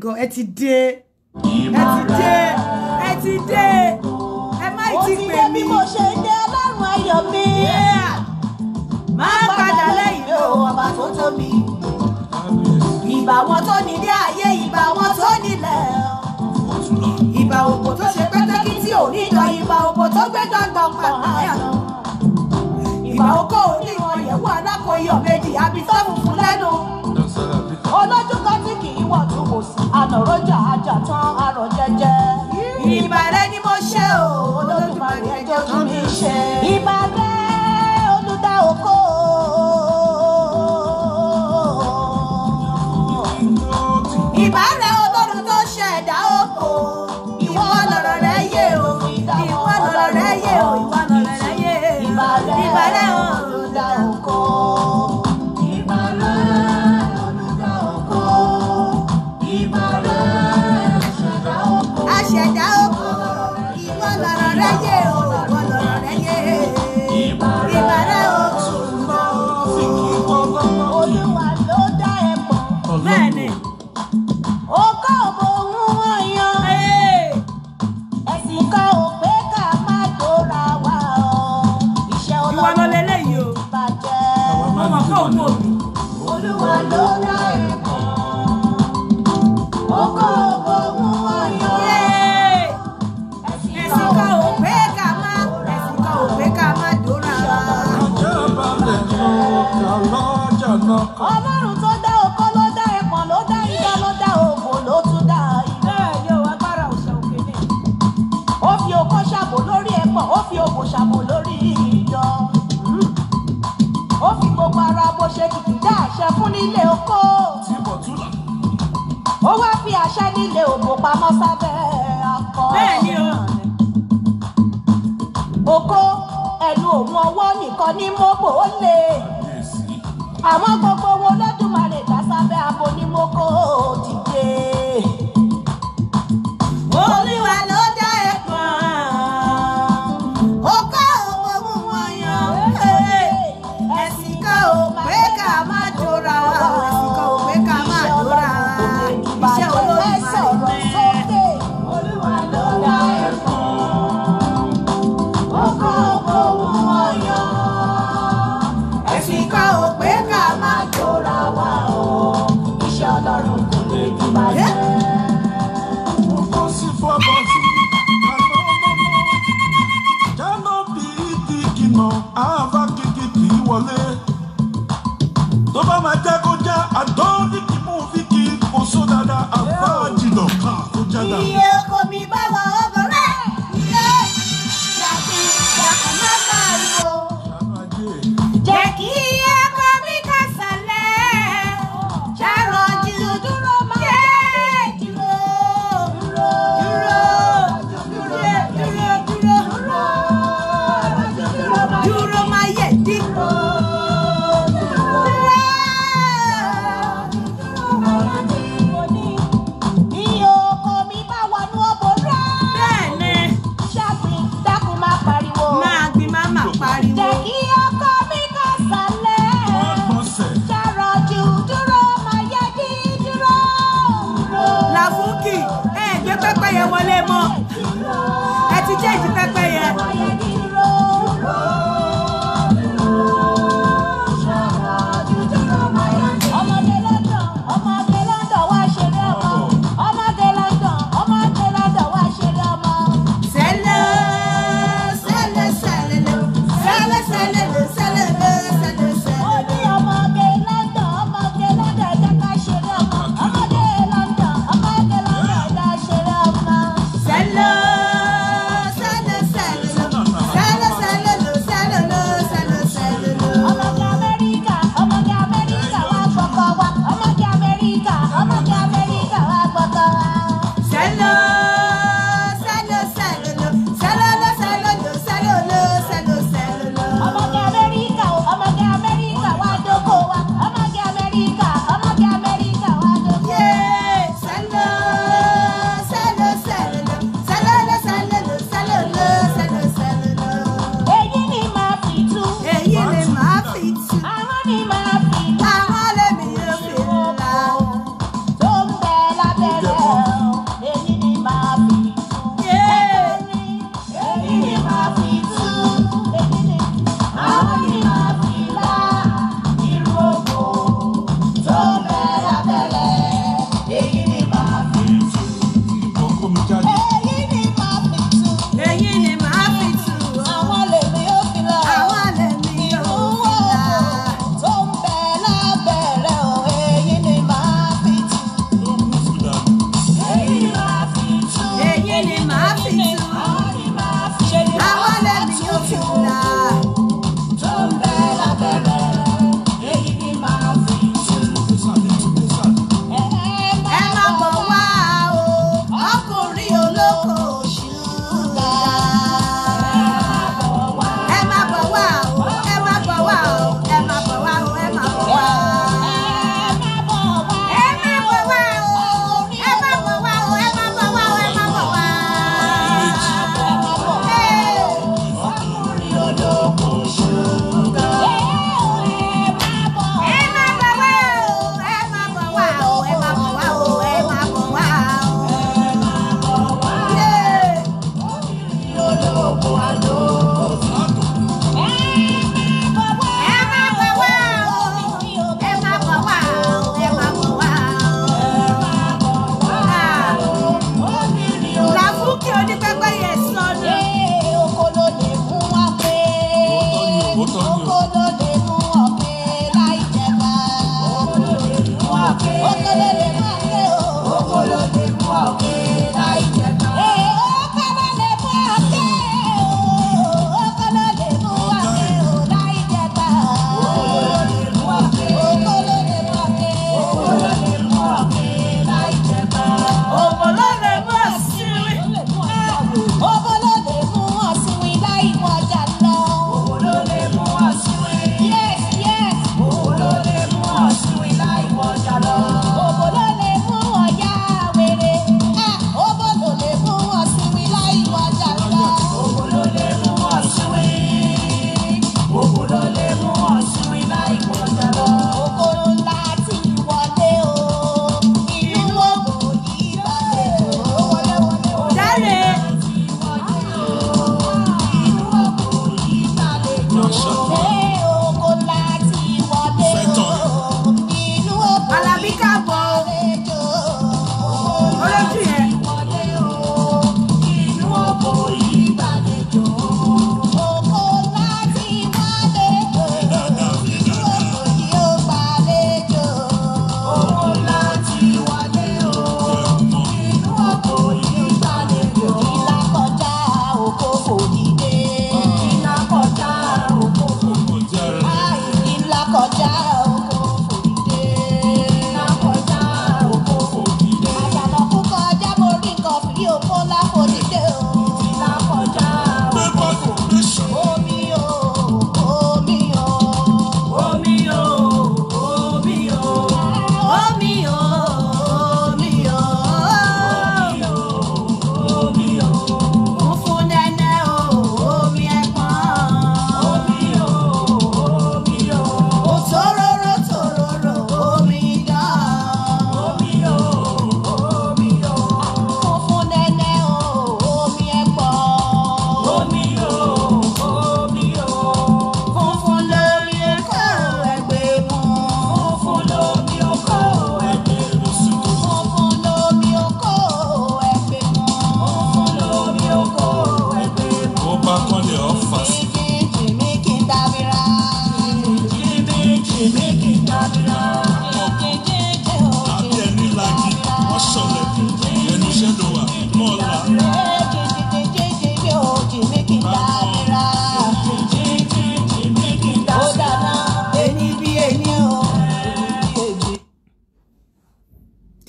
god ẹ ti dé ẹ ti dé ẹ ti dé ẹ má ti pè mí. ó ti dé bí mo ṣe dé ọlọ́run ayọ̀ mi. má padà lẹ́yìn mi ò ọba tó tóbi. ìbà wọn tó ní ilé ayé ìbà wọn tó nílẹ̀. ìbà òpó tó ṣe pẹ́tẹ́kì tí ò ní jọ ìbà òpó tó gbé dandan pàtàkì ìbà okòó ní ìwọ̀n yẹ̀wò alákòóyọ̀ méjì àbí sọ́ọ̀fù lẹ́nu. 那我咋咋唱？pamọ́ sábẹ́ akọ. bẹ́ẹ̀ni o. oko ẹnu òun ọwọ́ nìkan ní mọ́kò ó lè. àmọ́ gbogbo owó lọ́dún máa lè dá sábẹ́ abo ní mọ́kò ó dìde.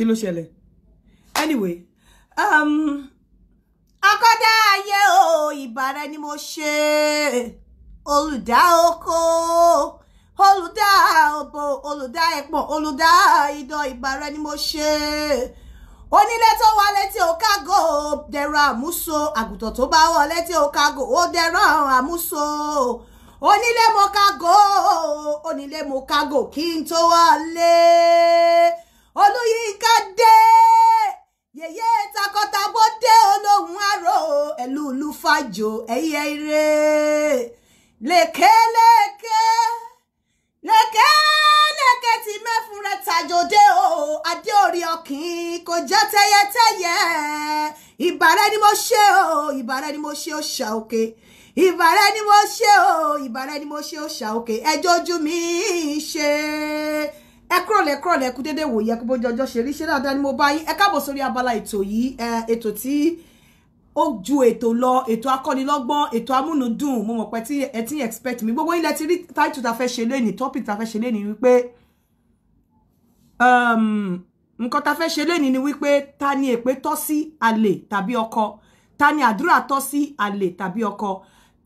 ló ṣẹlẹ̀ anyway um akọ́dá ayé o ìbàrẹ̀ ni mo ṣe olùdá oko olùdá òbò olùdá ẹ̀pọ̀n olùdá idọ̀ ìbàrẹ̀ ni mo ṣe onílé tó wà létí òkágò dẹ̀rọ àmúso àgùntàn tó bá wọ̀ létí òkágò ó dẹ̀rọ àmúso onílé mo kágò onílé mo kágò kí n tó wà lé olùyíká dé yèyé takọtabo dé olóhùn àrò ẹlú olúfàjò ẹyẹ ire lékeleke lékeleke tí mẹfúnrẹ tajòdé o adé orí ọkìn kò jẹ tẹyẹtẹyẹ ìbàrẹ ni mo ṣe o ìbàrẹ ni mo ṣe o ṣà òkè ìbàrẹ ni mo ṣe o ìbàrẹ ni mo ṣe o ṣà òkè ẹjọ ojú mi ṣe ẹ kúrọ̀lẹ́ kúrọ̀lẹ́ kú dédé wòye kó bójú ọjọ́ ṣe rí ṣe dáadáa ni mo bá yín ẹ káàbọ̀ sórí abala ètò yìí ètò tí ó ju ètò lọ ètò akọ́nilọ́gbọ́n ètò amúnudùn mo mọ̀ pé ẹ ti expect mi gbogbo yín lẹ ti rí title ta fẹ́ ṣe lénìí topic ta fẹ́ ṣe lénìí wípé um, nǹkan ta fẹ́ ṣe lénìí ni wípé ta ni èpè tọ́ sí àlè tàbí ọkọ ta ni àdúrà tọ́ sí àlè tàbí ọkọ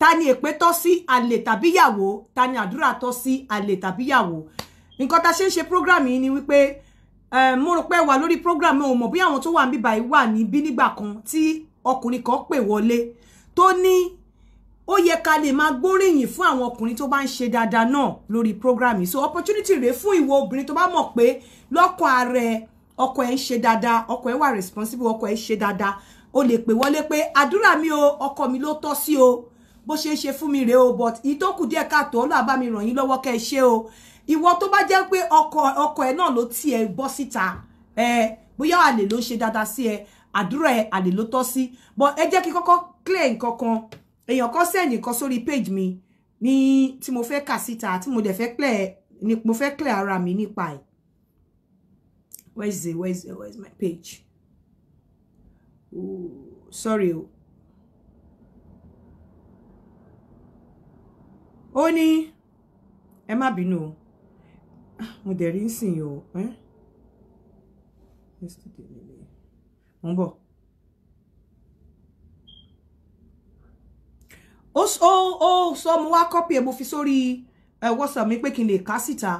ta ni èpè tọ́ sí àlè tàbí ìyàwó ta ni àdúrà tọ́ sí àlè tàbí ìyàwó nǹkan tá a ṣe ń program yìí ni wípé eh, mo rò pé wà lórí program ò mọ̀ bí àwọn tó wà ń bíbà yìí wà níbí nígbà kan tí ọkùnrin kan pè wọlé tó ní ó yẹ ká lè máa gbóríyìn fún àwọn ọkùnrin tó bá ń ṣe dáadáa náà lórí program yìí so opportunity rèé fún ìwọ obìnrin tó bá mọ̀ pé lọ́kàn ara ẹ ọkọ ẹ ń ṣe dáadáa ọkọ ẹ wà responsible ọkọ ẹ ṣe dáadáa o lè pè wọlé pé àdúrà mi o ọkọ mi ló tọ́ sí o bó ṣe ń ṣe fún mi rèé o but ìtókù díẹ̀ káàtó ọlọ́ àbámi ràn yín lọ́wọ́ kẹ́ ẹ ṣe o ìwọ tó bá jẹ́ pé ọkọ ọkọ ẹ̀ náà ló tiẹ̀ bọ́ síta ẹ bóyá àlè ló ṣe dáadáa sí ẹ àdúrà ẹ àlè ló tọ́ sí but ẹ jẹ́ kí kọ́kọ́ clear nǹkan kan èèyàn kan sẹ́yìn kan sórí page mi ní tí mo fẹ́ kà síta tí mo dẹ̀ fẹ́ clear ni mo fẹ́ clear ara mi nípa ẹ̀ where is it where is it where is my page Ooh, sorry o. ó ní ẹ má bínú o mo dẹ̀ rí ń sìn o yesterday nílé mo ń bọ̀. ó ó ó sọ mo wá kọ́pì ẹ̀ mo fi sórí WhatsApp mi pé kí n lè kà síta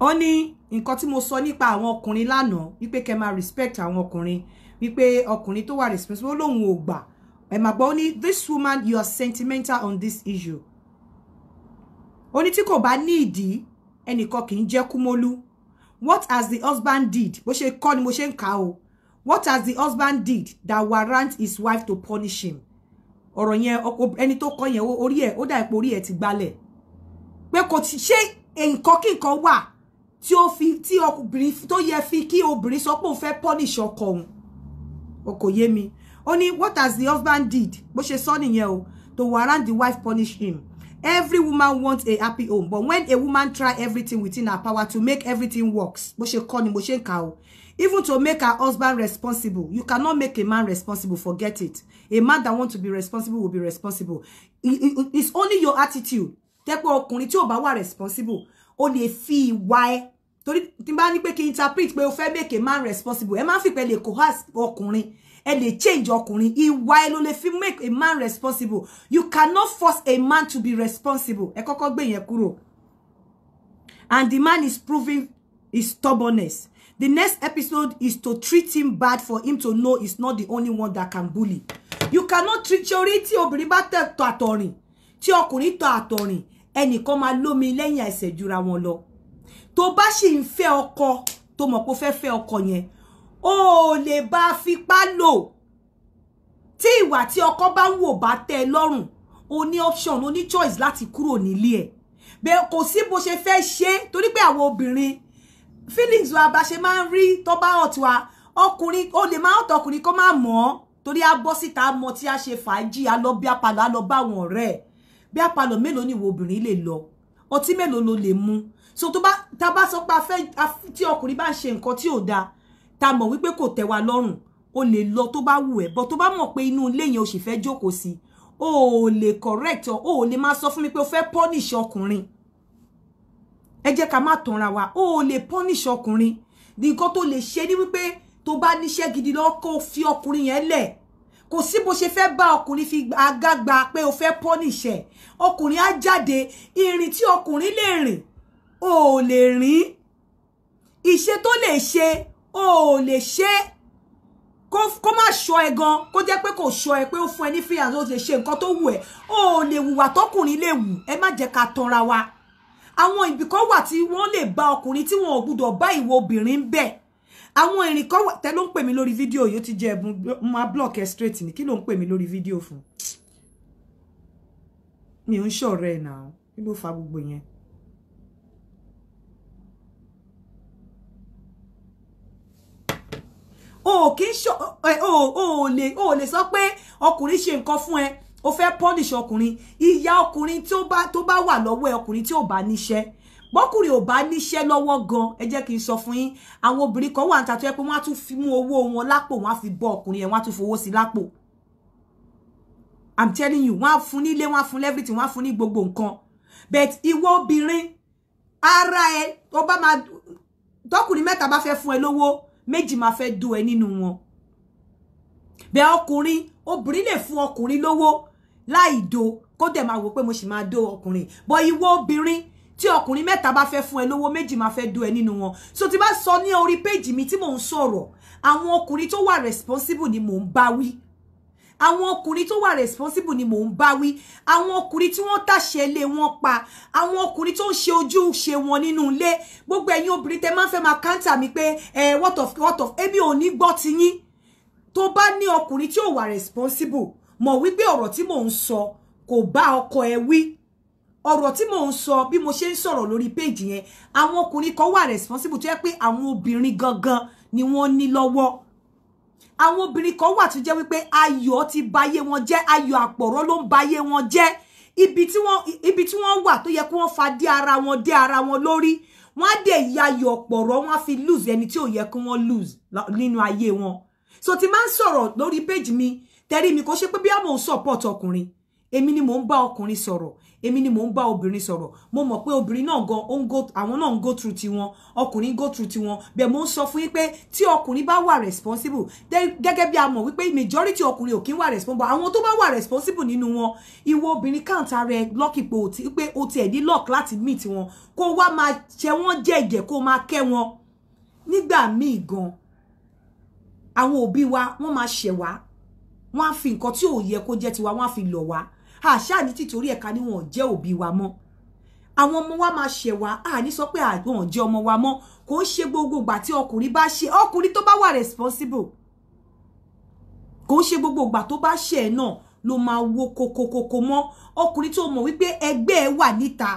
ó ní nǹkan tí mo sọ nípa àwọn ọkùnrin lánàá wípé kẹ́ máa respect àwọn ọkùnrin wípé ọkùnrin tó wà responsible lóhun ò gbà ẹ máa gbọ́ ó ní this woman you are sentimental on this issue Oni ní tí kò bá ní ìdí ẹnìkan kì í what has the husband did bó ṣe kọ́ ni mo ṣe ń o what has the husband did that warrant his wife to punish him ọ̀rọ̀ yẹn ẹni tó kọ yẹn orí ẹ̀ ó dà ipò orí ẹ̀ ti gbalẹ̀ pé kò ti ṣe nǹkan kí nǹkan wà tí ó fi tí obìnrin tó yẹ fi kí obìnrin sọ pé òun fẹ́ punish oko. òun o kò mi ó what has the husband did bó ṣe sọ nìyẹn o to warrant the wife punish him every woman wants a happy home but when a woman try everything within her power to make everything works bó ṣe kọ́ ni mo ṣe ń even to make her husband responsible you cannot make a man responsible forget it a man that want to be responsible will be responsible it's only your attitude tẹ́pẹ́ ọkùnrin tí ò bá wà responsible ó lè fi ìwà ẹ̀ torí tí n bá ní interpret pé o fẹ́ make a man responsible ẹ má fi pẹ́ lè coerce ọkùnrin ẹ lè change ọkùnrin ìwà ẹ ló lè fi make a man responsible you cannot force a man to be responsible ẹ kọ́kọ́ gbé yẹn kúrò and the man is proving his stubbornness the next episode is to treat him bad for him to know he's not the only one that can bully you cannot treat sori tí obìnrin bá tẹ̀ tọ̀ àtọ̀rìn tí ọkùnrin tọ̀ àtọ̀rìn ẹnìkan máa lómi lẹ́yìn ẹsẹ̀ jura wọn lọ To bá sì ń fẹ́ ọkọ tó mọ̀ pé ó fẹ́ fẹ́ o ò lè bá a fipá lò tí ìwà tí ọkọ bá ń wò o ní option o ní choice láti kúrò nílé ẹ̀ bẹ́ẹ̀ kò sí bó ṣe fẹ́ ṣe torí pé àwọn obìnrin feelings wa bá ṣe máa ń rí tó bá ọ̀tún wa ọkùnrin o lè máa ọ̀tọ̀ ọkùnrin kó má mọ̀ ọ́ torí a bọ́ síta mọ tí a ṣe fàájì a lọ bí apalọ̀ a lọ bá àwọn ọ̀rẹ́ ẹ̀ bí apalọ̀ mélòó ni ìwọ obìnrin lè lọ ọtí mélòó ló lè mu so tó bá tá a bá sọ pé tí ọkùnrin bá ń ṣe nǹkan tí ò tá mọ̀ wípé kò tẹ́ wa lọ́rùn o lè lọ tó bá wù ẹ́ bọ́ tó bá mọ̀ pé inú ilé yẹn o sì fẹ́ jókòó sí o ò correct o ò lè máa sọ fún mi pé o fẹ́ punish ọkùnrin ẹ jẹ́ ká má tanra wa o ò lè punish ọkùnrin nǹkan tó lè ṣe ni wípé tó bá níṣẹ́ gidi lọ kó fi ọkùnrin yẹn lẹ̀ kò sí bó ṣe fẹ́ bá ọkùnrin fi agágba pé o fẹ́ punish ẹ̀ ọkùnrin á jáde ìrìn tí ọkùnrin lè rìn o ò lè rìn iṣẹ́ tó lè o ò lè ṣe kó má ṣọ ẹ gan kó jẹ́ pé kò ṣọ ẹ pé ó fún ẹ ní free hand ó lè ṣe nǹkan tó wù ẹ o ò lè wùwà tọkùnrin lè wù ẹ má jẹ́ ká tanra wa àwọn ibì kan wà tí wọ́n lè bá ọkùnrin tí wọn ò gbúdọ̀ bá ìwọ obìnrin ń bẹ àwọn ìrìn kan wà tẹ ló ń pè mí lórí fídíò yóò ti jẹ ẹbùn máa block ẹ straight ni kí ló ń pè mí lórí fídíò mi ò ń ṣọ̀rẹ́ ẹ̀ náà kí fa gbogbo yẹn o kì í ṣe o lè o lè sọ pé ọkùnrin ṣe nǹkan fún ẹ o fẹ́ punish ọkùnrin ìyá ọkùnrin tó bá tó bá wà lọ́wọ́ ẹ ọkùnrin tí ò bá níṣẹ́ bọ́kùnrin ò bá níṣẹ́ lọ́wọ́ gan ẹ jẹ́ kí n sọ fún yín àwọn obìnrin kan wà níta tó yẹ pé wọ́n á tún fi mú owó wọn lápò wọ́n á fi bọ́ ọkùnrin yẹn wọ́n á tún fowó sí lápò i'm telling you wọ́n á fún nílé wọ́n á fún everything wọ́n á fún ní gbogbo nǹkan but ìwọ obìnrin ara ẹ tó bá máa tọkùnrin mẹ́ta bá fẹ́ fún ẹ lówó méjì máa fẹ́ dó ẹ nínú wọn bẹ́ẹ̀ ọkùnrin obìnrin lè fún ọkùnrin lówó láì do kó dẹ̀ máa wò pé mo sì ma do ọkùnrin bọ́ ìwọ obìnrin tí ọkùnrin mẹ́ta bá fẹ́ fún ẹ lówó méjì máa fẹ́ dó ẹ nínú wọn so ti bá sọ ní orí péjì mi tí mò ń sọ̀rọ̀ àwọn ọkùnrin tó wà responsible ni mò ń bá wí àwọn ọkùnrin tó wà responsible ni mò ń bá wí àwọn ọkùnrin tí wọ́n tàṣẹ ilé wọn pa àwọn ọkùnrin tó ń ṣe ojúṣe wọn nínú ilé gbogbo ẹ̀yin obìnrin tẹ máa ń fẹ́ máa káńtà mi pé ẹ what of what of èmi ò ní gbọ́ ti yín tó bá ní ọkùnrin tí ò wà responsible mọ̀ wípé ọ̀rọ̀ tí mò ń sọ kò bá ọkọ ẹ wí ọ̀rọ̀ tí mò ń sọ bí mo ṣe ń sọ̀rọ̀ lórí péjì yẹn àwọn ọkùnrin kan wà responsible tó yẹ pé àwọn obìnrin gangan ni wọ́n ní lọ́wọ́ àwọn obìnrin kan wà tó jẹ́ wípé ayọ̀ ti bayé wọn jẹ́ ayọ̀ àpọ̀rọ̀ ló ń bayé wọn jẹ́ ibi tí wọ́n ibi tí wọ́n wà tó yẹ kí wọ́n fa dé ara wọn dé ara wọn lórí wọ́n á dẹ̀ ya ayọ̀ ọ̀pọ̀rọ̀ wọ́n á fi lose ẹni tí ò yẹ kí wọ́n lose nínú ayé wọn so ti máa ń sọ̀rọ̀ lórí page mi tẹ́rí mi kò ṣe pé bí a mò ń support ọkùnrin èmi ni mò ń bá ọkùnrin sọ̀rọ̀ èmi ni mò ń bá obìnrin sọ̀rọ̀ mo mọ̀ pé obìnrin náà gan ó ń go àwọn náà ń go through tiwọn ọkùnrin go through tiwọn bẹ́ẹ̀ mo ń sọ fún yín pé tí ọkùnrin bá wà responsible gẹ́gẹ́ bí a mọ̀ wípé majority ọkùnrin ò kí ń wà responsible àwọn to ba wa responsible nínú wọn ìwọ obìnrin káǹtà rẹ lọ́ọ̀kì pé o tiẹ̀ ní lọ́ọ̀kì láti meet wọn kó wa máa jẹ wọ́n jẹ̀jẹ̀ kó máa kẹ́ wọn nígbà míì gan àwọn òbí wa wọ́n máa ṣẹ̀ wá wọ́n á fi nǹkan tí ò yẹ kó jẹ́ tiwa wọ́n á fi wa. wá àṣà ní títorí ẹ̀ka ni wọn ò jẹ́ òbí wa mọ́ àwọn ọmọ wa máa ṣẹ̀ wá à ní sọ pé àwọn ò jẹ́ ọmọ wa mọ́ kò ń ṣe gbogbo ìgbà tí ọkùnrin bá ṣe ọkùnrin tó bá wà responsible kò ń ṣe gbogbo ìgbà tó bá ṣe ẹ̀ náà ló máa wo kokokoko mọ́ ọkùnrin tó mọ̀ wípé ẹgbẹ́ ẹ wà níta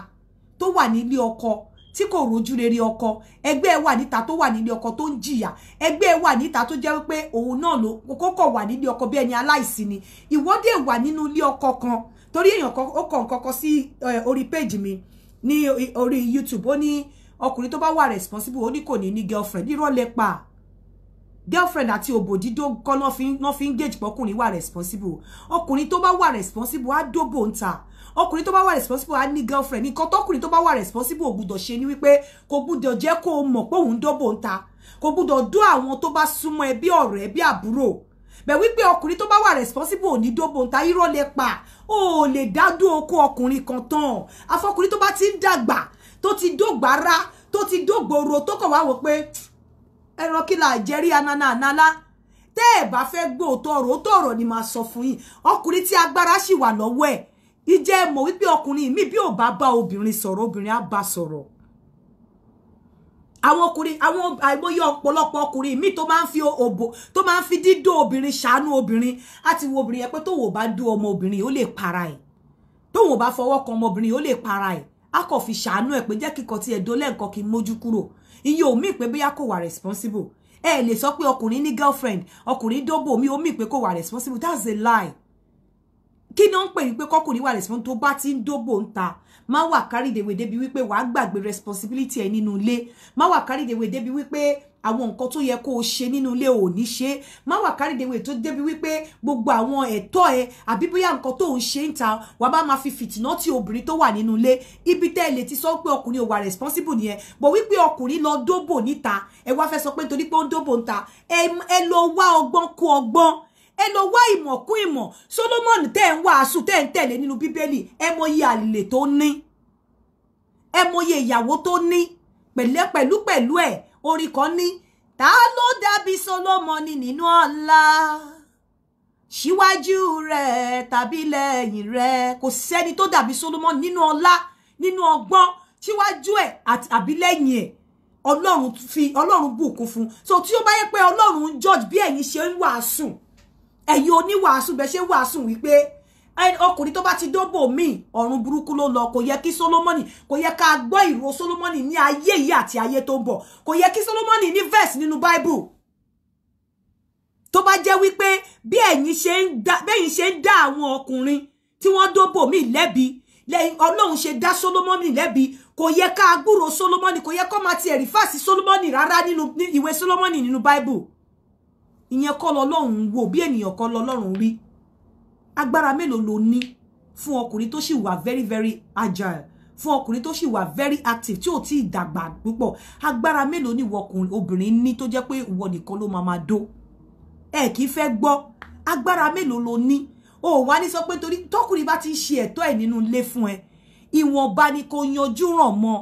tó wà nílé ọkọ tí kò rojú rere ọkọ ẹgbẹ́ ẹ wà níta tó wà nílé ọkọ tó ń jìyà ẹgbẹ́ ẹ wà níta tó jẹ́ wípé òun náà ló kókò wà nílé ọkọ bí ẹni aláìsí ni ìwọ́dẹ̀ wà nínú ilé ọkọ kan torí èèyàn ó kàn kọ́kọ́ sí orí péjì mi ní orí YouTube ó ní ọkùnrin tó bá wà responsible ó ní kò ní ní girlfriend irọ́ lẹ pa girlfriend àti òbòdídó kọ́ náà fi ń gèjì pọ́kùnrin wà responsible ọkùnrin tó bá wà responsible á dóbò ń ta ọkùnrin tó bá wà responsible á ní girlfriend nǹkan tọkùnrin tó bá wà responsible ò ṣe ni wípé kò gbúdọ̀ jẹ́ kó o mọ̀ pé òun dọ́bò ń ta kò gbúdọ̀ dó àwọn tó bá súnmọ́ ẹ bí ọ̀rẹ́ bí àbúrò bẹ̀ wípé ọkùnrin tó bá wà responsible ò ní dóbò ń ta irọ́ lè pa o ò lè dádó okó ọkùnrin kan tán afọkùnrin tó bá ti ń dàgbà tó ti dógbára tó ti dógbòòrò tó kàn wá wò pé ẹran kí la jẹ́rí anana ànálá tẹ́ ẹ̀ bá fẹ́ gbọ́ ọ̀rọ̀ òótọ́ ọ̀rọ̀ ni màá sọ fún yín ọkùnrin tí agbára sì wà lọ́wọ́ ẹ̀ ìjẹ́ mọ̀ wípé ọkùnrin mi bí ò bá bá obìnrin sọ̀rọ̀ obìnrin á bá sọ̀rọ̀ àwọn ọkùnrin àwọn àìmọye ọ̀pọ̀lọpọ̀ ọkùnrin mi tó máa ń fi òbò tó máa ń fi dídó obìnrin ṣàánú obìnrin á ti wo obìnrin yẹn pé tóun ò bá dó ọmọ obìnrin ó lè para ẹ̀ tóun ò bá fọwọ́ kan ọmọ obìnrin ó lè para ẹ̀ á kàn fi ṣàánú ẹ̀ pé jẹ́ kíkọ tí ẹ̀ dólẹ̀ kí n mójú kúrò iye ò pé bóyá kò wà responsible ẹ lè sọ pé ọkùnrin ní girlfriend ọkùnrin dóbò mi ó mí pé kò wà responsible that's a lie kí ni ó ń pè ní pé kọkùnrin wà responsible tó bá ti ń dóbò ń ta má wà kárìdèwé débi wípé wàá gbàgbé responsibility ẹ nínú ilé má wà kárìdèwé débi wípé àwọn nǹkan tó yẹ kó o ṣe nínú ilé ò ní ṣe má wà kárìdèwé tó débi wípé gbogbo àwọn ẹ̀tọ́ ẹ àbí bóyá nǹkan tó ń ṣe ń ta wà bá máa fi fìtìná tí obìnrin tó wà nínú ilé ibi tẹ́ ẹ lè ti sọ pé ọkùnrin ò wà responsible nìyẹn bọ̀ wípé ọkùnrin lọ dóbò níta ẹ wá fẹ́ sọ pé nítorí pé ó ń dóbò níta ẹ lọ wá ọgbọ́n kó ọgbọ́n ẹ lọ wá ìmọ̀ kún ìmọ̀ Solomoni tẹ́ ń wàásù tẹ́ ń tẹ̀lé nínú bíbélì ẹ mọye àlè tó ní ẹ mọye ìyàwó tó ní pẹ̀lẹ́pẹ̀lú pẹ̀lú ẹ̀ orin kan ní ta ló dàbí Solomoni nínú ọlá síwájú rẹ̀ tàbí lẹ́yìn rẹ̀ kò sẹ́ni tó dàbí Solomoni nínú ọlá nínú ọgbọ́n síwájú ẹ̀ àbí lẹ́yìn ẹ̀ ọlọ́run fi ọlọ́run bùkún fún so tí ó bá yẹ pé ọlọ́run george bí ẹ̀yin ṣe ń wàásù ẹ̀yin oníwàásù bẹ́ẹ̀ ṣe wàásù wípé okuri tó bá ti dóbò mi orun burúkú ló lọ kò yẹ kí Solomoni kò yẹ ká gbọ́ ìró Solomoni ní ayé yìí àti ayé tó ń bọ̀ kò yẹ Solomoni ní verse nínú Bible tó bá jẹ́ wípé bí ẹ̀yin ṣe ń dá bẹ́yìn ṣe ń dá àwọn ọkùnrin tí wọ́n dóbò míì lẹ́bi lẹ́yìn ọlọ́run ṣe dá Solomoni lẹ́bi kò yẹ ká gbúrò Solomoni kò yẹ kó máa ti ẹ̀rí fà sí Solomoni rárá nínú ìwé Solomoni nínú Bible ìyẹn kọ́ lọ́lọ́run wò bí ènìyàn kọ́ lọ́lọ́run rí agbára mélòó lo ní fún ọkùnrin tó sì wà very very agile fún ọkùnrin tó sì wà very active tí ò tí ì dàgbà púpọ̀ agbára mélòó ni ìwọkùnrin obìnrin ní tó jẹ́ pé ìwọ nìkan ló máa máa dó ẹ kì í fẹ́ gbọ́ agbára mélòó lo ní o wá ní sọ pé torí tọkùnrin bá ti ń ṣe ẹ̀tọ́ ẹ̀ nínú ilé fún ẹ ìwọ̀nba ni kò yanjú ràn mọ́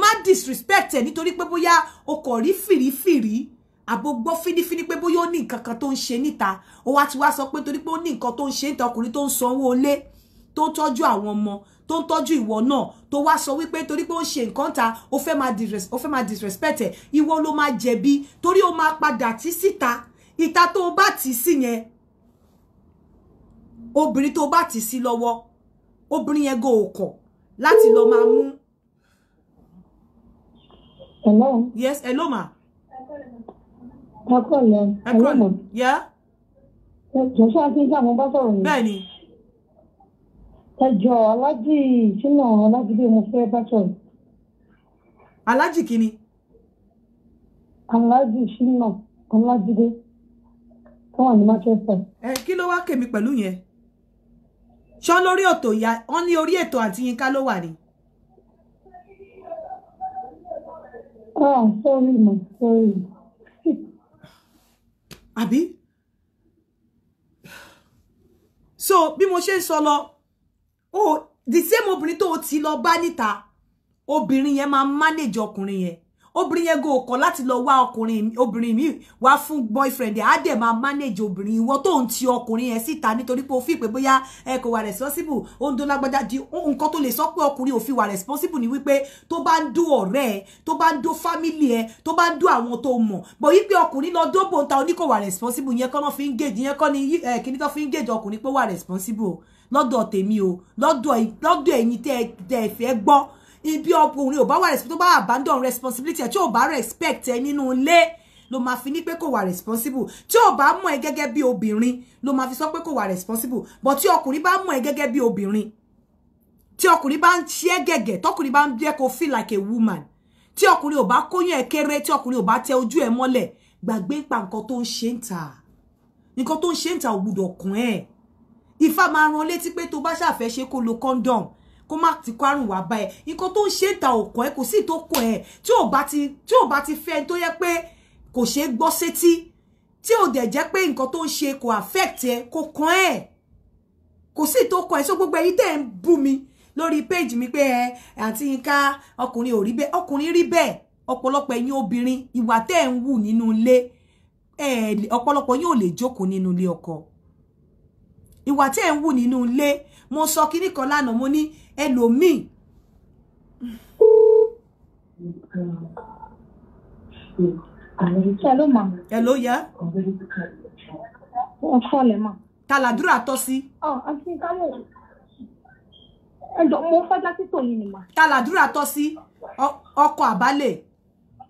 má disrespect ẹ nítorí pé bóyá o kò rí fìrífìrí àbò gbọ́ fínífíní pé bóyá ó ní nǹkan kan tó ń ṣe níta ó wá ti wá sọ pé torí pé ó ní nǹkan tó ń ṣe níta ọkùnrin tó ń sanwó ilé tó ń tọ́jú àwọn ọmọ tó ń tọ́jú ìwọ náà tó wá sọ wípé torí pé ó ń ṣe nǹkan ta ó fẹ́ máa disrespect ẹ̀ ìwọ ló máa jẹ̀bi torí ó máa padà tí síta ìta tó o bá tì sí yẹn obìnrin tó o bá tì sí lọ́wọ́ obìnrin yẹn go òkàn láti lọ máa mú. hello. yes hello ma ẹ kọ́ lẹ ẹ kọ́ lẹ yá. jọ̀ṣọ́ àti ìjà mo bá sọ̀rọ̀ yìí. bẹ́ẹ̀ni. ẹ jọ alájì sínú ọlájídé mo fẹ́ bá sọ̀rọ̀. alájì kìíní. alájì sínú ọlájídé tó wà ní Manchester. ẹ kí ló wá kèmí pẹ̀lú yẹn ṣọ́ lórí ọ̀tọ̀ ìyá wọn ní orí ètò àti Yínká ló wà ni. Ah, sorry, ma, sorry àbí so bí mo ṣe ń sọ lọ o the same obìnrin tó o ti lọ bá níta obìnrin yẹn máa manage ọkùnrin yẹn obìnrin yẹn go kọ̀ láti lọ wá ọkùnrin obìnrin mi wá fún boyfriend á dẹ̀ máa manage obìnrin ìwọ tó ń ti ọkùnrin yẹn síta nítorí pé o fi pé bóyá ẹ kò wà responsible ó ń dún lágbájá di nǹkan tó lè sọ pé ọkùnrin ò fi wà responsible ni wípé tó bá ń dún ọ̀rẹ́ ẹ tó bá ń dún family ẹ tó bá ń dún àwọn tó mọ̀ bọ̀ yí pé ọkùnrin lọ dóbò ń ta oníkò wà responsible yẹn kọ́ náà fi ń gèjì yẹn kọ́ ni kíní tó fi ń gèjì ọkùnrin pé wà responsible lọ́dọ̀ tèmi o lọ́dọ̀ ẹ̀yin tẹ́ ẹ fẹ́ gbọ́ ibi ọkùnrin ò bá wà tó bá abandon responsibility ẹ̀ tí ò bá respect ẹ nínú ilé ló máa fi ní pé kò wà responsible tí ò bá mọ̀ ẹ́ gẹ́gẹ́ bí obìnrin ló máa fi sọ pé kò wà responsible but tí ọkùnrin bá mọ̀ ẹ́ gẹ́gẹ́ bí obìnrin tí ọkùnrin bá ń ṣe gẹ̀gẹ̀ tọkùnrin bá ń jẹ́ kó feel like a woman tí ọkùnrin ò bá kóyún ẹ kéré tí ọkùnrin ò bá tẹ ojú ẹ mọ́lẹ̀ gbàgbé pa nǹkan tó ń ṣe ń ta nǹkan tó ń ṣe ń ta ò gbúdọ̀ kàn ẹ́ ìfá máa ran létí pé tó bá ṣàfẹ́ ṣe kó lo condom kó má ti kó àrùn wá bá ẹ nǹkan tó ń ṣe ìta òkàn ẹ kò sí tó kàn ẹ tí ò bá ti tí ò bá ti fẹ́ ẹni tó yẹ pé kò ṣe é gbọ́ sétí tí ò dẹ̀ jẹ́ pé nǹkan tó ń ṣe kò affect ẹ kò kàn ẹ kò sí tó kàn ẹ sọ gbogbo ẹ̀yin tẹ́ ẹ ń bú mi lórí péjì mi pé ẹ àǹtí Yinka ọkùnrin ò rí bẹ́ẹ̀ ọkùnrin rí bẹ́ẹ̀ ọ̀pọ̀lọpọ̀ ẹ̀yin obìnrin ìwà tẹ́ ń wù nínú ilé ọ̀pọ̀lọpọ̀ yín lè jókòó nínú ilé ọkọ ìwà tí ń wù nínú ilé mo sọ kinní kan lánàá mo ní ẹlòmíì. hello ma. hello ya. wọ́n fọ́ lẹ́ mọ̀. tàlàdúrà tọ́ sí. ọ àti kálọ̀ ẹjọ mo fẹ́ dá títò yìí ni mà. tàlàdúrà tọ́ sí ọkọ àbálẹ̀.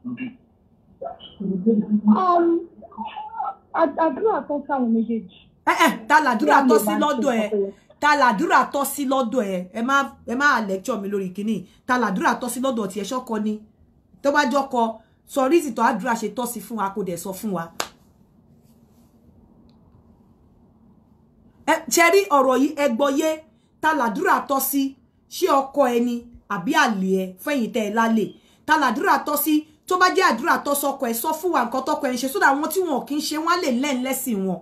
Um, àdúrà tọ́ sí àwọn méjèèjì. ẹ ẹ tàlàdúrà tọ́ sí lọ́dọ̀ ẹ ta làdúrà tọ́ sí lọ́dọ̀ ẹ ẹ má ẹ má lecture mi lórí kínní ta làdúrà tọ́ sí lọ́dọ̀ tiẹ̀ ṣọ́kọ ni tó bá jọ́kọ sọ rízì tó àdúrà ṣe tọ́ sí fún wa kó dẹ̀ sọ fún wa. ẹ ṣe rí ọ̀rọ̀ yìí ẹ gbọ́yé ta làdúrà tọ́ sí ṣé ọkọ ẹni àbí àlè ẹ fẹ́yìn tẹ́ ẹ lálẹ́ ta làdúrà tọ́ sí tó bá jẹ́ àdúrà tọ́ sọkọ ẹ sọ fún wa nǹkan tọkọ ẹ ń ṣe sódà wọn tí wọn kì í ṣe wọn á lè lẹ́ńlẹ́sìn wọn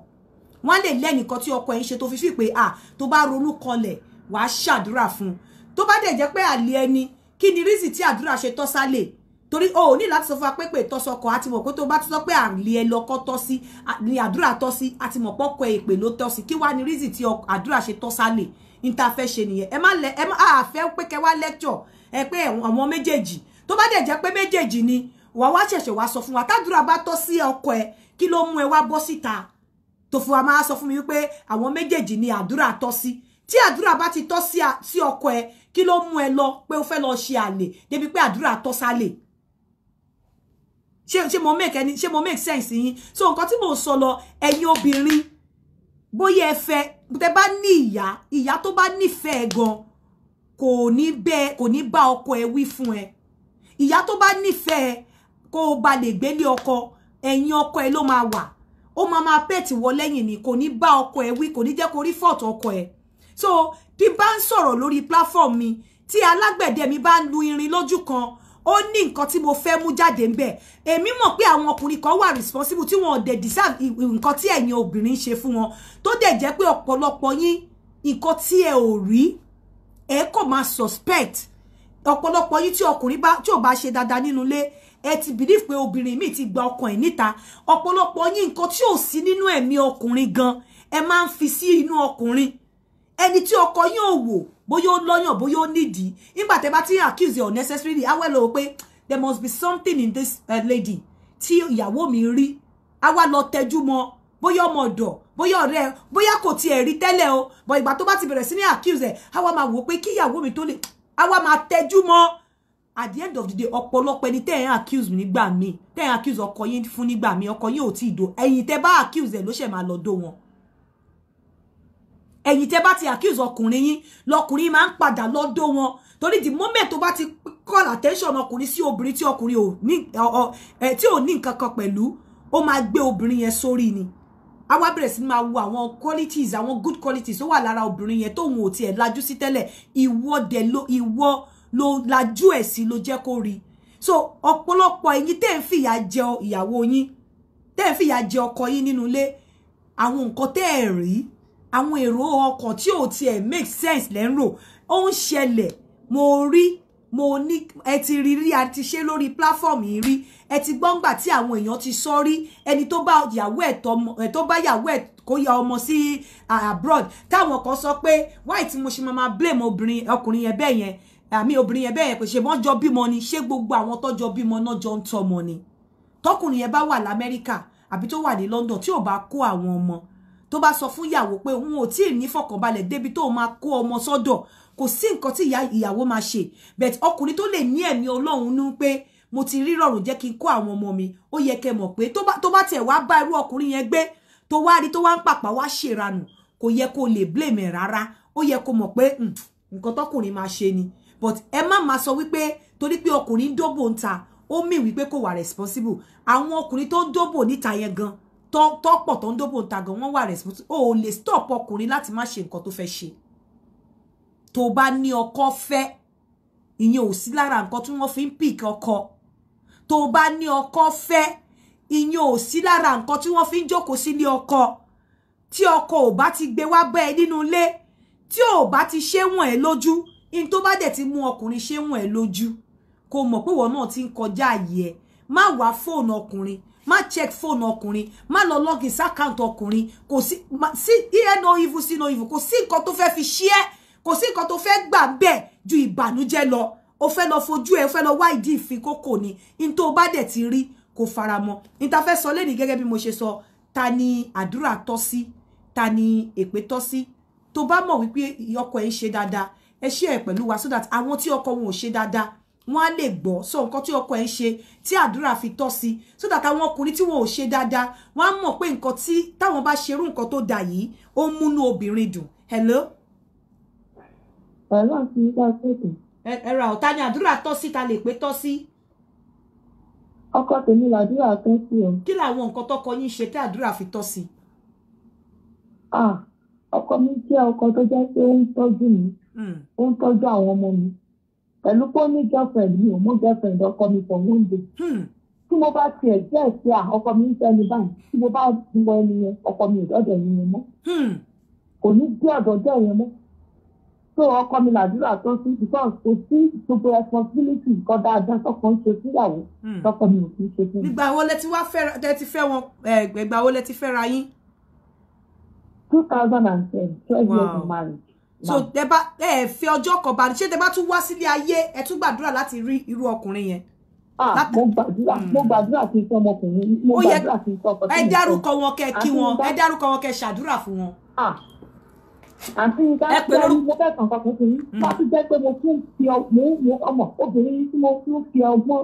wọ́n lè lẹ́nìkan tí ọkọ ẹ̀ ń ṣe tó fi fi pé à tó bá ronú kanlẹ̀ wàá ṣàdúrà fún un tó bá dẹ̀ jẹ́ pé àlè ẹni kí ni rísì tí àdúrà ṣe tọ́ sálẹ̀ torí o ò ní láti sọ fún apẹ́pẹ́ ìtọ́sọkọ̀ àti mọ̀ pé tó bá tún sọ pé àlè ẹ lọ́kọ́ tọ́ sí ni àdúrà tọ́ sí àti mọ̀ pọ́kọ èpè ló tọ́ sí kí wá ni rísì tí àdúrà ṣe tọ́ sálẹ̀ níta fẹ́ ṣe nìyẹn ẹ má lẹ ẹ má àfẹ́ pé kẹ wá lẹ́kṣọ̀ ẹ pé àwọn méjèèjì tó bá dẹ̀ jẹ́ pé méjèèjì ni wàá wá ṣẹ̀ṣẹ̀ wá sọ fún wa tádùrà bá tọ́ sí ọkọ ẹ kí ló mú ẹ wá bọ́ síta tó fi wá máa sọ mi wípé àwọn méjèèjì ni adura tọ́ sí tí àdúrà bá ti tọ́ sí ọkọ ẹ kí ló mú ẹ lọ pé o fẹ́ lọ ṣe àlè débi pé àdúrà tọ́ sálè ṣé ṣé mo make ẹni ṣé mo make sense yín so nǹkan tí mo sọ lọ ẹ̀yin obìnrin bóyá ẹ fẹ́ tẹ bá ní ìyá ìyá tó bá nífẹ̀ẹ́ gan kò ní bẹ́ẹ̀ kò ní bá ọkọ ẹ wí fún ẹ ìyá tó bá nífẹ̀ẹ́ kó o bá lè gbélé ọkọ ẹ̀yìn ọkọ ẹ ló máa wà ó máa máa pẹ́ẹ̀tì wọ lẹ́yìn ni kò ní bá ọkọ ẹ wí kò ní jẹ́ kó rí fọ́ọ̀tù ọkọ ẹ so bí bá ń sọ̀rọ̀ platform mi ti alágbẹ̀dẹ mi bá ń lu irin lójú kan ó ní nǹkan tí mo fẹ́ mú jáde ńbẹ̀ èmi mọ̀ pé àwọn ọkùnrin kan wà responsible tí wọn de deserve nǹkan tí ẹ̀yin obìnrin ṣe fún wọn tó dẹ̀ jẹ́ pé ọ̀pọ̀lọpọ̀ yín nǹkan tí ẹ ò rí ẹ kò máa suspect ọ̀pọ̀lọpọ̀ yín tí ọkùnrin bá tí ò bá ṣe dáadáa nínú ilé ẹ ti believe pé obìnrin mi ti gba ọkàn ẹ̀ níta ọ̀pọ̀lọpọ̀ yín nǹkan tí ò sí nínú ẹ̀mí ọkùnrin gan ẹ máa ń fi sí inú ọkùnrin ẹni tí ọkọ yín ò wò bóyá ó lọ́yàn bóyá ó nídìí nígbà tẹ́ bá ti accuse you unnecessarily awẹ́ lọ pé there must be something in this uh, lady tí ìyàwó mi rí awa lọ tẹjú mọ́ bóyá ọmọ ọ̀dọ̀ bóyá ọ̀rẹ́ bóyá kò tiẹ̀ rí tẹ́lẹ̀ o but ìgbà tó bá ti bẹ̀rẹ̀ sí ní accuse ẹ̀ àwa máa wò pé kíyàwó mi tó lè àwa máa tẹjú mọ́ at the end of the day ọ̀pọ̀lọpọ̀ ẹni tẹ́ ẹ̀ accuse mi nígbà mi tẹ́ ẹ̀ accuse ọkọ yín fún nígbà mi ọkọ yín ò tí ì dó ẹ̀yin tẹ́ bá accuse ẹ̀ ló ṣẹ̀ máa lọ dó wọn ẹ̀yin tẹ́ bá ti accuse ọkùnrin yín lọkùnrin máa ń padà lọ dó wọn torí the moment tó bá ti call attention ọkùnrin sí obìnrin tí ọkùnrin ò ní tí ò ní nǹkan kan pẹ̀lú ó máa gbé obìnrin yẹn sórí ni a wá bẹ̀rẹ̀ sí máa wo àwọn qualities àwọn good qualities ó wà lára obìnrin yẹn tóun ò tiẹ̀ lajú sí tẹ́lẹ̀ ìwọ dẹ̀ ló ìwọ Lo lajú ẹ̀ sí ló jẹ́ kó so ọ̀pọ̀lọpọ̀ ẹ̀yin tẹ́ ń ya jẹ ìyàwó yín tẹ́ ń fìyà jẹ ọkọ yín nínú ilé àwọn nǹkan tẹ́ ẹ̀ rí àwọn èrò ọkàn tí ò tiẹ̀ make sense lẹ́ ń rò ó ń ṣẹlẹ̀ mo rí mo ní ẹ ti rí rí àti ṣe lórí platform yìí rí ẹ ti gbọ́ ngbà tí àwọn èèyàn ti sọ rí ẹni tó bá yàwó ẹ̀ tó bá yàwó ẹ̀ kó ya ọmọ sí abroad táwọn kan sọ pé why tí mo ṣe máa blame obìnrin ọkùnrin yẹn bẹ́ẹ̀ yẹn àmì obìnrin yẹn bẹ́ẹ̀ yẹn pé ṣe wọ́n jọ bímọ ni ṣé gbogbo àwọn tó bímọ náà jọ ń tọmọ ni tọkùnrin yẹn bá wà lamẹ́ríkà àbí tó wà ní London tí ò bá kó àwọn ọmọ tó bá sọ fún ìyàwó pé òun ò tí ì ní fọkànbalẹ̀ débi tó máa kó ọmọ sọ́dọ̀ kò sí nǹkan tí ìyàwó máa ṣe but ọkùnrin tó lè ní ẹ̀mí Ọlọ́run nú pé mo ti rí rọrùn jẹ́ kí n kó àwọn ọmọ mi ó yẹ kẹ́ mọ̀ pé tó bá tiẹ̀ wá bá irú ọkùnrin yẹn gbé tó wá rí tó wá ń pàpà wá ṣèranù kò yẹ kó lè blame rárá ó yẹ kó mọ̀ pé hmm, nǹkan tọkùnrin máa ṣe ni but ẹ má máa sọ wípé torí pé ọkùnrin dóbò ń ta ó mì wípé kò wà responsible àwọn ọkùnrin tó ń dóbò níta yẹn gan tọ́pọ̀ tó ń dóbò ń ta gan wọ́n wà responsible o ò lè stop ọkùnrin láti má ṣe nǹkan tó fẹ́ ṣe tó bá ní ọkọ fẹ́ ìyẹn ò sí lára nǹkan tí wọ́n fi ń pick ọkọ tó bá ní ọkọ fẹ́ ìyẹn ò sí lára nǹkan tí wọ́n fi ń jókòó sílé ọkọ tí ọkọ ò bá ti gbé wá bá ẹ nínú ilé tí ò bá ti ṣe wọ̀n ẹ lójú in tó bá dẹ̀ ti mú ọkùnrin ṣé wọ̀n ẹ lójú kó mọ̀ pé wọ́n náà ti ń kọjá ma ẹ má wá fóònù ọkùnrin má check fóònù ọkùnrin má lọ login sákàǹtì ọkùnrin kò sí sí iye no evil sí no evil kò sí nǹkan tó fẹ́ fi ṣí ẹ kò sí nǹkan tó fẹ́ gbà ju ìbànújẹ́ lọ o fẹ́ lọ fojú ẹ o fẹ́ lọ wá ìdí ìfikókò ni in tó bá dẹ̀ ti rí kò faramọ́ in ta fẹ́ sọ lẹ́ni gẹ́gẹ́ bí mo ṣe sọ ta ni àdúrà tọ́ sí ta ni èpè tọ́ sí tó bá mọ̀ wípé ọkọ ẹ̀ ń ẹ share ẹ̀ pẹ̀lú wa so that àwọn tí ọkọ wọn ò ṣe dáadáa wọn á lè gbọ́ so nǹkan tí ọkọ ẹ̀ ń ṣe tí àdúrà fi tọ́ sí so that àwọn ọkùnrin tí wọn ò ṣe dáadáa wọn á mọ̀ pé nǹkan tí táwọn bá ṣerú nǹkan tó dà yìí ó ń múnú obìnrin dùn hello. pẹ̀lú àti ìgbà pètè. ẹ ra ọ̀tá ni àdúrà tọ́ sí ta lè pé tọ́ sí. ọkọ tèmi làdúrà tọ́ sí o. kí làwọn nǹkan tọkọ yín ṣe tí àdúrà fi tọ́ sí. Ah, ọkọ mi jẹ́ ọkọ tó jẹ́ pé ó ń tọ́jú mi Hmm. ó ń tọ́jú àwọn ọmọ mi pẹ̀lú pé ó ní girlfriend mi ò mú girlfriend ọkọ mi for one day hmm. tí mo bá tiẹ̀ jẹ́ ẹ̀sẹ̀ à ọkọ mi ń sẹ́ni báyìí tí mo bá wọ ẹni yẹn ọkọ mi ò dọ́dọ̀ ẹni yẹn mọ́ hmm. kò ní dé ọ̀dọ̀dọ̀ yẹn mọ́ so ọkọ mi làdúrà tó sí because kò sí gbogbo responsibility nǹkan dáadáa tọkọ ń ṣe síyàwó tọkọ mi ò kì í ṣe fún mi. ìgbà wo lẹ ti wá fẹ́ lẹ ti fẹ́ wọn ìgbà wo lẹ ti fẹ́ ra yín. two thousand and ten twelve years of marriage so tẹ bá ẹ fẹ́ ọjọ́ kan bá ṣé tẹ bá tún wá sílé ayé ẹ tún gbàdúrà láti rí irú ọkùnrin yẹn. ah mo gbàdúrà mo hmm. gbàdúrà kí n ọmọkùnrin mo gbàdúrà kí n ọkọ tí mo sọ. ẹ dárúkọ wọn kẹ kí wọn ẹ dárúkọ wọn kẹ ṣàdúrà fún wọn. ah àti nǹkan ẹ pé mo fẹ́ kàn kàn fún mi wá sí jẹ́ pé mo tún fi ọmọ obìnrin tí mo tún fi ọgbọ́n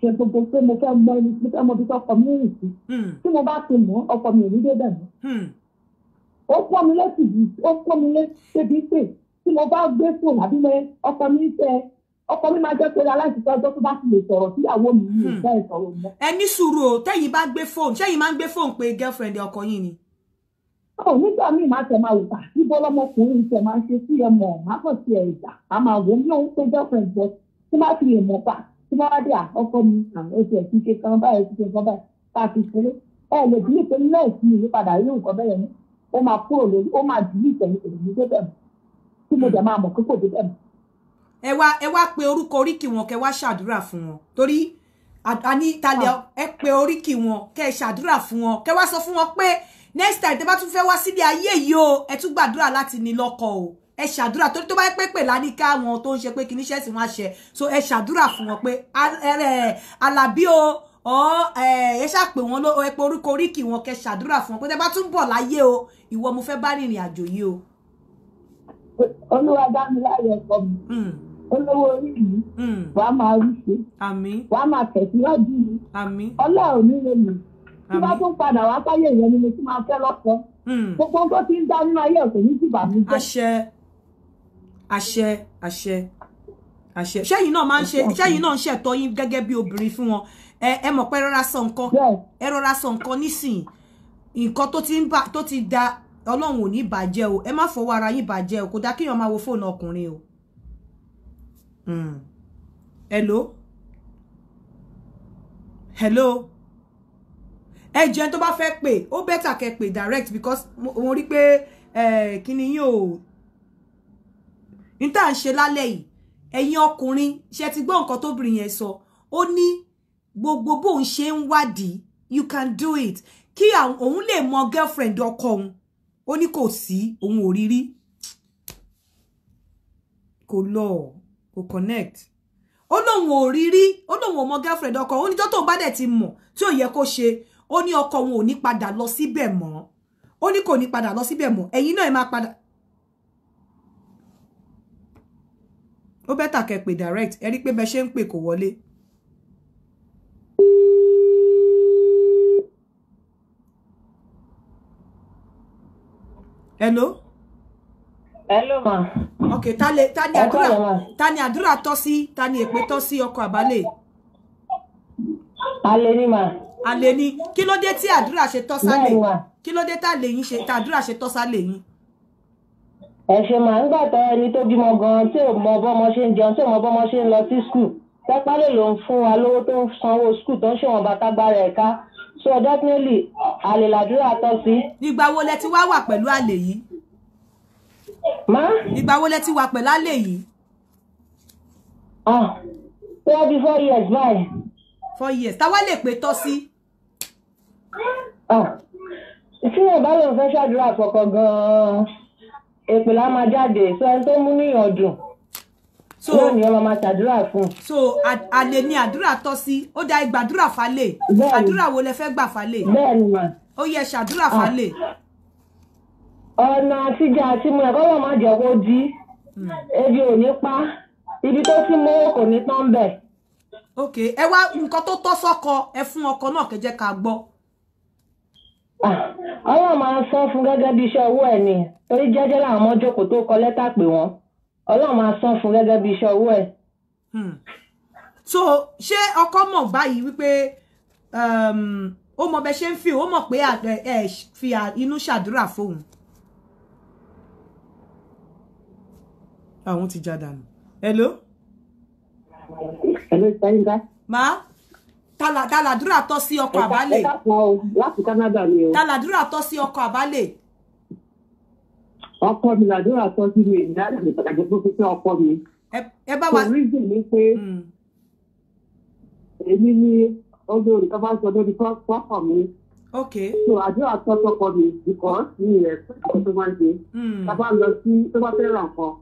ṣe gbogbo pé mo fẹ́ mọ ẹni mo fẹ́ mọ ibi tí ọkọ mi rìn sí hmm. tí mo bá ti mọ̀ ọkọ mi ò ní dé bẹ̀ ó pọ́ mi létí bí ó pọ́ mi lébi pé tí mo bá gbé fóònù àbí mo ọkọ mi fẹ́ ọkọ mi máa jẹ́ pé aláìsíkọ́ ọjọ́ tó bá ti lè sọ̀rọ̀ síyàwó mi yìí ìgbà ìsọ̀rọ̀ mi. Hmm. ẹ ní sùúrù o tẹ́yìn bá gbé fóònù ṣẹ́yìn máa ń gbé fóònù pé girlfriend ọkọ yìí ni. ọ nígbà míì máa tẹ máa wò ká níbo lọmọkùnrin tẹ máa ṣe sí ẹmọ máa kàn sí ẹ ìjà a máa wò mí òun pé girlfriend jẹ tí má fi lè mọ pa tí má dé ọkọ mi àwọn oṣù ẹ̀sìn ṣe kan báyìí ṣe kan báyìí ó máa kúrò lórí ó máa dùn ní ìtẹ̀yìn kò ní dé bẹ̀rù tí mo hmm. dẹ̀ máa mọ̀ pé kò dé bẹ̀rù. ẹ wá ẹ wá pe orúkọ oríkì wọn kẹ wá ṣàdúrà fún wọn torí a ní ìtàlẹ ah. ẹ pe oríkì wọn kẹ ṣàdúrà fún wọn kẹ wá sọ fún wọn pé next time tẹ bá tún fẹ́ wá sílé ayé yìí o ẹ tún gbàdúrà láti ní lọ́kọ o ẹ ṣàdúrà torí tó bá pé pè láníká àwọn tó ń ṣe pé kì í ṣẹ́sìn wọn ṣe so ẹ ṣàdúrà fún wọn pé Alábí o ọ eh, ẹ ṣàpè wọn ló epo orúkọ oríkì wọn kẹ ṣàdúrà fún wọn pé tẹ bá tún bọ̀ láyé o ìwọ mo fẹ́ bá rìnrìn àjò yìí o. olúwa dá mi láyọ̀ ọkọ mi hmm. olówó orí mi hmm. wàá máa rí ṣe wàá máa tẹ̀síwájú mi ọlá ò ní lè lò tí bá tún padà wá sáyé ìyẹn ni mo tún máa fẹ́ lọ́kọ hmm. gbogbo tó ti ń dá nínú ayé ọ̀sẹ̀ ní tìbà mi jẹ́. àṣẹ àṣẹ àṣẹ àṣẹ ṣẹ́yìn náà máa ń ṣe ṣẹ́yìn náà ń ṣẹ̀tọ́ yín gẹ́gẹ́ bí obìnrin fún wọn ẹ mọ̀ pé rọra sọ nǹkan ẹ rọra sọ nǹkan nísìnyí nǹkan tó ti ń bà ti da ọlọ́run ò ní bàjẹ́ o ẹ má fọwọ́ ara yín bàjẹ́ o kò dá kéèyàn máa wo fóònù ọkùnrin o. Hmm. hello hello ẹ jẹun tó bá fẹ́ pè ó bẹ́tà kẹ́ pè direct because mo rí eh, kini yín o n tá à ń ṣe lálẹ́ yìí ẹ̀yin ọkùnrin ṣe ti gbọ́ nǹkan tóbìnrin yẹn sọ ó gbogbo bóun ṣe ń wádìí you can do it kí òun lè mọ girlfriend ọkọ òun ó ní kò sí òun ò rírí kò lọ kò connect ó lóun ò rírí ó lóun ò mọ girlfriend ọkọ òun níjọ́ tóun bá dẹ̀ ti mọ̀ tí ò yẹ kó ṣe ó ní ọkọ òun ò ní padà lọ síbẹ̀ mọ́ ó ní kò ní padà lọ síbẹ̀ mọ́ ẹ̀yin náà ẹ máa padà. ó bẹ́tà kẹ́ pè direct ẹ rí i pé bẹ́ẹ̀ ṣe ń pè kò wọlé. hello. hello ma. ok ta le ta ni àdúrà ta ni àdúrà tọ́ sí ta ni èpè tọ́ sí ọkọ àbálẹ̀. alẹ́ ni ma. alẹ́ ni kí ló dé tí àdúrà ṣe tọ́ sálẹ̀ kí ló dé tá lẹ́yìn ṣe tá àdúrà ṣe tọ́ sálẹ̀ yín. ẹ ṣe máa ń gbàtọ ẹni tó bímọ ganan tí ò mọ bọmọ ṣe ń jẹun tí ò mọ bọmọ ṣe ń lọ sí skul tẹpálẹ ló ń fún wa lówó tó ń sanwó skul tó ń ṣèwọ̀n bàtà gbára ẹ̀ ká so definitely àlè làdúrà tọ́ sí. ìgbà wo lẹ ti wá wà pẹ̀lú àlè yìí. má. ìgbà wo lẹ ti wà pẹ̀lú àlè yìí. ah thirty four years báyìí. four years táwa lè pè tọ́ sí. ah tí wọn bá lọ fẹ́ ṣàdúrà kọ̀ọ̀kan gan-an èpè la máa jáde sọ ẹni tó mú níyànjú so náà ni ọlọmọ ṣàdúrà fún. so àlè ni àdúrà tọ́ sí ó da ìgbàdúrà falè àdúrà wo lẹ fẹ́ gbà falè. bẹ́ẹ̀ni mà. ó yẹ ṣàdúrà ah. falè. ọ̀nà àtijọ́ àti mú ẹ̀kọ́ wọn máa jẹ́ kó di hmm. ebi ò ní pa ibi tó ti mú kò ní tán bẹ̀. ok ẹ wá nǹkan tó tọ́ sọ́kọ ẹ fún ọkọ náà kẹjẹ ká gbọ́. Ah, ọlọ́run máa ń sọ fún gẹ́gẹ́ bí iṣẹ́ owó ẹ̀ ni torí jẹ́jẹ́ làwọn ọmọ jókòó tó kọ lẹ́tà pé wọ́n ọlọ́run máa san fún gẹ́gẹ́ bí iṣẹ́ owó ẹ̀. Hmm. so ṣé ọkọ mọ̀ báyìí wípé um, ó mọ bẹ ṣe ń fi ó mọ̀ pé eh, ẹ fi inú ṣàdúrà fóun. àwọn ti já dànù. hello. hello sayinka. ma taladura tọ́ sí ọkọ̀ àbálẹ̀. ẹ̀ka kan láti Canada ni o. taladura tọ́ sí ọkọ̀ àbálẹ̀ ọkọ mi làdúrà tọ́ sí mi ìdí àdàmì pàtàkì tó fi pé ọkọ mi. ẹ bá wa kò rí ìdèmí pé hmm. èmi ni ọdún olùkọ́ bá sọ lórí fọ́ọ̀kọ̀ mi. ok so àdúrà tọ́ tọkọ mi ìkọ́ ní ilẹ̀ ẹ̀kọ́ tó máa ń ṣe. Hmm. tá a bá lọ sí tó bá fẹ́ ra nǹkan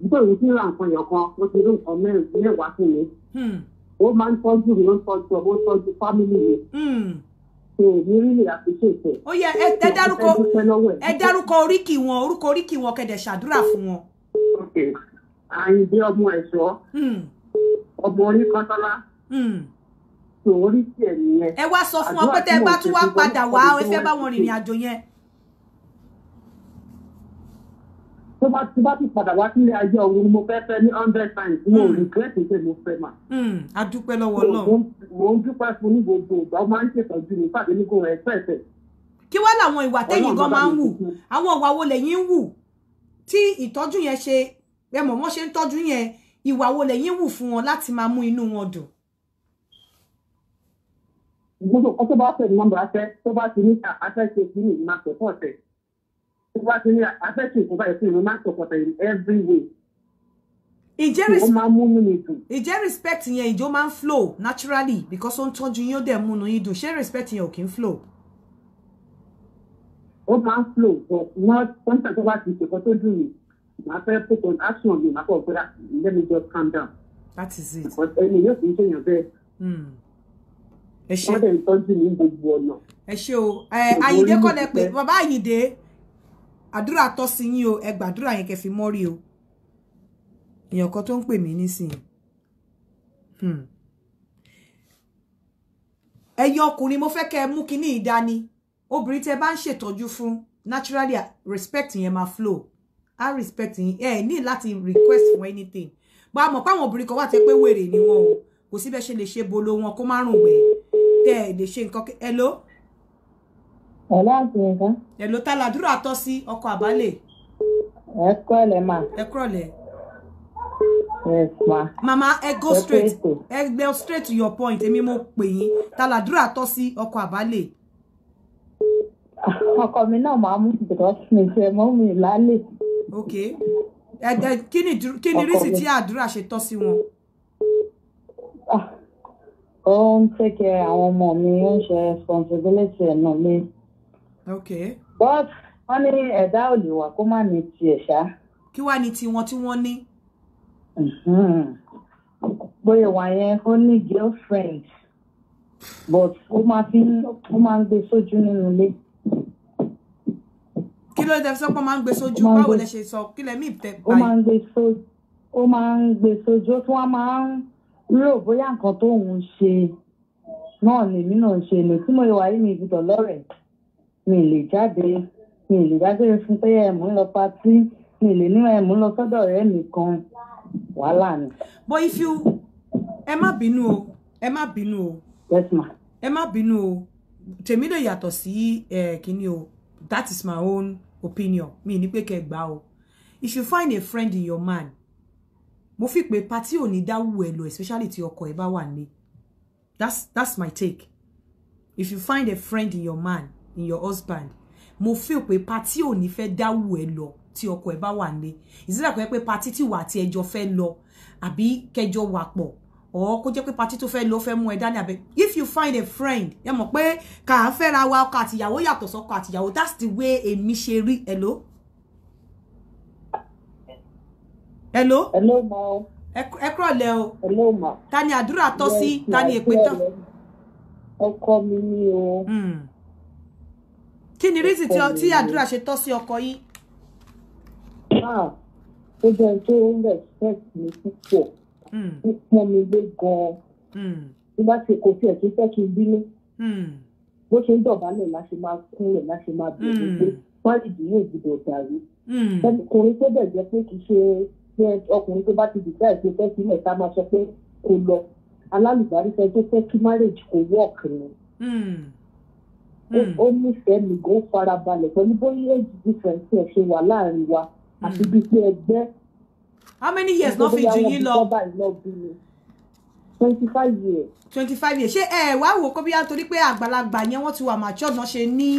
nígbà òun ti ra nǹkan yọ̀kan ó ti rí nǹkan mẹ́rin mẹ́wàá fún mi. Hmm. ó máa ń tọ́jú mi ó ń tọ́jú ọ so mi really appreciate oh, ẹ. ó yẹ ẹ dárúkọ ẹ dárúkọ oríkì wọn orúkọ oríkì wọn kẹdẹ ṣàdúrà fún wọn. ok àyìndé ọmọ ẹ̀ṣọ́ hmm. ọmọ oníkọ́tọ́lá hmm. so oríkì ẹ̀ nìyẹn. ẹ wá sọ fún wọn pé tẹ́ ẹ bá tún wá padà wá ẹ fẹ́ bá wọn rìnrìn àjò yẹn. tó bá tó bá ti padà wá sílé ayé ọ̀hún ni mo fẹ́ fẹ́ ní hundred times mo ò hmm. regret pé mo fẹ́ mà. Hmm, a dúpẹ́ lọ́wọ́ náà. mo ń dúpẹ́ fún ní gbogbo ìgbà ó máa ń ṣètọ́jú mi pàdé ní kò rẹ̀ pẹ̀sẹ̀. kí wá làwọn ìwà tẹ́yìn gan máa ń wù àwọn ìwà wo lẹ́yìn ń wù tí ìtọ́jú yẹn ṣe ẹ mọ̀ mọ́ ṣe ń tọ́jú yẹn ìwà wo lẹ́yìn wù fún wọn láti máa mú inú wọn dùn. gbogbo ọkọ wá in every respect ó máa ń yẹn ìjó máa ń flow naturally because ó ń tọ́jú yín ó dẹ̀ múnú yín Ṣé respect yẹn ò kí ń flow? Ó máa ń flow but not sometimes ó bá ti ṣèkọ́ tó dùn mí. Màá fẹ́ focus on action mi, màá kọ̀ pé ah, let me just calm down. That is it. Because ẹni yóò fi ń ṣèyàn bẹ́ẹ̀. Hmm. Ẹ ṣé. Wọ́n dẹ̀ ń tọ́jú mi gbogbo ọ̀nà. kọ́ lẹ pé bàbá Àyìndé àdúrà tọ́ sí yín o ẹ gbàdúrà yẹn kẹ́ fi mọ́rí o èèyàn kan tó ń pè mí nísìnyí hmm. ẹ̀yin ọkùnrin mo fẹ́ kẹ́ ẹ mú kinní ìdání obìnrin tẹ́ bá ń ṣètọ́jú fún naturally respect yẹn máa flow i respect yín ẹ ní láti request for anything bá a mọ̀ páwọn obìnrin kan wà tẹ́ pé wèrè ni wọn o kò síbẹ̀ ṣe lè ṣe bolo wọn kó má rùn gbẹ tẹ́ ẹ lè ṣe nǹkan ẹ lọ ẹ̀lá àti ẹ̀ka. èlò ta làdúrà tọ́ sí ọkọ̀ àbálẹ̀. ẹ kúrọ̀lẹ́ ma. ẹ kúrọ̀lẹ́. yes ma. mama ẹ go straight ẹ go straight to your point èmi mo pè yín ta làdúrà tọ́ sí ọkọ̀ àbálẹ̀. ọkọ mi náà máa mú ìdọ̀tí mi fẹ́ mọ́ mi lálẹ́. ok ẹ ẹ kí ni kí ni rísì tí àdúrà ṣe tọ́ sí wọn ah, ó ń tẹ́kẹ̀ àwọn ọmọ mi ń ṣe responsibility ẹ̀ náà mi okay. but wọ́n ní ẹ̀dá ò lè wà kó má ní tiẹ̀ ṣá. kí wàá ní tiwọn tí wọ́n ní. Mhm. bóyá wà yẹn ó ní girlfriend but ó máa fi ó máa ń gbé sójú nínú ilé. kí ló dé sọ pé ó máa ń gbé sójú báwo lẹ ṣe sọ kí lẹ mí tẹ báyìí. ó máa ń gbé sójú ó máa ń gbé sójú ó tún wá máa ń rò bóyá nǹkan tóun ṣe náà lèmi náà ṣe lè tí mo wà yìí mi ìbùdó lọ́rẹ̀ẹ́ mi lè jáde mi lè dágbére fún pé ẹ mú lọ patí mi lè ní ẹ mú lọ sọ́dọ̀ ọ̀rẹ́ mi wàhálà ni. but if you ẹ má bínú o ẹ má bínú o yes ma ẹ má bínú o tèmi lè yàtọ̀ sí ẹ kíní o that is my own opinion mi ní pé kẹ́ gbà o if you find a friend in your man mo fi pé party ò ní dáwù ẹ lọ especially tí ọkọ ẹ bá wà nílé that's that's my take if you find a friend in your man in your husband mo feel pé party ò ní fẹ́ dáwù ẹ lọ tí ọkọ ẹ bá wà ní ìsílẹ̀ kò yẹ pé party tí wà tí ẹjọ́ fẹ́ lọ àbí kẹjọ wà pọ̀ ọ̀ kó jẹ́ pé party tó fẹ́ lọ fẹ́ mú ẹ dání abẹ if you find a friend ẹ mọ̀ pé kà á fẹ́ra wa ọkọ àtìyàwó yàtọ̀ sọ́kọ àtìyàwó that's the way èmi ṣe rí hello. hello. hello ma o. ẹ kúrọ̀ o. hello ma. ta ni àdúrà tọ́ sí ta ni èpè tán. mi ni o. Mm kí ni reason tí àdúrà ṣe tọ́ sí ọkọ yín. náà ah, ó jẹ́ pé ó ń bẹ̀ sex mi púpọ̀ hmm. ó pọ́n mi lé gan-an hmm. bí bá ṣe kò tiẹ̀ tó fẹ́ kí n bínú hmm. bó ṣe ń dọ̀bálẹ̀ la ṣe máa kúnlẹ̀ la ṣe máa bẹ̀rẹ̀ pé máàlìdì yóò gbọdọ̀ dàrú ọkùnrin tó bẹ̀ jẹ́ pé kì í ṣe ọkùnrin tó bá ti dìgbà ìṣe fẹ́ sílẹ̀ ká máa sọ pé kò lọ alálùbárí fẹ́ tó fẹ́ kí marriage kò work ni ó hmm. nífẹ̀ẹ́ mi kó farabalẹ̀ pẹ̀lú bóyá èjì difference ẹ̀ ṣe wà láàrin wa hmm. àti bíi pé ẹgbẹ́. how many years ló fi jù yín lọ. twenty five years. twenty five years ṣé ẹ wá wò kó bíyá torí pé àgbàlagbà yẹn wọ́n ti wà matured náà ṣe ní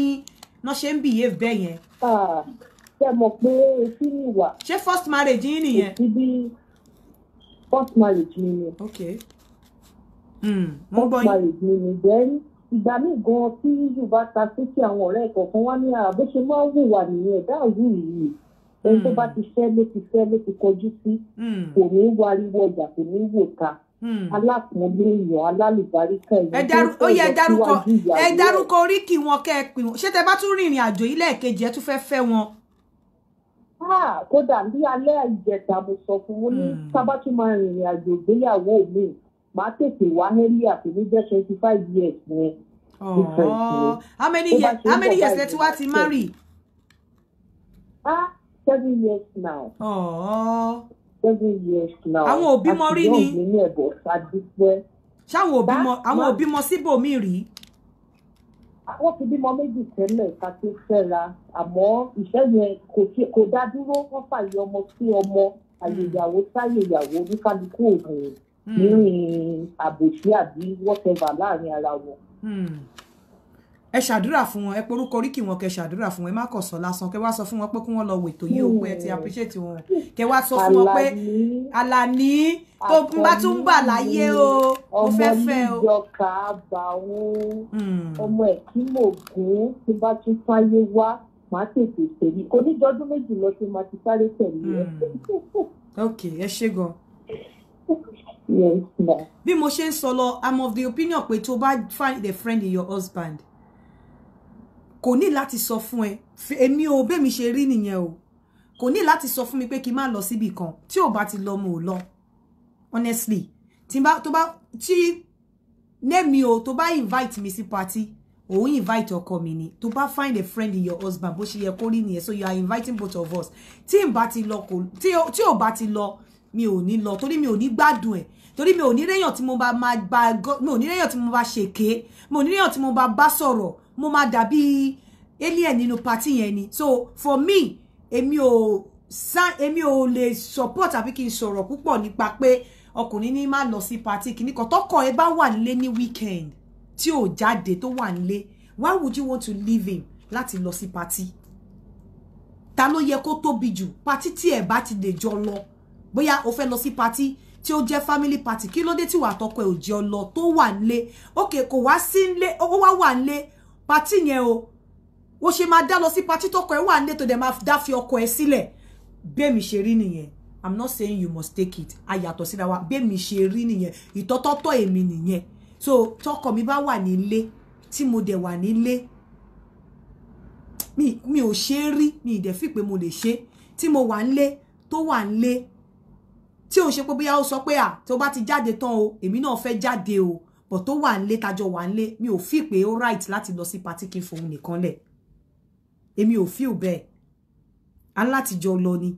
náà ṣe ń behave bẹ́ẹ̀ yẹn. ṣé mọ̀ pé etí ni wà. ṣé first marriage yín nìyẹn. èsì bí first marriage mi ni. ok. Mm, first marriage mi ni then ìgbà míì gan tí yíyù bá ta sí kí àwọn ọ̀rẹ́ kọ̀ọ̀kan wá ní àbó ṣe máa ń wùwà nìyẹn ẹ̀dá òwú yìí ohun tó hmm. bá ti fẹ́ ló ti fẹ́ ló ti kọjú sí hmm. kò ní wariwo ọjà kò ní wò ká hmm. alákùnrin èèyàn alálùbáríkà èèyàn tó ń tọ́jú síwájú ìyàwó ẹ dárúkọ oríkì wọn kẹ́ ẹ pè wọ́n ṣé tẹ bá tún rìnrìn àjò yìí lẹ́ẹ̀kejì ẹ tún fẹ́ fẹ́ wọn. kódà bí alẹ́ ìjẹta mo sọ fún wọn ní sábà tún máa rìnrìn àjò ìgbéyàwó mi máa tètè wá hẹ́rí àtẹ̀lé jẹ́ twenty five years yẹn. Oh, how many years how many years lẹ ti marry. ah seven years now. Oh, seven years now. be àwọn òbí mọ rí ni. àti yóò ní ẹ̀bọ̀ ṣàdúpẹ́. I want to be òbí mọ síbòmí rí wọ́n ti bímọ méjì tẹ́lẹ̀ ká tó fẹ́ra àmọ́ ìfẹ́ yẹn kò ṣe kò dá dúró wọ́n fàyè ọmọ sí ọmọ hmm. àyè ìyàwó sáyè ìyàwó oníkálukú òògùn Hmm. nínú àbòsí àbí whatever láàrin ara wọn. Hmm. ẹ ṣàdúrà fún wọn ẹ porúkọ oríkì wọn kẹ ṣàdúrà fún wọn ẹ má kàn sọ lásán kẹ wá sọ fún wọn pé kí wọn lọ wètò yìí ó pé ẹ ti hmm. appreciate wọn kẹ wá sọ fún wọn pé Àlàní tó ń bá tún bà láyé o mo fẹ́ fẹ́ o. ọmọ níjọka àbàwọn ọmọ ẹ̀kímọ̀ ògún tí bá tún fáyé wá máa tètè tẹ̀lé kò méjì lọ sí máa ti sáré tẹ̀lé ẹ. ok ẹ ṣé gan. bí mo ṣe ń sọ lọ i'm of the opinion pé tó bá find a friend in your husband kò ní láti sọ fún ẹ èmi ò bẹ́mi ṣe rí nìyẹn o kò ní láti sọ fún mi pé kí n má lọ síbì kan tí ò bá ti lọ mo ò lọ honestly tí bá tó bá tí nẹ́mi o tó bá invite mi sí party òun invite ọkọ mi ni tó bá find a friend in your husband bó ṣe yẹ kó rí nìyẹn so you are inviting both of us tí ò bá ti lọ mi ò ní lọ torí mi ò ní gbádùn ẹ̀ torí mi ò ní réyàn tí mo bá máa bá mi ò ní réyàn tí mo bá ṣèké mi ò ní réyàn tí mo bá bá sọ̀rọ̀ mo máa dàbí alien nínú pati yẹn ni so for me èmi ò èmi ò lè support àbí kí n sọ̀rọ̀ púpọ̀ nípa pé ọkùnrin ní má lọ sí pati kìíní kan tọkọ ẹ bá wà nílé ní weekend tí ò jáde tó wà nílé why would you want to leave him láti lọ sí party. ta ló yẹ kó tóbi jù pati tí ẹ bá ti lè jọ lọ bóyá o fẹ́ lọ sí party tí ó jẹ́ family party kí ló dé tí wà tọkọ ẹ̀ ò jẹ́ ọlọ tó wà nílé òkè kò wá sí nílé ó wá wà nílé party yẹn o ó ṣe máa dá lọ sí party tọkọ ẹ̀ wà nílé tó dẹ̀ máa dá fi ọkọ ẹ̀ sílẹ̀ bẹ́ẹ̀ mi ṣe rí nìyẹn i'm not saying you must take it ayàtọ̀ síra wa bẹ́ẹ̀ mi ṣe rí nìyẹn ìtọ́tọ́tọ́ èmi nìyẹn so tọkọ mi bá wà nílé tí mo dẹ̀ wà nílé mi ò ṣe é rí mi ì dẹ̀ fi pé mo lè ṣe tí mo wà nílé tó wà nílé tí ò ń ṣe pé bóyá ó sọ pé à tó bá ti jáde tán o èmi náà fẹ́ jáde o but tó wà nílé tajọ wà nílé mi ò fi pé ó right láti lọ sí pati kí n fòun nìkan lẹ̀ èmi ò fi ò bẹ́ẹ̀ alátijọ́ lọ ni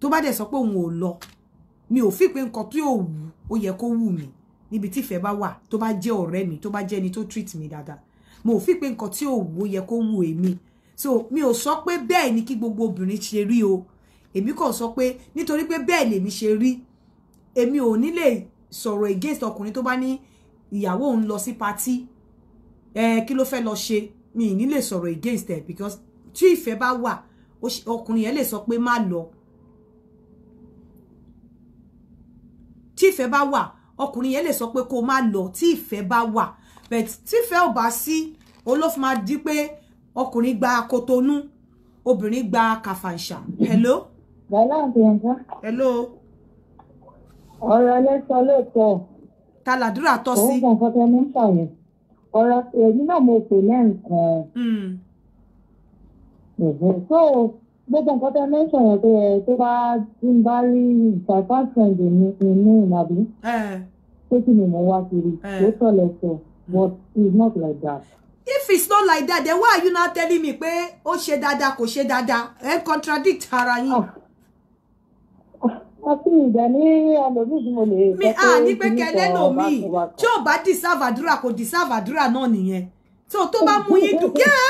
tó bá dẹ̀ sọ pé òun ò lọ mi ò fi pé nǹkan tí ò wù ó yẹ kó wù mí níbi tí ìfẹ́ bá wà tó bá jẹ́ ọ̀rẹ́ mi tó bá jẹ́ ẹni tó treat mi dáadáa mo ò fi pé nǹkan tí ò wù ó yẹ kó wù èmi so mi ò sọ pé bẹ́ẹ̀ ni kí gbogbo obìnrin ṣe rí o èmi kàn sọ pé nítorí pé bẹ́ẹ̀ lèmi ṣe rí èmi ò ní lè sọ̀rọ̀ against ọkùnrin tó bá ní ìyàwó òun lọ sí patí ẹ kí ló fẹ́ lọ ṣe mi ì ní lè sọ̀rọ̀ against ẹ̀ because tí ìfẹ́ bá wà ọkùnrin yẹn lè sọ pé má lọ tí ìfẹ́ bá wà ọkùnrin yẹn lè sọ pé kó má lọ tí ìfẹ́ bá wà but tí ìfẹ́ ò bá sí olófin máa di pé ọkùnrin gba Kòtónú obìnrin gba Kàfàǹṣà hello bàbá àti ẹ̀ka. hello. ọ̀rọ̀ ẹlẹ́sọ lóòótọ́. ta làdúrà tọ́ sí. òun kàn fọ́tẹ́ ní sọ̀rọ̀ ọ̀rọ̀ èyí náà mo pè lẹ́ǹkan. Hmm. so gbogbo nǹkan tẹ́ mẹ́sàn yẹn pé tó bá tí n bá rí ìtàkàtúndì mi inú ìnàbí eh. pé kí ni mo wá kiri eh. ó sọ̀lẹ̀ sọ but it's not like that. if it's not like that then why are you now telling me pé ó ṣe dáadáa kò ṣe dáadáa ẹ eh, contradict ara yín. Oh. ọtí ìgbà ah, ní pé a ní pé tí ò bá deserve àdúrà kò deserve àdúrà náà nìyẹn so tó bá mú yín dùn kíá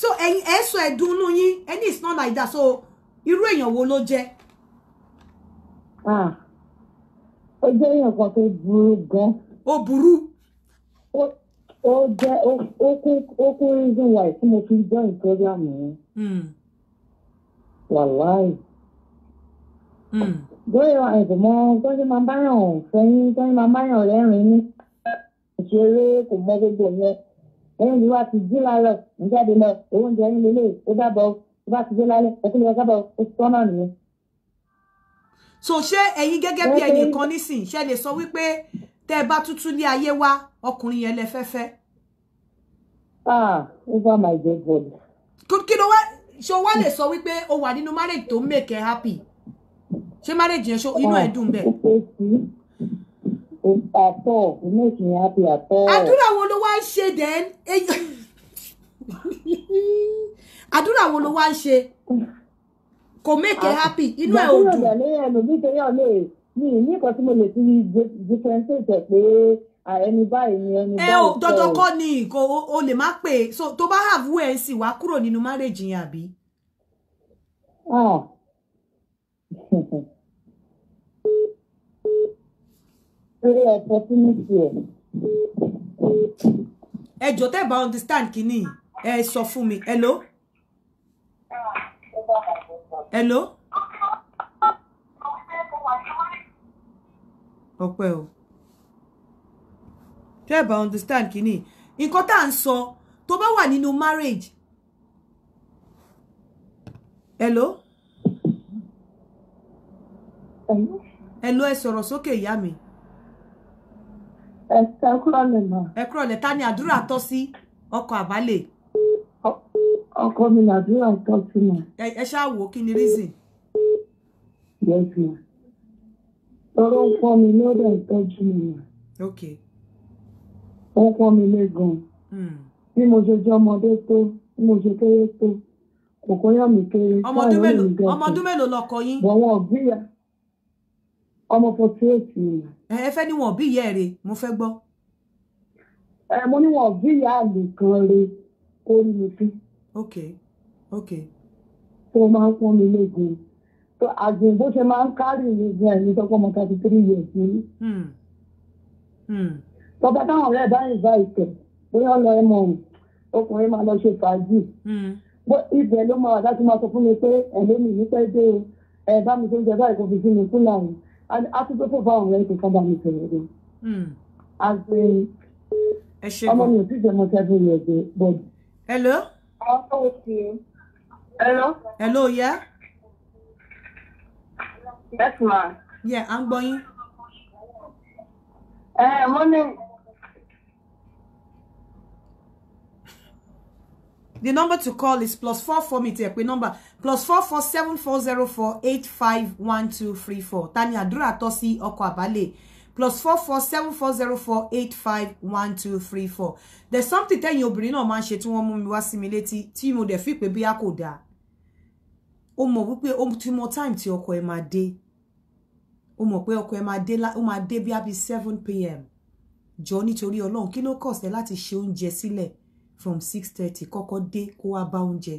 so ẹ̀yin ẹ sọ inú yín ẹni it's not like that so irú èèyàn wo ló jẹ. Ah. ó jẹ́ èèyàn kan tó burú gan. ó burú. ó jẹ́ reason why tí mo fi yẹn. Hmm. wàláì. 嗯，所以話誒咁樣，嗰啲慢慢又咁，嗰啲慢慢又兩年，其實咁冇嘅嘢嘅，誒你話自己嚟咯，唔知點咧，我問你你你，我答冇，你話自己嚟咧，我聽你答冇，我講到你。so ṣé ẹ̀yin gẹ́gẹ́ bí ẹ̀yin kan nísìnyí ṣe lè sọ wípé tẹ́ ẹ bá tútù ní ayé wa ọkùnrin yẹn lẹ fẹ́ fẹ́. ah over my dead body. kí ló wá ṣe o wá lè sọ wípé o wà nínú marriage tó ń make ẹ happy ṣé marriage yẹn ṣó inú ẹ̀ dùn bẹ́ẹ̀. àtọ inú ìsìn happy àtọ. àdúrà wo ló wá ń ṣe then àdúrà wo ló wá ń ṣe kò make it happy inú ẹ̀ ò dùn. ìgbàlódé ìgbàlódé ẹ̀ lòdì tó yọ̀ lè mi ní nǹkan tí mo lè fi differentiate pé ẹni báyìí ni ẹni báyìí. ẹ o dandan kọ́ ni nǹkan o lè má pè é so tó bá have wẹ́ẹ̀ sì wá kúrò nínú márèjì yẹn àbí. Ah eré opportunity ẹ̀. ẹ jọ tẹ́ bá understand kini ẹ sọ fún mi hello. hello. ọpẹ́ o tẹ́ bá understand kini nǹkan tá à ń sọ tó bá wà nínú marriage. hello. Hello ẹ sọ̀rọ̀ sókè ìyá mi. Ẹ kúrọ̀ lẹ̀ mọ́. Ẹ kúrọ̀ lẹ̀ ta ni àdúrà tọ́ sí ọkọ̀ àbálẹ̀? Ọkọ mi làdúrà tọ́ sí mọ́. Ẹ ṣáà wò ó kí ni reason? Yes ma. Ọ̀rọ̀ ń pọ́n mi lórí ìtọ́jú mi ma. Ok. Ó mi lé gan hmm. Bí mo ṣe jẹ́ ọmọdé tó, bí mo ṣe kéré tó, kòkó yàn mí kéré. Ọmọ ọdún mélòó lọkọ yín? Bọ̀wọ̀ gbìyà ọmọ forty eight ni. ẹ fẹ́ ni wọn bí ìyá ẹ̀ re mo fẹ́ gbọ́. ẹ mo ní wọn bí ìyá àlè kan re kó rí mi sí. ok ok. tó máa ń pọ́n mi lóògùn tó àgbìn bó ṣe máa ń kárì mi gan ẹni tó pọ́n mọ́ thirty three years ni. Hmm, hmm. tọ́pẹ́ táwọn ọ̀rẹ́ bá ń bá ìtẹ̀ bóyá lọ ẹ mọ̀ ọkùnrin máa lọ ṣe fàájì. Hmm. ibẹ̀ ló máa wà láti máa sọ fún mi pé ẹ̀mí mi ní pẹ́ dé o ẹ̀ bá mi tó ń jẹ báyìí kò fi sí mi kúlà yìí and happy people bá àwọn ẹ̀sìn kan bá mi sọ̀rọ̀ as in ọmọ mi ò tí ì jẹ́ mọ́tẹ́bí rẹ̀ dé bọ́ọ̀dù. hello. àwọn tó ń fi hello. hello ya. Yeah? yes ma. yẹ à ń gbọ́ yín. ẹ eh, mọ́nẹ́. The number to call is plus four four meter ti number plus four four seven four zero four eight five one two three four ta ni àdúrà tọ́ sí ọkọ̀ àbálẹ̀ plus four four seven four zero four eight five one two three four there's something tẹ́yìn you bring no man ṣe tí wọ́n mú mi wá sí mi létí tí mo dẹ̀ fi pé bí a kò dáa o mọ̀ wípé o ti mọ time tí ọkọ̀ ẹ máa day o mọ̀ pé ọkọ̀ ẹ máa dé ó máa dé seven pm Johnny, nítorí alone. kí ló kọ̀ sí láti ṣe oúnjẹ from six thirty kọ́kọ́ dé kó wá bá oúnjẹ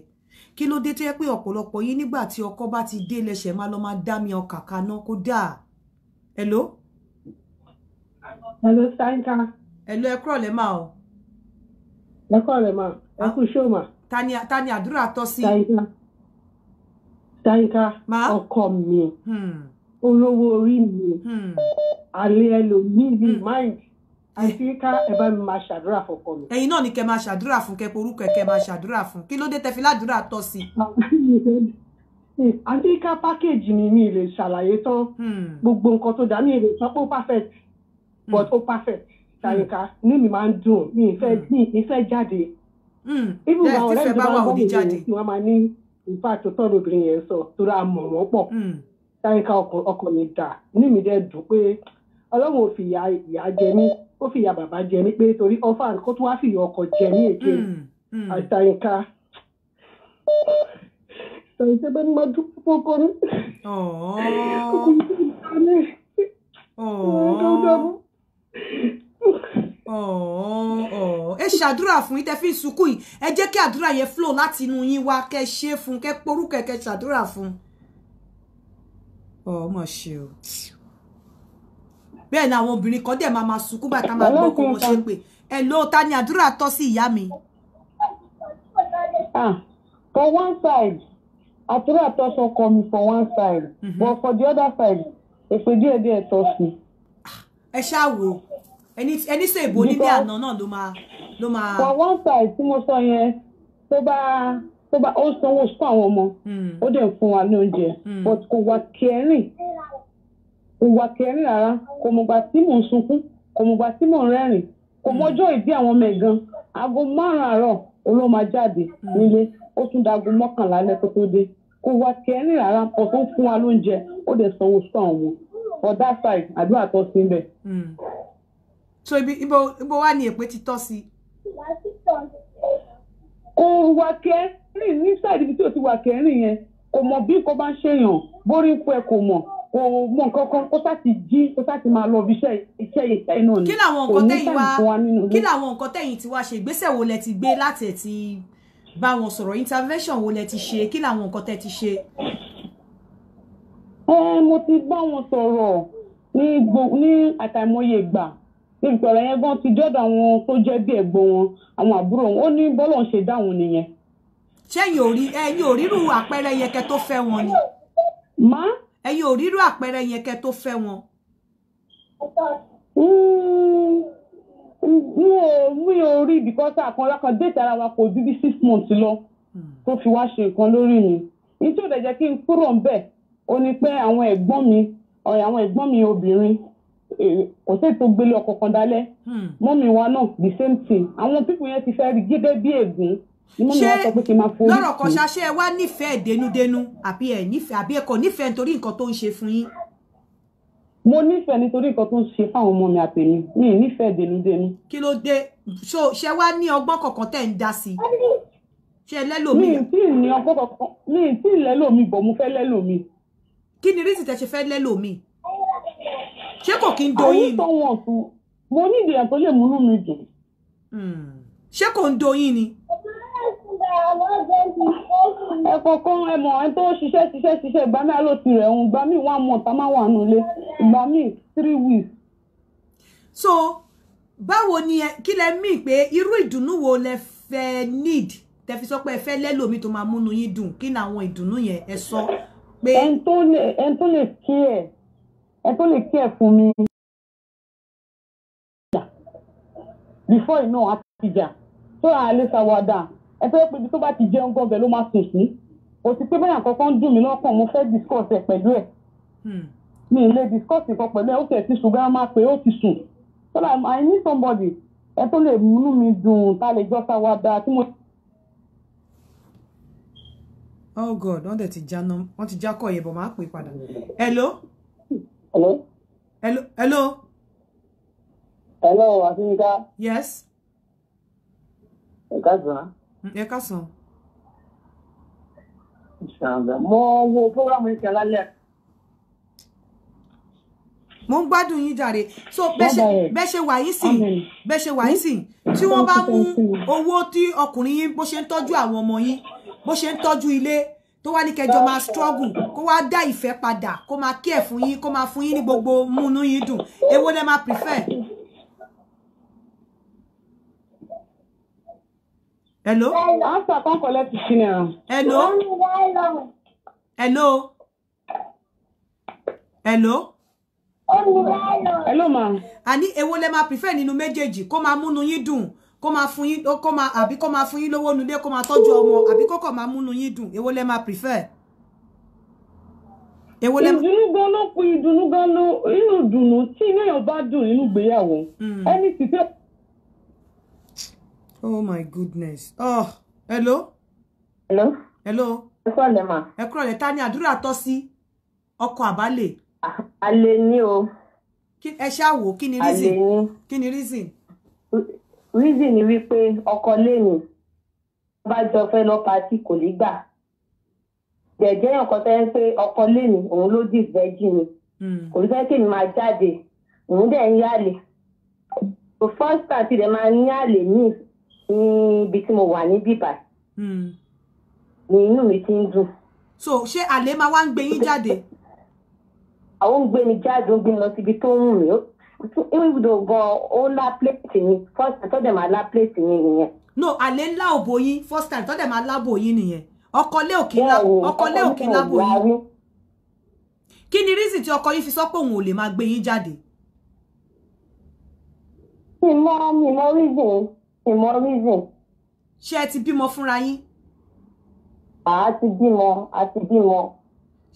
kí ló dé tó yẹ pé ọ̀pọ̀lọpọ̀ yín nígbà tí ọkọ bá ti dé lẹ́sẹ̀ máa lọ máa dá mi ọkà kaná kó dáa. hello. hello sanka. hello ẹ kúrọ̀ lẹ́ máa o. ẹ kúrọ̀ lẹ́ máa ẹ kú ṣó mà. ta ni àdúrà tọ́ sí. sanka sanka ọkọ mi hmm. olówó orí mi hmm. alẹ́ ẹlòmíì bíi hmm. máìndì àti eh. ká ẹ bá mi máa ṣàdúrà fọkọ mi. ẹ̀yin náà ni kẹ́ máa ṣàdúrà fún kẹ́ porúkọ kẹ́ máa ṣàdúrà fún kí ló dé tẹ́ fi sí. àti ká pákéjì mi mi lè ṣàlàyé tán hmm. gbogbo nǹkan tó dá mi lè sọ pé ó perfect hmm. but ó perfect ṣàyẹ̀ká inú mi máa ń dùn mi ìfẹ́ hmm. jáde. ibi ìwà ọ̀rẹ́ mi máa ń bọ́ mi lè ní wọ́n máa ní ìfà tó tọ́ lóbìnrin yẹn sọ tó rà mọ̀ wọ́n pọ̀ ṣàyẹ̀ká ọkọ̀ mi dà inú mi dẹ̀ dùn pé ọlọ́run ò fi ìyà jẹ mí ó fìyà bàbá jẹ mí pé torí ọfà kó tún wá fìyà ọkọ jẹ mí èké hmm, hmm. àtàyìnká sọ̀rọ̀ bá ní máa dúpọ̀ fọ́kọ mi. ẹ ṣàdúrà fún yín tẹ́ fi ń sunkún yìí ẹ jẹ́ kí àdúrà yẹn flow láti inú yín wá kẹ́ ṣe é fún kẹ́ porúkọ kẹ́ ṣàdúrà fún. ọmọ ṣe o bẹ́ẹ̀ ni àwọn obìnrin kan dẹ̀ máa máa sunkún gbà tá máa gbọ́ kó wọ́n ṣe pé ẹ ló ta ni àdúrà tọ́ sí ìyá mi. Ah, for one side àdúrà tọ́ sọkọ mi for one side mm -hmm. but for the other side èpè díẹ̀ díẹ̀ tọ́ sí. Ah, ẹ ṣáà wò ẹni sọ èbó níbi àná náà ló máa ló máa. for one side tí mo sọ yẹn tó bá tó bá ó sanwó fún àwọn ọmọ hmm. ó dẹ̀ fún wa ní oúnjẹ hmm. but kò wá kẹrin ìwà kẹrin rárá kò mọ̀gbà tí mò ń sunkún kò mọ̀gbà tí mò ń rẹ́rìn kò mọ́jọ́ ìdí àwọn ọmọ ẹ̀ gan aago márùn-ún àárọ̀ olóma jáde nílé ó tún dago mọ́kànlá alẹ́ tó dé kò wá kẹrin rárá pọ̀ tó ń fún wa lóúnjẹ ó dẹ̀ sanwó sàn wọn for that àdúrà tó sí bẹ́ẹ̀. Hmm. so ibi ibo ibo wà ní èpè ti tọ́ sí. kò wá kẹrin ní sáìdì ibi tí o ti wà kẹrin yẹn kò mọ bí kò bá ń ṣèyàn bórí ń pẹ́ kò mọ̀ o mọ nǹkan kan kó sá ti jí kó sá ti máa lọ ibi iṣẹ́ iṣẹ́ iṣẹ́ náà ni kí làwọn nǹkan tẹ̀yìn wá kí làwọn nǹkan tẹ̀yìn ti wá ṣe ìgbésẹ̀ wo lẹ ti gbé láti ẹ̀ ti bá wọn sọ̀rọ̀ intervention wo lẹ ti ṣe kí làwọn nǹkan tẹ̀ ti ṣe. ẹ mo ti bá wọn sọ̀rọ̀ ní ní àtàìmọye ìgbà níbi ọ̀rọ̀ yẹn gan ti jọ́dọ̀ àwọn tó jẹ́ bí ẹ̀gbọ́n wọn àwọn àbúrò wọn ó ní bọ́lọ̀ ń ṣe dáhùn nìyẹn. ṣé ẹ̀yin rí ẹ̀yin ò rírú àpẹẹrẹ yẹn tó fẹ́ wọn ni. màá ẹ̀yin ò rírú àpẹẹrẹ yẹn kẹ́ tó fẹ́ wọn. mi ò rí bìkọ́tà kan lákan déètì ara wa kò ju bí six months lọ hmm. tó fi wá ṣe nǹkan lórí mi nítorí ọ̀dẹ̀ jẹ́ kí n kúrò ń bẹ̀ ó ní pé àwọn ẹ̀gbọ́n mi àwọn ẹ̀gbọ́n mi obìnrin e, kò sí ètò gbélé ọkọ̀ kan dálẹ̀ hmm. mọ́mì wa náà the same thing àwọn pípọ̀ yẹn ti fẹ́ rí gẹ́gẹ́ bí ègún ṣé lọ́rọ̀ kan ṣaṣẹ́ ẹ wá nífẹ̀ẹ́ dénúdénú àbí ẹ̀ nífẹ̀ẹ́ àbí ẹ kò nífẹ̀ẹ́ nítorí nǹkan tó ń ṣe fún yín. mo nífẹ̀ẹ́ nítorí nǹkan tó ń ṣe fáwọn ọmọ mi àtẹ̀mí mi ì nífẹ̀ẹ́ dénúdénú. kí ló dé so ṣé wá ní ọgbọ́n kọ̀ọ̀kan tẹ̀ ń dá sí i ṣé ẹ lẹ́lòmí. mi ì tí ì ní ọgbọ́n kọ̀ọ̀kan mi ì tí ì lẹ́lòmí bọ̀ mo fẹ́ lẹ́lòmí. kí ni rísì tẹ ṣe fẹ́ lẹ́lòmí? ṣé kò kí hmm. ń ẹ kọ̀ọ̀kan ẹ mọ̀ ẹ tó ṣiṣẹ́ ṣiṣẹ́ ṣiṣẹ́ ìgbà mi àlọ́ tirẹ̀ òun ìgbà mi one month a máa wà nulẹ̀ ìgbà mi three weeks. so báwo ni ẹ kí lẹ mí pé irú ìdùnnú wo lẹ fẹ́ need tẹ fi sọ pé ẹ fẹ́ lẹ́lòmí tó máa múnú yín dùn kí ni àwọn ìdùnnú yẹn ẹ sọ pé. ẹn tó lè ẹn tó lè kí ẹ ẹn tó lè kí ẹ fún mi. before you know àtijọ́ so àlè sáwádà ẹ tó yẹ pé ibi tó bá ti jẹun gan bẹ̀ ló máa sùn sí kò sí pé bóyá nǹkan dùn mí lọ́kàn mo fẹ́ discuss ẹ̀ pẹ̀lú ẹ̀ hmm. mi lè discuss nǹkan pẹ̀lú ẹ̀ ó tẹ̀ sí ṣùgbọ́n máa pé ó ti sùn so that I need somebody ẹ tó lè múnú mi dùn tá lè jọ ṣàwàdà tí mo. oh god wọ́n dẹ̀ ti jáná wọ́n ti jákọ̀ yẹn bọ̀ máa pè padà hello. hello. hello. hello. hello yes. ẹ káàsán ẹ kásán. E mo wo fúlàmù ìṣẹ̀ lálẹ́. mo ń gbádùn yín jàre so bẹ́ẹ̀ ṣe wà yín sìn bẹ́ẹ̀ ṣe wà yín sìn hmm? tí wọ́n bá mú owó tí ọkùnrin yín bó ṣe ń tọ́jú àwọn ọmọ yín bó ṣe ń tọ́jú ilé tó wá ní kẹjọ máa struggle kó wá dá ìfẹ́ padà kó máa kí ẹ̀ fún yín kó máa fún yín ní gbogbo múnú yín dùn èwo lẹ máa prefer. Hello? Hello, Hello. can't Hello? Hello? Hello? Hello, ma. Àní èwo lẹ máa prefer nínú méjèèjì kó máa múnú yín dùn kó máa fún yín kó máa àbí kó máa fún yín lówó nulé kó máa tọ́jú ọmọ àbí kó kàn máa múnú yín dùn èwo lẹ máa prefer. Ewo le. máa. Ìdùnnú gan ló kù ìdùnnú gan ló inú ìdùnnú tí inú èèyàn bá dùn nínú ìgbéyàwó. Ẹni hmm. tí oh my goodness oh hello. hello. hello. ẹ kúrò lẹ́ mà. ẹ kúrò lẹ́ ta ni àdúrà tọ́ sí ọkọ àbálẹ̀. alẹ́ ni o. ẹ ṣáà wò kí ni reason. alẹ́ ni. kí ni reason. reason ni wípé ọkọ lẹ́nu bá jọ fẹ́ lọ pàtí kò ní gbà jẹ̀jẹ́ yàn kan tẹ́ pé ọkọ lẹ́nu òun ló di vẹ́jì ni hmm. kò ní fẹ́ kí ni máa jáde òun dẹ̀ ń yálè the first time ti dẹ̀ máa ń yálè míì níbi tí mo wà ní bíbà hmm. ni inú mi ti ń dùn. so ṣé àlè máa wá ń gbé yín jáde. àwọn ń gbé mi jáde ó ń gbé mi lọ síbi tó ń wù mí ibùdó gan ó lá pléètì mi first time tọ́jà máa lá pléètì mi nìyẹn. no àlè ńlá òbò yín first time tọ́jà máa lábò yín nìyẹn ọkọlé òkè lábò yín kí ni reason tí ọkọ yín fi sọ pé òun ò lè máa gbé yín jáde. mi mọ mi mọ reason ìmọ̀ reason. ṣé ẹ ti bímọ fúnra yín. àá ti bímọ a ti bímọ.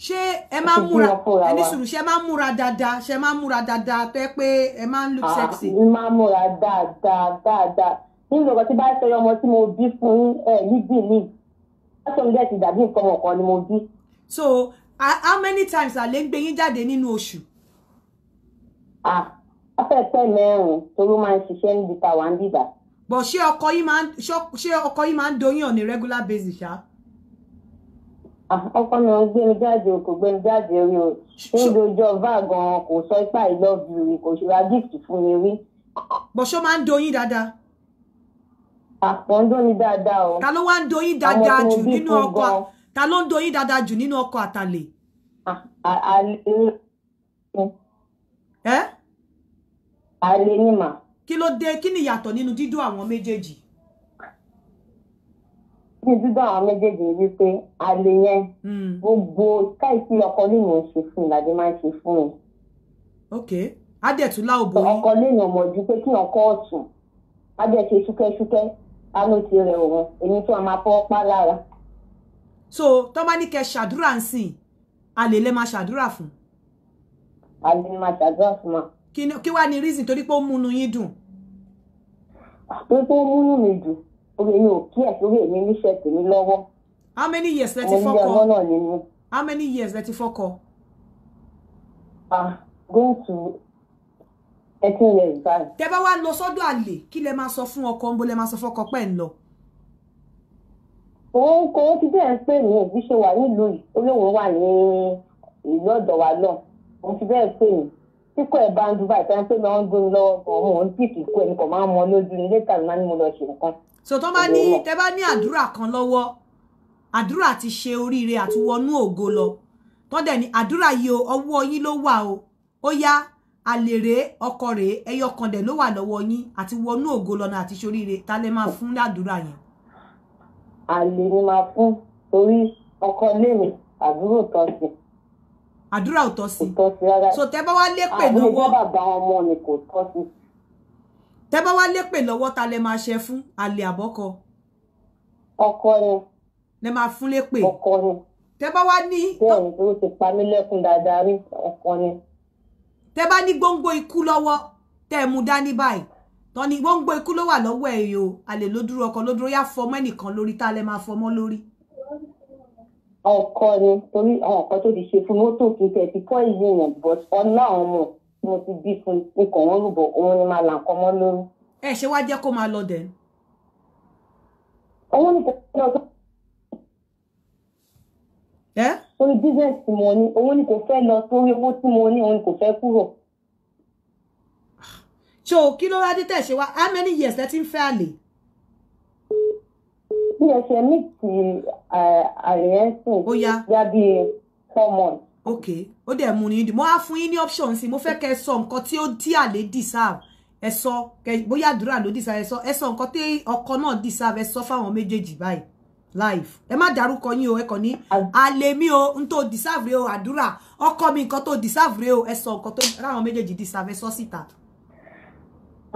ṣé ẹ máa ń múra ẹni sùúrù ṣé ẹ máa ń múra dáadáa ṣé ẹ máa ń múra dáadáa tó yẹ pé ẹ máa ń look sexy. àá máa ń múra dáadáa dáadáa nínú ọkọ tí bá ṣe ọmọ tí mo bí fún ẹ níbí mi látọ̀ ń dẹ̀ ti dàbí nǹkan ọ̀kan ni mo bí. so uh, how many times àlè ń gbé yín jáde nínú oṣù. ah afẹ́fẹ́ mẹ́rin torí ó máa ń ṣiṣẹ́ níbi táwa ń but ṣé ọkọ yín máa ń ṣé ọkọ yín máa ń doyún on a regular basis ṣá. Ah, ọkọ mi ò ń gbé mi jáde kò gbé mi jáde rí o níbi ojú ọba gan kò sọ ipá I love you rí kò ṣe ra gift fún mi rí. but ṣó máa ń doyún dáadáa. àpọ̀ ah, ń doyún dáadáa o. ta ló wá ń doyún dáadáa jù nínú ọkọ ta ló ń doyún dáadáa jù nínú ọkọ àtàlè. àlè ah, ni. ẹ. àlè ni mà kí ló dé kí ni ìyàtọ̀ nínú dídó àwọn méjèèjì. bí dídó àwọn méjèèjì wípé àlè yẹn hmm. gbogbo káìsí ọkọ nínú ṣe fún ìlàjì máa ń ṣe fún un. ok adẹ̀túnlá òbò yín. ọkọ nínú ọmọdé pé kí ọkọ ọ̀tún adẹ̀tún ṣúkẹ́ṣúkẹ́ aló ti rẹ̀ òun èmi tí wọn máa fọwọ́ pa lára. so tó bá ní kẹ ṣàdúrà ń sìn àlè lè máa ṣàdúrà fún. àlè máa ṣàdúrà fún wa kí wá ní reason torí pé ó múnú yín dùn. pé pé múnú mi dùn obìnrin ò kí ẹ̀ sórí èmi níṣẹ́ tèmi lọ́wọ́. how many years Let ti fọ́kọ how many years Let ti fọ́kọ. ah going to thirteen years báyìí. tẹ bá wá lọ sọ́dọ̀ àlè kí lẹ máa sọ fún ọkọ ń bo lẹ máa sọ fọ́kọ pẹ́ ń lọ òun kò ti bẹ́ẹ̀ pè mí òbí ṣe wà nílùú yìí olóhùn wà ní ìlú ọ̀dọ̀ wa náà òun ti bẹ́ẹ̀ pè mí kíkọ́ ẹ̀ bá ń dúbà ìtàn pé máa ń gbóni lọ́wọ́ gan ọmọ òun sì kíkọ́ ẹ̀ nìkan máa ń mọ lójú ní lẹ́tà ńlá ni mo lọ ṣe nǹkan. so tó bá ní tẹ bá ní àdúrà kan lọ́wọ́ àdúrà ti ṣe oríire àti wọnú ògo lọ tọ́dẹ̀ ni àdúrà yìí o ọwọ́ yín ló wà o ó yá àlèrè ọkọ rèé ẹyọ kan dẹ̀ ló wà lọ́wọ́ yín àti wọnú ògo lọ́nà àti ṣoríire ta lẹ máa fún ládùúrà yẹn. àlè ni máa fún torí ọkọ lèmi àbúrò tán sí àdúrà ò sí so tẹ́ bá wá lépè lọ́wọ́ tẹ́ bá wá lépè lọ́wọ́ ta lẹ máa ṣe fún àlè àbọ́kọ ọkọ ni lẹ máa fún lépè ọkọ ni tẹ́ bá wá ní. bẹ́ẹ̀ ló ti pa mí lẹ́kùn dáadáa rí ọkọ ni. tẹ́ bá ní gbóngbó ikú lọ́wọ́ tẹ́ ẹ mú dání báyìí tọ́ni gbóngbó ikú ló wà lọ́wọ́ ẹ̀ yìí o àlè ló yá fọmọ ẹnìkan lórí tá a lẹ máa fọmọ lórí ọkọ ni torí àwọn nǹkan tó ti ṣe fún mọ́tò kí n tẹ̀ ti kọ́ ìyé yẹn but ọ̀nà àwọn ọmọ tí mo ti bí fún ikọ̀ wọn rúbọ òun ni máa là ń kọ́ mọ́ lórí. ẹ ṣe wá jẹ́ kó máa lọ dẹ̀. owó ní kò fẹ́ lọ. ẹ. business tí mo ní owó ní kò fẹ́ lọ torí owó tí mo ní òun kò fẹ́ kúrò. so ah. kí ló wá dé tẹ̀ ṣe wá how many years ẹ ti ń fẹ́ àlè bí ẹ ṣe mí ti àríyẹ́sìn yá bí four months. ok ó dẹ̀ mú ni mo á fún yín ní option sí mo fẹ́ kẹ́ ẹ sọ nǹkan tí ó dí àlè deserve ẹ sọ kẹ bóyá àdúrà ló deserve ẹ sọ ẹ sọ nǹkan tí ọkọ náà deserve ẹ sọ fáwọn méjèèjì báyìí live ẹ má dárúkọ yín o ẹ kàn ní àlè mi o n tó deserve o àdúrà ọkọ mi nǹkan tó deserve o ẹ sọ nǹkan tó ráwọn méjèèjì deserve ẹ sọ síta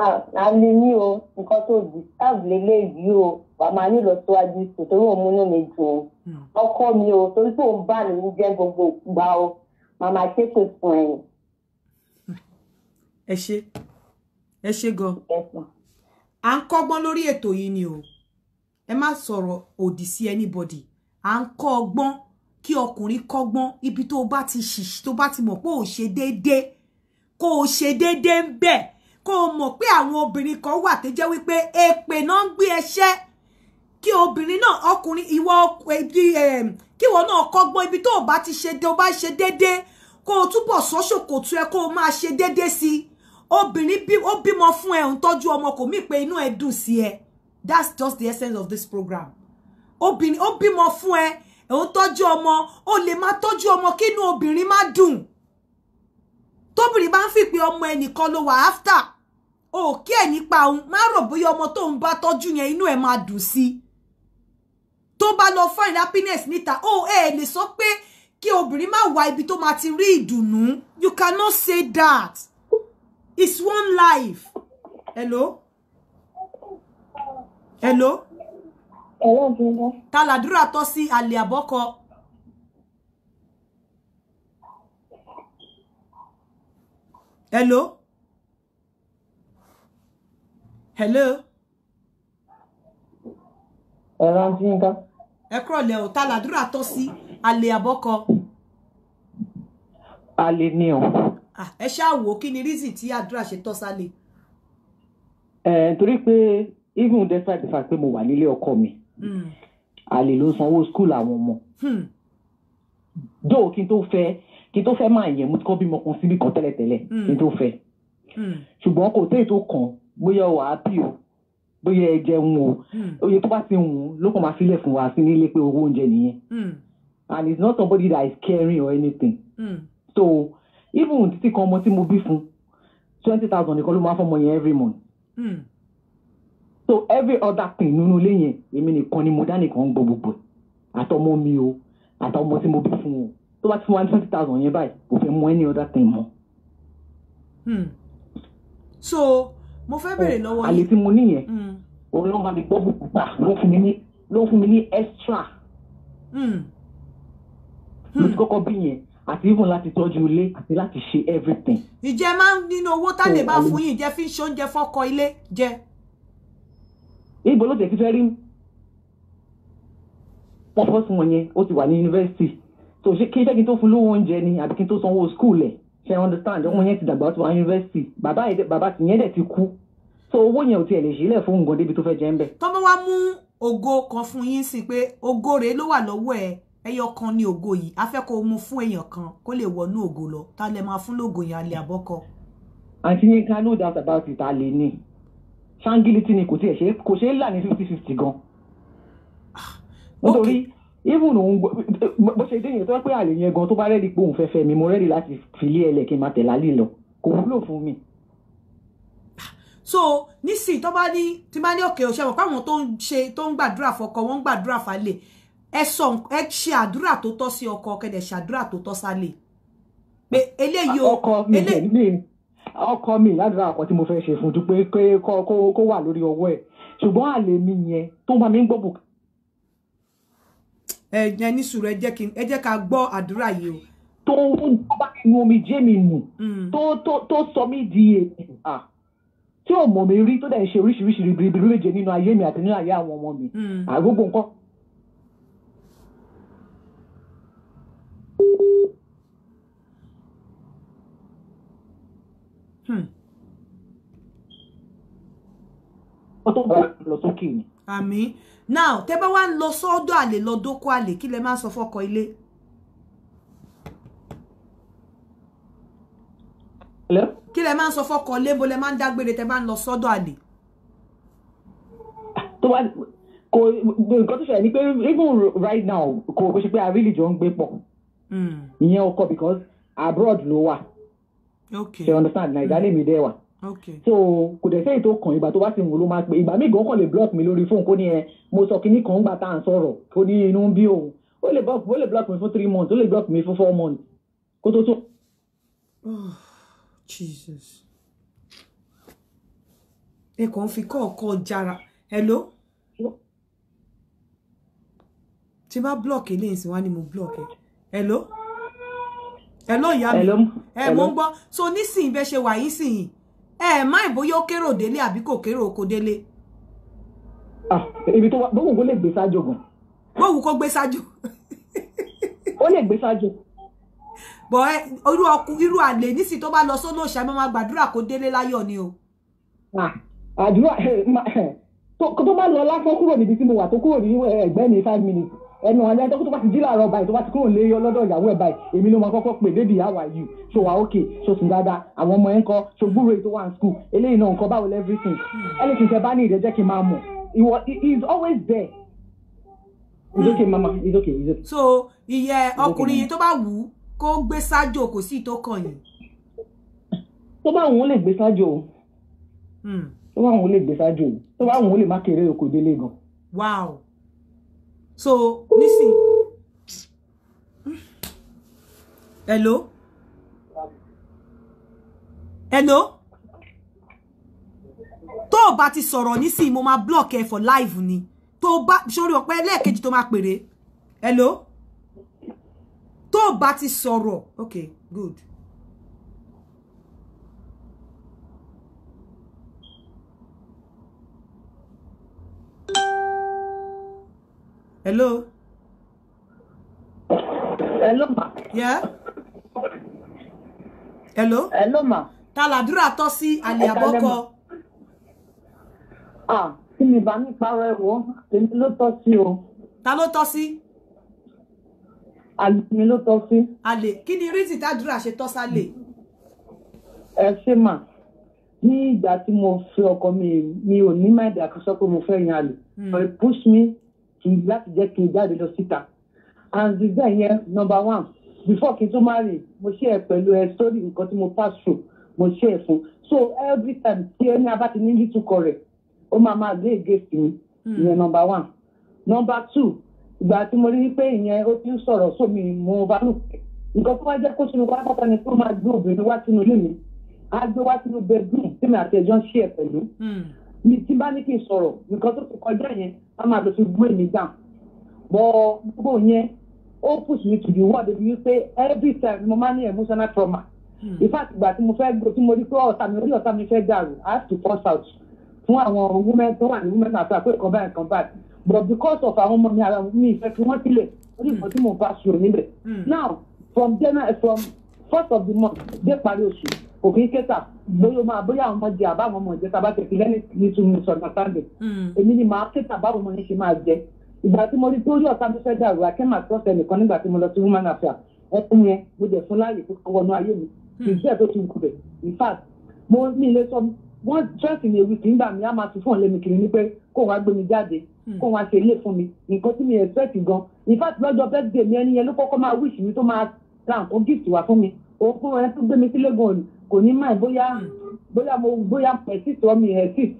àmì o nǹkan tó disturb lélẹ́yìí o wà á máa nílò síwájú sùn torí òun múnú mi dùn o hmm. ọkọ mi o torí pé òun bá mi jẹ́ gbogbo ìgbà o màmá ṣépè fún ẹ̀yìn. ẹ ṣe ẹ ṣe gan à ń kọ́gbọ́n lórí ètò yìí ni o ẹ má sọ̀rọ̀ òdì sí anybody à ń kọ́ ọgbọ́n kí ọkùnrin kọ́gbọ́n ibi tó bá ti ṣìṣì tó bá ti mọ̀ pé ò ṣe déédéé kó o ṣe déédéé ń bẹ́ẹ̀ kó o mọ̀ pé àwọn obìnrin kan wà tó jẹ́ wípé èpè náà ń gbé ẹṣẹ́ kí obìnrin náà ọkùnrin ìwọ ehm, kí ìwọ náà kọ́gbọ́n ibi tó o bá ti ṣe tó bá ṣe déédéé kó o túbọ̀ sọ́ṣòkòtò ẹ kó o máa ṣe déédéé sí i obìnrin bí ó bímọ fún ẹ ń tọ́jú ọmọ kò mí pé inú ẹ dùn sí ẹ that's just the essence of this program obìnrin ó bímọ fún ẹ ẹ ń tọ́jú ọmọ o lè máa tọ́jú ọmọ kínú obìnrin má dùn tóbìnrin bá ń fi pé ọmọ ẹnìkan ló wà after o kí ẹ̀ nípa òun má rò bóyá ọmọ tó ń bá tọ́jú yẹn inú ẹ̀ máa dùn sí i tó bá lọ find happiness níta o ẹ lè sọ pé kí obìnrin má wá ibi tó máa ti rí ìdùnnú you cannot say that it's one life hello hello. hello ta làdúrà tọ́ sí àlè àbọ́kọ. Hello? Hello? Ẹ̀rọ àǹtí Yínká. Ẹ kúrọ̀lẹ́ o, ta làdúrà tọ́ sí àlè àbọ́kọ? Àlè ni o. Ẹ ṣáà wò ó kí ni reason tí àdúrà ṣe tọ́ sálè? Ẹ̀ torí pé even despite the fact pé mo wà nílé ọkọ mi, àlè hmm. ló sanwó school àwọn ọmọ. Dóò hmm. kí n tó fẹ́ kí tó fẹ́ máa yẹn mo ti kọ́ bímọ kan síbi kan tẹ́lẹ̀tẹ́lẹ̀ hmm. kí tó fẹ́ hmm. ṣùgbọ́n kò tẹ́ ètò kan bóyá wà á pì o bóyá ẹ jẹun o hmm. oye tó bá ti wù ú ló kàn máa sílẹ̀ fún wa sí nílé pé owó oúnjẹ nìyẹn and it's not somebody that is caring or anything mm. so even títí kan ọmọ tí mo bí fún twenty thousand nìkan ló máa fọmọ yẹn every month. Mm. so every other thing nínú ilé yẹn èmi nìkan ni mo dá nìkan ń gbọ́ gbogbo ẹ̀ àtọmọ mi o àtọmọ tí mo bí fún o tó bá ti fún twenty thousand yẹn báyìí kò fẹ́ mú any other thing mọ́. Hmm. so mo fẹ́ bèrè lọ́wọ́ yìí. àlè tí mo níyẹn hmm. òun ló máa mi gbọ́ bùkù pa ló fún mi ní ló fún mi ní extra. Hmm. mo ti kọ́kọ́ bí yẹn àti even láti tọ́jú ilé àti láti ṣe everything. ìjẹ máa ń nínú owó tá lè máa fún yín ìjẹ fi ń ṣe oúnjẹ fọ́kọ ilé jẹ. ibo ló tẹ̀ sí fẹ́ rí pọ́pọ́sì wọn yẹn ó ti wà ní yunifásitì so ṣe kí sẹ́kí tó fún lówó oúnjẹ ni àbí kí n tó sanwó skul ẹ̀ ṣe understand ọmọ yẹn ti dàgbà ó ti wà yunifásitì bàbá yẹn dẹ̀ ti kú so owó yẹn ò tiẹ̀ lè ṣílẹ̀ fún nǹkan débi tó fẹ́ jẹ́ ń bẹ̀. tọ́mọ wa mú ògo kan fún yín sí pé ògo rèé ló wà lọ́wọ́ ẹ ẹyọ kan ni ògo yìí a fẹ́ kó o mú fún èèyàn kan kó lè wọnú ògo lọ ta lẹ máa fún lógo yẹn alẹ́ àbọ́kọ. àǹtí yín ká no doubt about it a lè ní ṣáńgìlì tí ni kò tiẹ̀ kò ṣeé là ní fifty fifty gan. Ah, nítorí even òun bó ṣe dé yẹn tó pé àlè yẹn gan tó bá rẹ́ẹ̀dì pé òun fẹ́ fẹ́ mi mo rẹ́ẹ̀dì láti filé ẹlẹ̀ kí n máa tẹ̀lé alẹ́ lọ kò wúlò fún mi. so nísìnyí tó bá ní tí bá ní òkè ọ̀ṣẹ́ mọ̀ páwọn tó ń ṣe tó ń gbàdúrà fọkọ wọn ń gbàdúrà falẹ̀ ẹ sọ ẹ ṣe àdúrà tó tọ́ sí ọkọ kẹ́dẹ̀ ṣàdúrà tó tọ́ sálẹ̀ pé eléyìí o ọkọ mi ọkọ mi ládùúrà ọkọ tí mo fẹ́ ṣe fún un dúpẹ́ kó wà lórí ọwọ́ ẹ̀ ṣùgbọ́n àlè mi yẹn tó bá mi ń gbọ́ bùkún ẹ jẹ́ ní sùúrù ẹ jẹ́ kí ẹ jẹ́ ká gbọ́ àdúrà yìí o. tó ń bá inú omi jẹ́ mi nù hmm. tó tó tó sọ mí di èèyàn tí ò mọ̀ mi rí tó dẹ̀ ń ṣe oríṣiríṣi ribiribi méje nínú ayé mi àti nínú ayé àwọn ọmọ mi hmm. àgbógbó nǹkan. ọtọ́ hmm. bá lọ sókè ni. àmín now tẹ́ bá wá ń lọ sọ́dọ̀ àlè lọ dóko àlè kí lẹ máa sọ fọ́kọ ilé. kí lẹ máa ń sọ fọ́kọ ilé bó lẹ máa ń dágbére tẹ́ bá ń lọ sọ́dọ̀ àlè. tó wá kò ni pé even right now kò kò ṣe pé a really jọ ń gbé pọ̀ hmm. ìyẹn ọkọ because abroad ló wà. okay You understand naija lèmi dẹ́ wà. Mm. Okay. so kò dẹ̀ sẹ́yìn tó kàn ìgbà tó bá ti mú ló máa pè ìgbà míì gan kàn lè block mi lórí fóònù kó ní ẹ mo sọ kinní kan gbà tá à ń sọ̀rọ̀ kó ní inú bí òun ó lè block ó lè block mi fún three months ó lè block mi fún four months kó tó tó. Oh, Jesus ẹ kàn fi kọ́ọ̀kọ́ jara hello tí bá block eléyìí sí wá ni mo block ẹ hello hello ìyá mi ẹ mo ń gbọ́ so nísìnyí bẹ́ẹ̀ ṣe wà yín sìn yìí ẹ má ìbóyá ó kéré òdélé àbí kò kéré oko délé. Ah, ibi tó wà bóun kò lè gbé ṣáájú gan. bóun kò gbé ṣáájú. ó lè gbé ṣáájú. bọ̀ ẹ irú ọkùn irú àlè nísì tó bá lọ máa gbàdúrà kó délé ni o. Ah, àdúrà eh, eh, tó bá lọ lásán kúrò níbi wà tó kúrò ní eh, ẹgbẹ́ five minutes ẹnu àlẹ́ ẹjọ́ tó bá ti jí làárọ̀ báyìí tó bá ti kúrò lé ọlọ́dọ̀ ìyàwó ẹ̀ báyìí èmi ló máa kọ́kọ́ pè débi how are you so wà ah, okay so sùn dáadáa àwọn ọmọ ẹ̀ ń kọ́ so gbúrò ètò wà ní school eléyìí náà nǹkan báwo everything anything tẹ bá ní ìdẹ́jẹ́ kí n máa mọ̀ he is always there. it's okay mama it's okay it's okay. so ìyẹ ọkùnrin tó bá wù ú kó gbé ṣáájò kò sí ìtó kàn yín. tó bá òun lè gbé ṣáájò hmm. tó bá òun lè gbé ṣáájò wow so nísìn hello hello tó o bá ti sọ̀rọ̀ nísìn mo máa block ẹ for live ni tó o bá sórí ọpẹ lẹ́ẹ̀kejì tó máa pèrè hello tó o bá ti sọ̀rọ̀ okay good. Hello. Hello, ma. Yeah. Hello. Hello, ma. Ta làdúrà tọ́ sí àlè àbọ́kọ. Ah, kí ni ìbá mi parọ́ ẹ̀ wò? Èmi ló tọ́ sí o. Ta ló tọ́ sí? Àlè mi ló tọ́ sí. Àlè kí ni rísì tádùrà ṣe tọ́ sálè? Ẹ ṣé mà, ní ìgbà tí mo fi ọkọ mi, mi ò ní máìdì àkọsọ́ pé mo fẹ́ yan àlè. Hmm. But it me kí láti jẹ́ kí n jáde lọ síta and bẹ́ẹ̀ yẹn number one before kí n tó má rìn mo ṣe ẹ̀ pẹ̀lú ẹ sórí nǹkan tí mo pass through mo ṣe ẹ̀ fún so every time tí ẹni abá ti ní little correct ó máa máa gbé against mi hmm. ìyẹn number one number two ìgbà tí mo rí pé ìyẹn ó ti ń sọ̀rọ̀ sómi mo bá lù nǹkan tó bá jẹ́ kó sínú pátápátá ni tó máa gbé obìnrin wá sínú ilé mi á gbé wá sínú bedroom tí mi àti ẹjọ́ ń ṣe ẹ̀ pẹ̀lú hmm mi tí bá ní kí n sọ̀rọ̀ nǹkan tó ti kọjá yẹn a máa bẹ̀rẹ̀ sí gbú èmi gbà bọ́ gbogbo yẹn ó push me to the word of you say every time mo máa ní emotional trauma hmm. in fact ìgbà tí mo fẹ́ gbọ́ tí mo rí pé ọ̀tá mi orí ọ̀tá mi fẹ́ dàrú i have to force out fún àwọn women tó wà ní women àti àpò ìkan báyìí kan báyìí but because of àwọn ọmọ mi ara mi ìfẹ́ fi wọ́n sílẹ̀ orí ìfọ̀ tí mo bá ṣòro níbẹ̀ hmm. now from january from first of the month dé parí oṣù kò kí ń kẹta bóyá máa bóyá àwọn máa jẹ àbáwọn ọmọ ìjẹta bá tẹ̀sí lẹ́ni nítorí misunderstanding èmi ni màá kẹta àbáwọn ọmọ yẹn ṣe máa jẹ ìgbà tí mo rí tó rí ọ̀tá mi fẹ́ dàrú akẹ́mà sọ́ọ̀sẹ̀ nìkan nígbà tí mo lọ sí woman affair ẹkún yẹn mo jẹ fún láàyè tó wọnú ayé mi ìṣe tó ti kù in fact mo mi lè sọ wọ́n stress mi èwì kì í gbà mí á máa tún fún ọ̀lẹ́mi kiri ni pé kó wá gbé mi jáde hmm. kó wá ṣe ilé fún mi nǹkan tí mi expect gan in fact lọ́jọ́ birthday mi ẹni yẹn ló kọ́kọ́ máa wish mi tó máa ra nǹkan gift wá fún mi òun fún ẹ tó gbé mi sílé gan kò ní máa bóyá hmm. bóyá mo bóyá persist or mi persist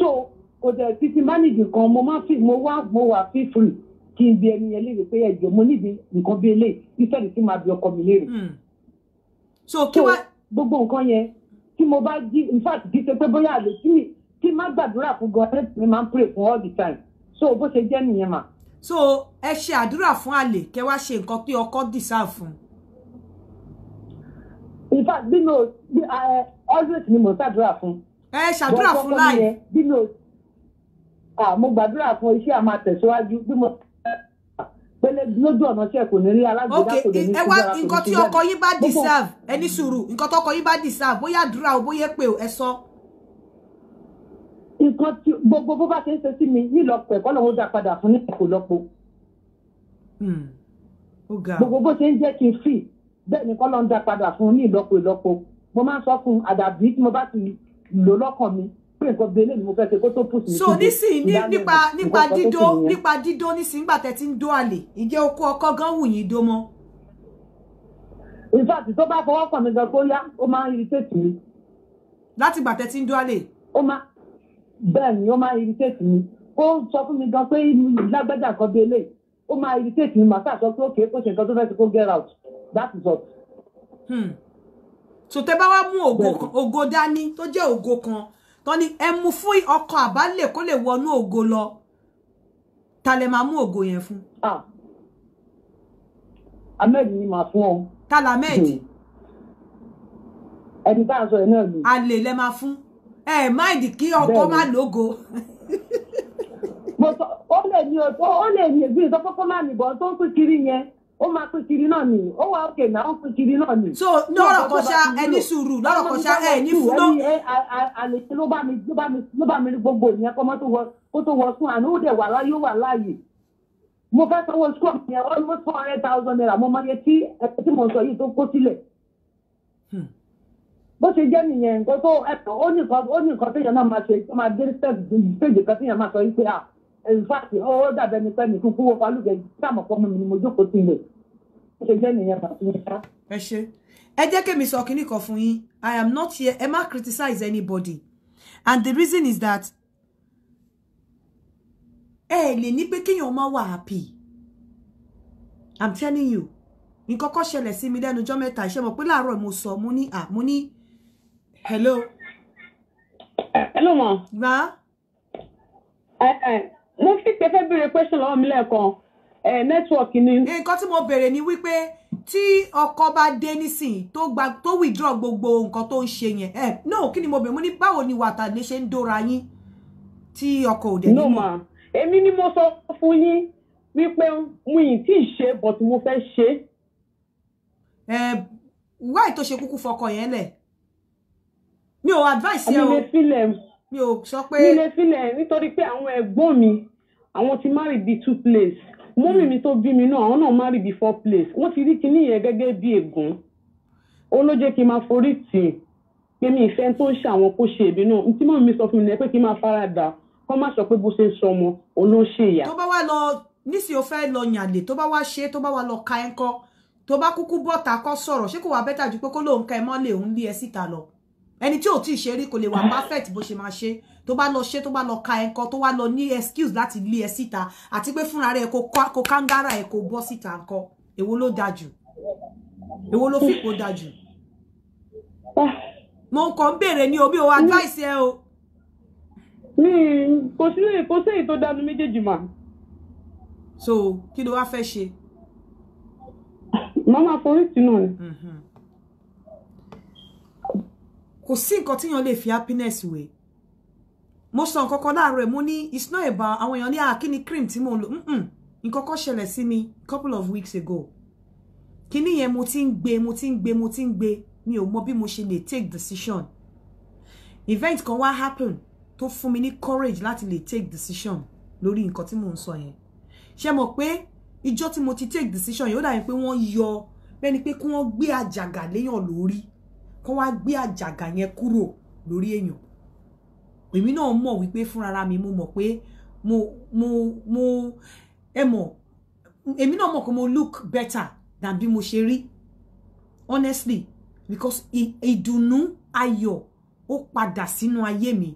so kò tẹ̀ títí manage kan mo máa fi mo wá mo wà feel free kí n bi ẹni yẹn léèrè pé ẹjọ́ mo níbi nǹkan bí eléyìí ìfẹ́ni tí máa bi ọkọ mi léèrè. Hmm. so kí wá. gbogbo nǹkan yẹn tí mo bá jí in fact jí ṣe pé bóyá àlè kí mi kí n má gbàdúrà fún gan ẹ mi máa ń pray fún all the time so bó ṣe jẹ́ nìyẹn mà. so ẹ ṣe àdúrà fún àlè kẹ wá ṣe nǹkan pé ọkọ dìsá fún un in fact bí mo always ni mo ṣàdúrà fún. ẹ ṣàdúrà fún láì. Eh, bí mo mo gbàdúrà fún iṣẹ́ àmà tẹ̀síwájú bí mo pẹ̀lẹ́ lójú ọ̀nà tí ẹ kò ní rí alágbèdá kò ní sí eh, ìjọra kò ní sí deserve ẹni sùúrù nǹkan tí ọkọ yín bá deserve bóyá àdúrà o bóyá èpè o ẹ sọ. nǹkan tí gbogbo bó bá ṣe ń ṣe sí mi nílọpọ̀ ẹ̀kọ́ lòun dá padà fún ní ìkòlọ́pọ̀. Hmm, gbogbo bó ṣe ń jẹ́ kí n free bẹ́ẹ̀ ni kọ́lọ́ ń dá padà fún un ní ìlọ́po ìlọ́po mo máa ń sọ fún un àdàbí tí mo bá ti lò lọ́kàn mi pé nǹkan bíi eléyìí mo fẹ́ ṣe kó tó pùsù so nísìnyí nípa nípa dídó nípa dídó nísìnyí gbà tẹ́ ti ń dó àlè ìjẹ́ okó ọkọ gan wù yín dó mọ́. in fact tó bá fọwọ́ kàn mí gan kó yá ó máa ń irritate mi. láti gbà tẹ́ ti ń dó àlè. ó máa bẹ́ẹ̀ ni ó máa ń irritate mi ó sọ fún mi gan pé lágbájá nǹkan bíi eléyìí ó máa irritate mi màá sọ pé ó kéé kó ṣe nǹkan tó fẹ́ ṣe kó get out that is what. Hmm. so tẹ bá wá mú ògo kan ògo dání tó jẹ́ ògo kan tó ní ẹ mú fún ọkọ àbálẹ kó lè wọnú ògo lọ ta lẹ máa mú ògo yẹn fún. ah ahmed ni màá fún ọ. tala ahmed. Hmm. ẹni bá a sọ yẹn náà ni. àlè lẹ máa fún ẹ máìdì kí ọkọ má lógo. mo sọ ó o ní ọjọ́ ó lè ní ègbé ìsọfọ́fọ́ máa nìbọn tó ń pín kiri yẹn ó máa pín kiri náà nìyí ó wà òkè náà ó pín kiri náà nìyí. so lọ́rọ̀ kan ṣá ẹni sùúrù lọ́rọ̀ kan ṣá ẹ ní fún náà. ló bá mi ló bá mi ló bá mi rí gbogbo ìyẹn kọ́ mọ́ kó tó wọ sún àná ó dẹ̀ wà láyé ó wà láàyè. mo fẹ́ sanwó school mi yẹn almost four hundred thousand naira mo máa yẹ tí ẹ̀kọ́ tí mo sọ yìí tó kó sílẹ̀. Hmm. bó ṣe jẹ́ nìyẹn nǹkan tó ẹ̀kọ́ ó ní nǹkan téèyàn náà máa ṣe máa ah, in fact ó dàbẹ̀ nípẹ́ nìkú kúwó falùgẹ̀ sáà mọ̀ pọ́ mi ni mo jókòó sílẹ̀ ó ṣe jẹ́ nìyẹn bàbá mi sọ kínní kan fún yín i am not here ẹ má criticize anybody and the reason is that ẹ lè ní pé kéèyàn má wà happy i'm telling you nǹkan kọ́ ṣẹlẹ̀ sí mi lẹ́nu ọjọ́ mẹ́ta ṣé mo pé láàárọ̀ mo sọ mo ní à mo ní hello. hello ma. ma. mo fi pé fẹ́ béèrè question lọ́wọ́ mi lẹ́ẹ̀kan. Eh, network ni. nǹkan tí mo béèrè ni wípé tí ọkọ bá dé nísìn tó gba tó withdraw gbogbo nǹkan tó ń ṣe yẹn ẹ eh, no kí ni mo béèrè mo ní báwo ni wàtà lè ṣe ń dóra yín tí ọkọ ò dé nínú. no ma èmi ni mo sọ fún yín wípé mi ì tí ì ṣe but mo fẹ́ ṣe. ẹ eh, wáì tó ṣe kúkú fọkọ yẹn lẹ mi ò advice yẹn o mi lè filẹ̀ mi ò sọ pé mi lè filẹ̀ nítorí pé àwọn ẹ̀gbọ́n mi àwọn ti marry be two place mọ́mì hmm. mi tó bí mi náà àwọn náà marry before place wọ́n ti rí kinní yẹn gẹ́gẹ́ bí ègún ó ló jẹ́ kí n máa forí tì í pé mi ìfẹ́ tó ń ṣe kó ṣe èmi náà tí mọ́mì mi sọ fún mi ni pé kí n máa fara dà kọ́ má sọ pé bó ṣe ń sọ ọmọ òun ló ń ṣe ìyá. tó bá wá lọ nísìnyí o fẹ́ lọ yànlè tó bá wá ṣe tó bá wá lọ ka ẹ̀ kọ́ tó bá kúkú bọ́ta kọ́ sọ̀rọ̀ ṣé kò wá bẹ́tà ju pé kó lóun ka ẹ mọ́lẹ̀ òun lé ẹ síta lọ ẹni tí ò tí ṣe rí kò lè wà perfect bó ṣe máa ṣe tó bá lọ ṣe tó bá lọ ka ẹ̀kọ́ tó wá lọ ní excuse láti lé ẹ síta àti pé fúnra rẹ̀ kò kángárà ẹ̀ kò bọ́ síta nǹkan èwo ló dáa jù èwo ló fipò dáa jù mo kàn ń béèrè ní omi o advice ẹ o. kò sí kò sí èyí tó dánu méjèèjì mà. so kí ló wá fẹ́ ṣe. màmá forí sínú ni mhm. kò sí nǹkan tíyan lè fi happiness wé mo sọ nǹkan kan láàárọ̀ ẹ̀ mo ní it's not àwọn èèyàn ní àkíní ah, cream tí mo ń lò nǹkan kan ṣẹlẹ̀ sí mi couple of weeks ago kíní yẹn mo ti ń gbé mo ti ń gbé mo ti ń gbé mi ò mọ bí mo ṣe lè take decision event kan wá happen tó fún mi ní courage láti lè take decision lórí nǹkan tí mo ń sọ yẹn ṣe mọ̀ pé ìjọ́ tí mo ti take decision yìí ó dàbí pé wọ́n yọ bẹ́ni pé kí wọ́n gbé àjàgà léèyàn lórí kí wọ́n wá gbé àjàgà yẹn kúrò lórí èèyàn èmi náà mọ̀ wípé fúnra mi mo mọ̀ pé mo mo mo ẹ mọ̀ èmi náà mọ̀ pé mo look better than bí mo ṣe rí honestly because ìdùnnú ayọ̀ ó padà sínú ayé mi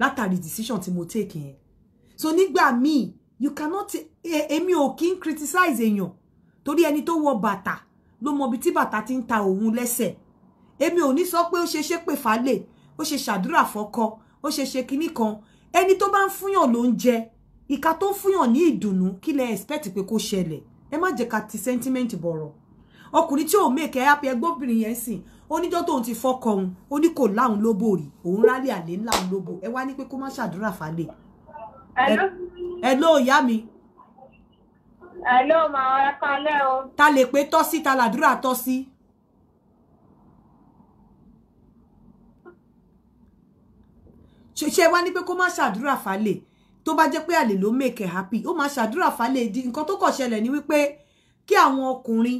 látàrí decision tí mo take yẹn so nígbà míì you cannot e, èmi ò kí ń criticize èèyàn torí ẹni tó wọ bàtà ló mọ ibi tí bàtà ti ń ta òun lẹ́sẹ̀ èmi ò ní sọ pé ó ṣe ṣépè fálè ó ṣe ṣàdúrà fọ́kọ ó ṣe ṣe kinní kan ẹni tó bá ń fúnyàn ló ń jẹ ìka tó ń fúnyàn ní ìdùnnú kí lẹ expect pé kó ṣẹlẹ̀ ẹ má jẹ́ ká ti sentiment bọ̀rọ̀ ọkùnrin tí ò make ẹ happy ẹgbọ́bìnrin yẹn sìn oníjọ́ tóun ti fọ́kọ òun ó ní kò láwọn lóbò rí òun rálé àlè ńláwọn lóbò ẹ wá ní pé kó má ṣàdúrà fálẹ̀. hello ìyá mi. hello màá ẹ kalẹ́ o. ta lè pé tọ́sí ta làdúrà tọ́sí. ṣe wá ní pé kó má ṣàdúrà fálè tó bá jẹ́ pé àlè ló make happy ó máa ṣàdúrà fálè di nǹkan tó kọ̀ ṣẹlẹ̀ ni wípé kí àwọn ọkùnrin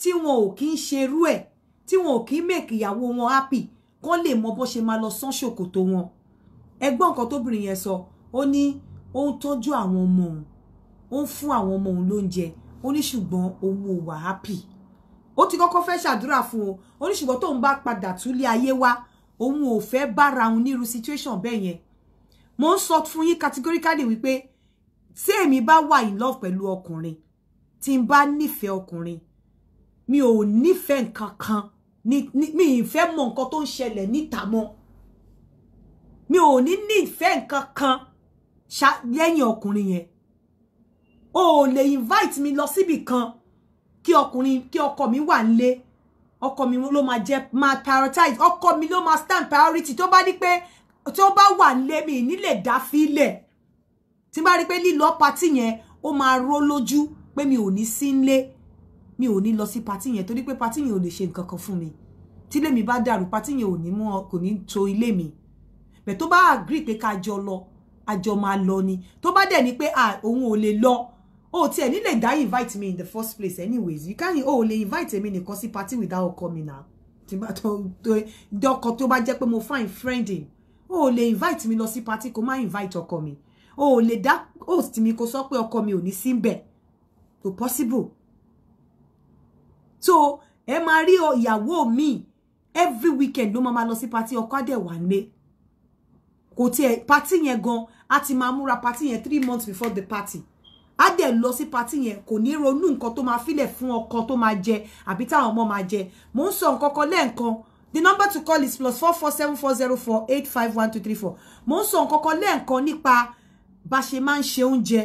tí wọn ò kí ń ṣerú ẹ̀ tí wọn ò kí ń make ìyàwó wọn happy kán lè mọ bó ṣe máa lọ sán ṣòkòtò wọn ẹgbọ́n nǹkan tóbìnrin yẹn sọ ó ní ó ń tọ́jú àwọn ọmọ òun ó ń fún àwọn ọmọ òun lóúnjẹ ó ní ṣùgbọ́n òun wà happy ó ti kọ́kọ́ fẹ́ ṣàdúrà fún o ó ní ṣùgbọ́n tóun bá padà túlé ayé wá òun ò fẹ́ bára òun nírú situation bẹ́ẹ̀ yẹn mo ń sọ fún yín categorically wípé tí èmi bá wà in love pẹ̀lú ọkùnrin tí n bá nífẹ̀ẹ́ ọkùnrin mi ò nífẹ̀ẹ́ nǹkan kan ni, ni, mi ì fẹ́ mọ nǹkan tó ń ṣẹlẹ̀ níta mọ́ mi ò ní nífẹ̀ẹ́ nǹkan kan lẹ́yìn ọkùnrin yẹn o ò lè invite mi lọ síbì kan kí ọkùnrin kí ọkọ mi wà nílé ọkọ mi ló máa jẹ máa prioritize ọkọ mi ló máa stand priority tó bá ní pé tó bá wà nílé mi nílẹ̀ dá fílẹ̀ tí n bá rí pé lílọ pati yẹn ó máa ró lójú pé mi ò ní sí nílé mi ò ní lọ sí pati yẹn torí pé pati yẹn ò lè ṣe nǹkan kan fún mi tílé mi bá dàrú pati yẹn ò ní mú kò ní to ilé mi bẹ́ẹ̀ tó bá agree pé ká jọ lọ àjọ máa lọ ni tó bá dẹ̀ ní pé òun ò lè lọ Oh, tiẹ̀ ní lè dá invite me in the first place anyways you can oh lè invite me nìkan sí party without ọkọ mi na ọkọ tó bá jẹ́ pé mo find friending Oh, lè invite mi lọ sí party kó má invite ọkọ mi Oh, lè dá host mi kó sọ pé ọkọ mi ò ní sí ńbẹ̀ kò possible so ẹ máa rí ìyàwó mi every weekend ló máa ma lọ sí party ọkọ á dẹ̀ wà nílé kò tiẹ̀ party yẹn gan a ti máa múra party yẹn three months before the party á dẹ̀ lọ sí patí yẹn kò ní ronú nǹkan tó máa filẹ̀ fún ọkọ tó máa jẹ àbí táwọn ọmọ máa jẹ mò ń sọ nǹkan kan lẹ́ẹ̀kan the number to call is plus four four seven four zero four eight five one two three four mò ń sọ nǹkan kan lẹ́ẹ̀kan nípa bá ṣe máa ń ṣe oúnjẹ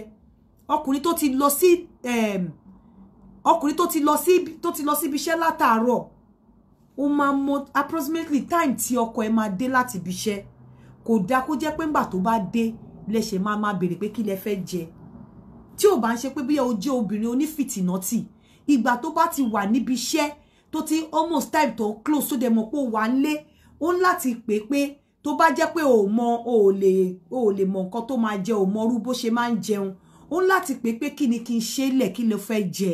ọkùnrin tó ti lọ sí ehm, ọkùnrin tó ti lọ sí tó iṣẹ́ látàárọ̀ ó máa mọ approximately time tí ọkọ ẹ máa dé láti ibi iṣẹ́ kò dáa kó jẹ́ pé ńgbà tó bá dé lẹ́sẹ̀ máa máa béèrè pé kí lẹ fẹ́ jẹ tí ò bá ń ṣe pé bí o jẹ́ obìnrin onífìtìnátì ìgbà tó bá ti wà níbi iṣẹ́ tó ti almost time tó close tó dẹ̀ mọ̀ pé ó wà lé ó ń láti pè pé tó bá jẹ́ pé ò mọ ò lè ò lè mọ nǹkan tó máa jẹ ò mọ irú bó ṣe máa ń jẹun ó ń láti pè pé kí ni kí n ṣe lẹ̀ kí ló fẹ́ jẹ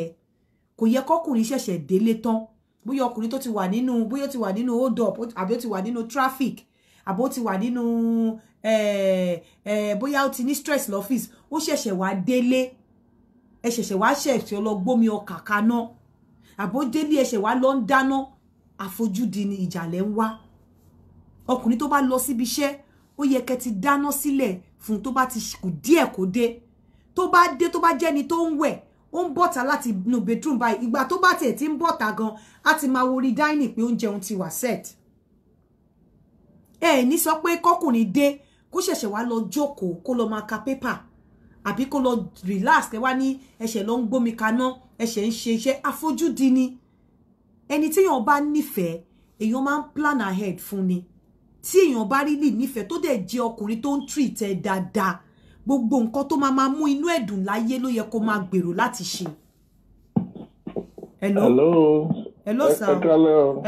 kò yẹ kọkùnrin ṣẹ̀ṣẹ̀ délé tán bóyá ọkùnrin tó ti wà nínú bóyá ó ti wà nínú hold up àbí ó ti wà nínú traffic àbí ti wà nínú Eh, eh, bóyá ó ti ní stress lọ́fíìsì ó ṣẹ̀ṣẹ̀ wá délé ẹ ṣẹ̀ṣẹ̀ wá ṣẹ̀ṣẹ̀ lọ gbómi ọkà kaná àbó délé ẹṣẹ̀ wá lọ ń dáná àfojúdi ni ìjàlẹ̀ ń wá ọkùnrin tó bá lọ síbi iṣẹ́ ó yẹ kẹ́ ti dáná sílẹ̀ fún tó bá ti kù díẹ̀ kó dé tó bá dé tó bá jẹ́ni tó ń wẹ̀ ó ń bọ̀ta láti inú bedroom báyìí ìgbà tó bá tiẹ̀ ti ń bọ̀ta gan á ti máa wo orí dining pé oúnjẹ òun ti wà set ẹ ní sọ pé kọkùnrin dé kó ṣẹ̀ṣẹ̀ wá lọ jókòó kó lọ máa ka pépà àbí kó lọ relax ẹ wá ní ẹ̀ṣẹ̀ lọ ń gbómi kaná ẹ̀ṣẹ̀ ń ṣe iṣẹ́ àfojúdi ni ẹni tíyàn bá nífẹ̀ẹ́ èèyàn máa ń plan ahead fún ni tí èèyàn bá rí lì nífẹ̀ẹ́ tó dẹ̀ jẹ́ ọkùnrin tó ń treat ẹ dáadáa gbogbo nǹkan tó máa máa mú inú ẹ̀dùn láyé ló yẹ kó máa gbèrò láti ṣe. hello hello sir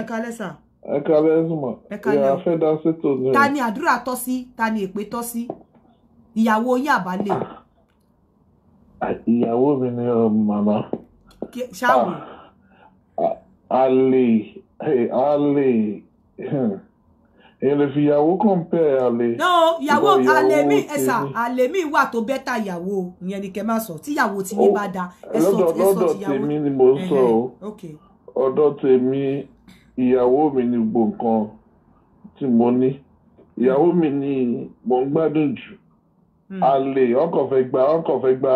ẹ kálẹ́ sir ẹ kalẹ ẹsùnmọ ìyá fẹ dá sí tòun. ta ni àdúrà tọ́ sí ta ni èpè tọ́ sí ìyàwó yín àbálẹ. ìyàwó mi ni um, màmá. ṣáàwù. àlè àlè èlè fìyàwó compare àlè. no ìyàwó àlè mi ẹ̀sà àlè mi wà tó bẹ́tà ìyàwó ìyẹn ni kẹ́ máa sọ tíyàwó tí yín oh, bá da ẹ̀sọ́ tíyàwó. lọ́dọ̀ tèmi ni mo sọ ọ̀dọ̀ tèmi ìyàwó mi ni gbogbo nǹkan tí mo ní ìyàwó mi ni mo ń gbádùn jù àlè hmm. ọkọ̀ fẹ́ gba ọkọ̀ fẹ́ gba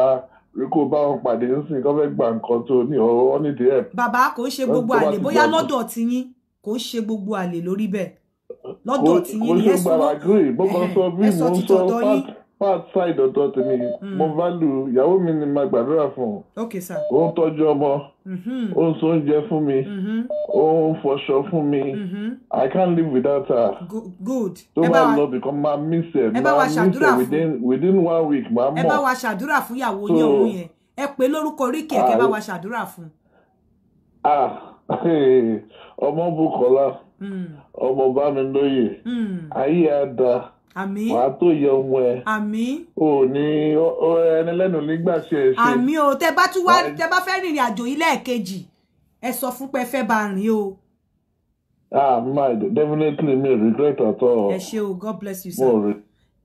rí kó bá wọn pàdé ńsìn kó fẹ́ gba nǹkan tó ní ọwọ́ nídìí ẹ̀. bàbá kò ń ṣe gbogbo àlè bóyá lọ́dọ̀ tiyín kò ń ṣe gbogbo àlè lórí bẹ́ẹ̀ lọ́dọ̀ tiyín ni ẹ sọ ẹ sọ títọ̀ dọ́yìn part side ọ̀dọ́ tèmi hmm. mo value ìyàwó mi ni màá gbàdúrà fún un ó ń tọ́jú ọmọ hmm. ó ń ṣoúnjẹ fún mi hmm. ó ń fọṣọ fún mi i can't live without her good tó máa lọ bìkan máa miss ẹ máa miss ẹ within within one week máa mọ̀ ẹ bá wa ṣàdúrà fún ìyàwó ní òun yẹn ẹ pè lórúkọ oríkì ẹ kẹ bá wa ṣàdúrà fún. Ah, ọmọ Bùkọ́lá ọmọ Bámilóyè ayé á dáa àmín wàá tó yẹ ọmọ ẹ àmín ò ní ẹni lẹ́nu nígbà ṣe é ṣe àmín o tẹ bá tún wá tẹ bá fẹ́ rìnrìn àjò yìí lẹ́ẹ̀kejì ẹ sọ fún pé fẹ́ bá rìn o. ah my definitely me regret at all. ẹ ṣé o god bless you sir. mo rí.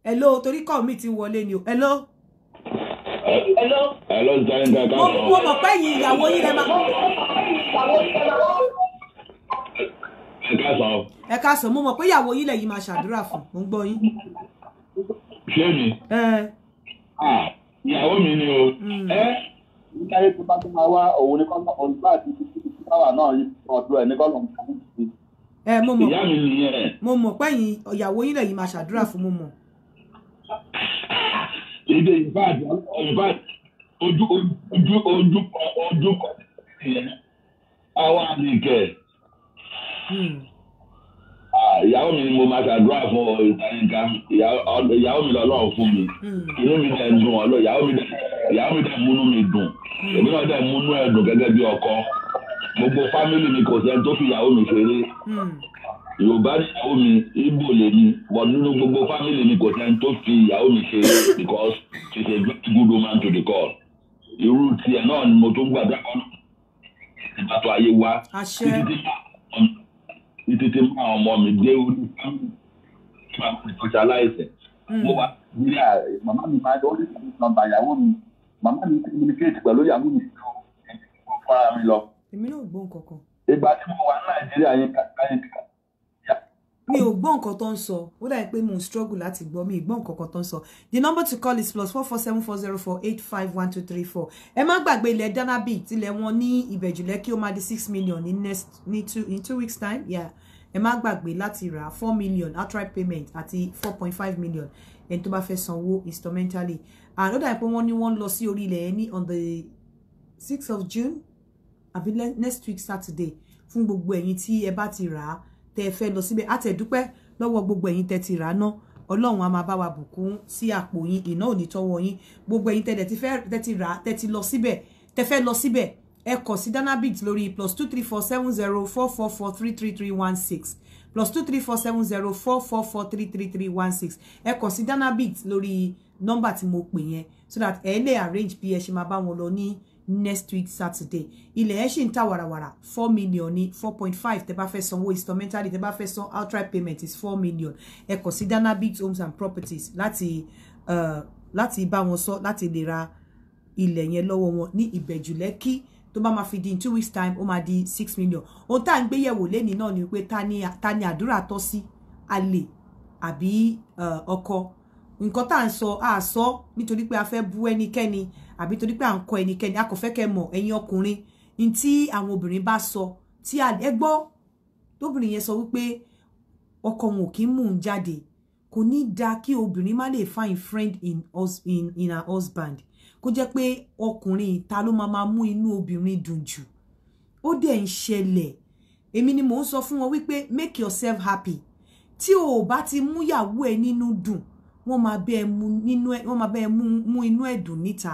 hello torí kọ́ mi ti wọlé ni o hello. hello. hello zayin kankan. mo mọ̀ pé ìyàwó yín lè máa. ìyàwó yín lè máa. ẹ sọ o. ẹ káàsán mo pé ìyàwó máa ṣàdúrà fún mo ń gbọ́ yín. ṣé mi. ìyàwó mi ni o. ẹ nítorí tó bá tó máa wá òun ní kọ́ńtà òun bá àti táwà náà ẹ̀ ní kọ́ńtà òun mi mo pé ìyàwó máa ṣàdúrà fún mo ojú ojú ojú ojú kọ Hmm. Ah, ìyàwó mi ni mo máa ṣàdúrà fún ọ ìtaníkà ìyàwó mi lọ́lọ́run fún mi hmm. inú mi dẹ̀ dùn ọ̀lọ́ ìyàwó mi dẹ̀ múnú mi dùn hmm. èmi náà dẹ̀ múnú ẹ̀ dùn gẹ́gẹ́ bí ọkọ gbogbo fámìlì mi kò sẹ́ni tó fi ìyàwó mi ṣeré yorùbá ìyàwó mi ibo lèmi bọ̀ nínú gbogbo fámìlì mi kò sẹ́ni tó fi ìyàwó mi ṣeré because she is a very good woman to the call irú tiẹ̀ náà ni mo tún gbàdúrà kọ́ ìbátọ̀ ayé wa títí tí ní tètè mú àwọn ọmọ mi dé orí fámìlì tí màá fi tọ́jà láìsẹ̀. Hmm. mo wá nílẹ̀ màmá mi máa lọ rí ìlú nọ́mbà ìyàwó mi màmá mi communicate pẹ̀lú ìyàwó mi ju ẹni tí mo fara mi lọ. èmi náà gbọ́ nǹkan ìgbà tí mo wà ní nàìjíríà yín ká mi ò gbọ́ nǹkan tó ń sọ ó dàbí pé mo ń struggle láti gbọ́ mi ì gbọ́ nǹkan tó ń sọ the number to call is plus four four seven four zero four eight five one two three four ẹ má gbàgbé ilẹ̀ danabi tilẹ̀ wọn ní ìbẹ̀jùlẹ̀ kí ó máa di six million in next ní two in two weeks time yeah ẹ má gbàgbé láti rà four million outright payment àti four point five million ẹni tó bá fẹ́ sanwó instrumentally and ó dàbí pé wọ́n ní wọ́n lọ sí orí ilẹ̀ ẹni on the sixth of June àbí next week Saturday fún gbogbo ẹ̀yin tí ẹ bá ti rà á tẹ́ ẹ fẹ́ lọ síbẹ̀ á tẹ̀ dúpẹ́ lọ́wọ́ gbogbo ẹ̀yin tẹ́ ti rà náà ọlọ́run a máa bá wa bùkún sí àpò yín iná ò ní tọwọ́ yín gbogbo ẹ̀yin tẹ́ ti rà tẹ́ ti lọ síbẹ̀ tẹ́ fẹ́ lọ síbẹ̀ ẹ kọ̀ sí danabit lórí plus two three four seven zero four four four three three three one six plus two three four seven zero four four four three three three one six ẹ kọ̀ sí danabit lórí nọ́mbà tí mo pè yẹn so that ẹ lè arrange bí ẹ ṣe máa bá wọn lọ ní next week saturday ilẹ̀ ẹ̀ ṣì ń ta wàràwàrà four million ní four point five tẹ́ bá fẹ́ sanwó instrumentally tẹ́ bá fẹ́ san outright payment is four million ẹ kàn sí danabit homes and properties láti uh, láti bá wọn sọ láti lè ra ilẹ̀ yẹn lọ́wọ́ wọn ní ìbẹ̀jú lẹ́kí tó bá máa fi di in two weeks time ó máa di six million ohun tá à ń gbéyẹ̀wò lénìí náà ni pé ta ni àdúrà tọ́ sí alè àbí ọkọ nǹkan tá à ń sọ àá sọ nítorí pé a fẹ́ bú ẹnikẹ́ni àbí torí pé à ń kọ ẹnikẹ́ni a kò fẹ́ kẹ́ mọ̀ ẹ̀yin ọkùnrin ní tí àwọn obìnrin bá sọ tí ẹ gbọ́ tóbìnrin yẹn sọ wípé ọkọ wọn ò kí ń mú un jáde kò ní da kí obìnrin má lè find friend in, in, in her husband kó jẹ́ pé ọkùnrin ìta ló máa máa mú inú obìnrin dùn jù ó dẹ̀ ń ṣẹlẹ̀ èmi ni mò ń sọ fún wọn wípé make yourself happy tí o ò bá ti múyàwó ẹ nínú dùn wọ́n máa bẹ́ẹ̀ mú inú ẹ̀ dùn níta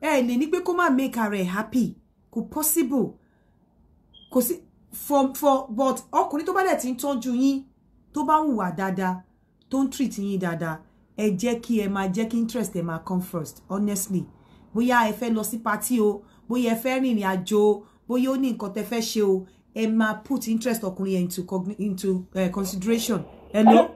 ẹ lè ní pé kó má make ara ẹ̀ eh, happy kò possible kò sí for for but ọkùnrin tó bá dẹ̀ ti ń tọ́jú yín tó bá ń hùwà dáadáa tó ń treat yín dáadáa ẹ jẹ́ kí ẹ máa jẹ́ kí interest ẹ máa come first honestly bóyá ẹ fẹ́ lọ sí party o bóyá ẹ fẹ́ rìnrìn àjò o bóyá ó ní nǹkan tẹ fẹ́ ṣe o ẹ máa put interest ọkùnrin yẹn into, into uh, consideration. Hello?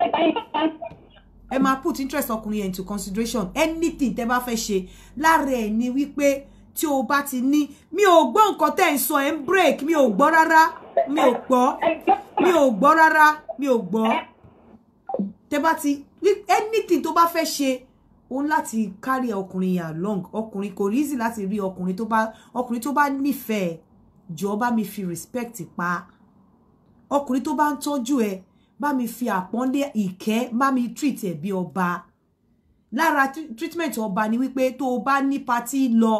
ẹ máa put interest ọkùnrin yẹn into consideration anything tẹ́ bá fẹ́ ṣe lára ẹ̀ ni wípé tí o bá ti ní mi ò gbọ́ nǹkan tẹ́ ń sọ ẹ̀ ń break mi ò gbọ́ rárá mi ò gbọ́ mi ò gbọ́ rárá mi ò gbọ́ tẹ́ bá ti anything tó bá fẹ́ ṣe òun láti carry ọkùnrin yà long ọkùnrin kò easy láti rí ọkùnrin tó bá ọkùnrin tó bá nífẹ̀ẹ́ jọ bá mi fi respect pa ọkùnrin tó bá ń tọ́jú ẹ bá mi fi aponde ike, bá mi treat e bí ọba lára treatment ọba ni wípé tó o bá ní patí lọ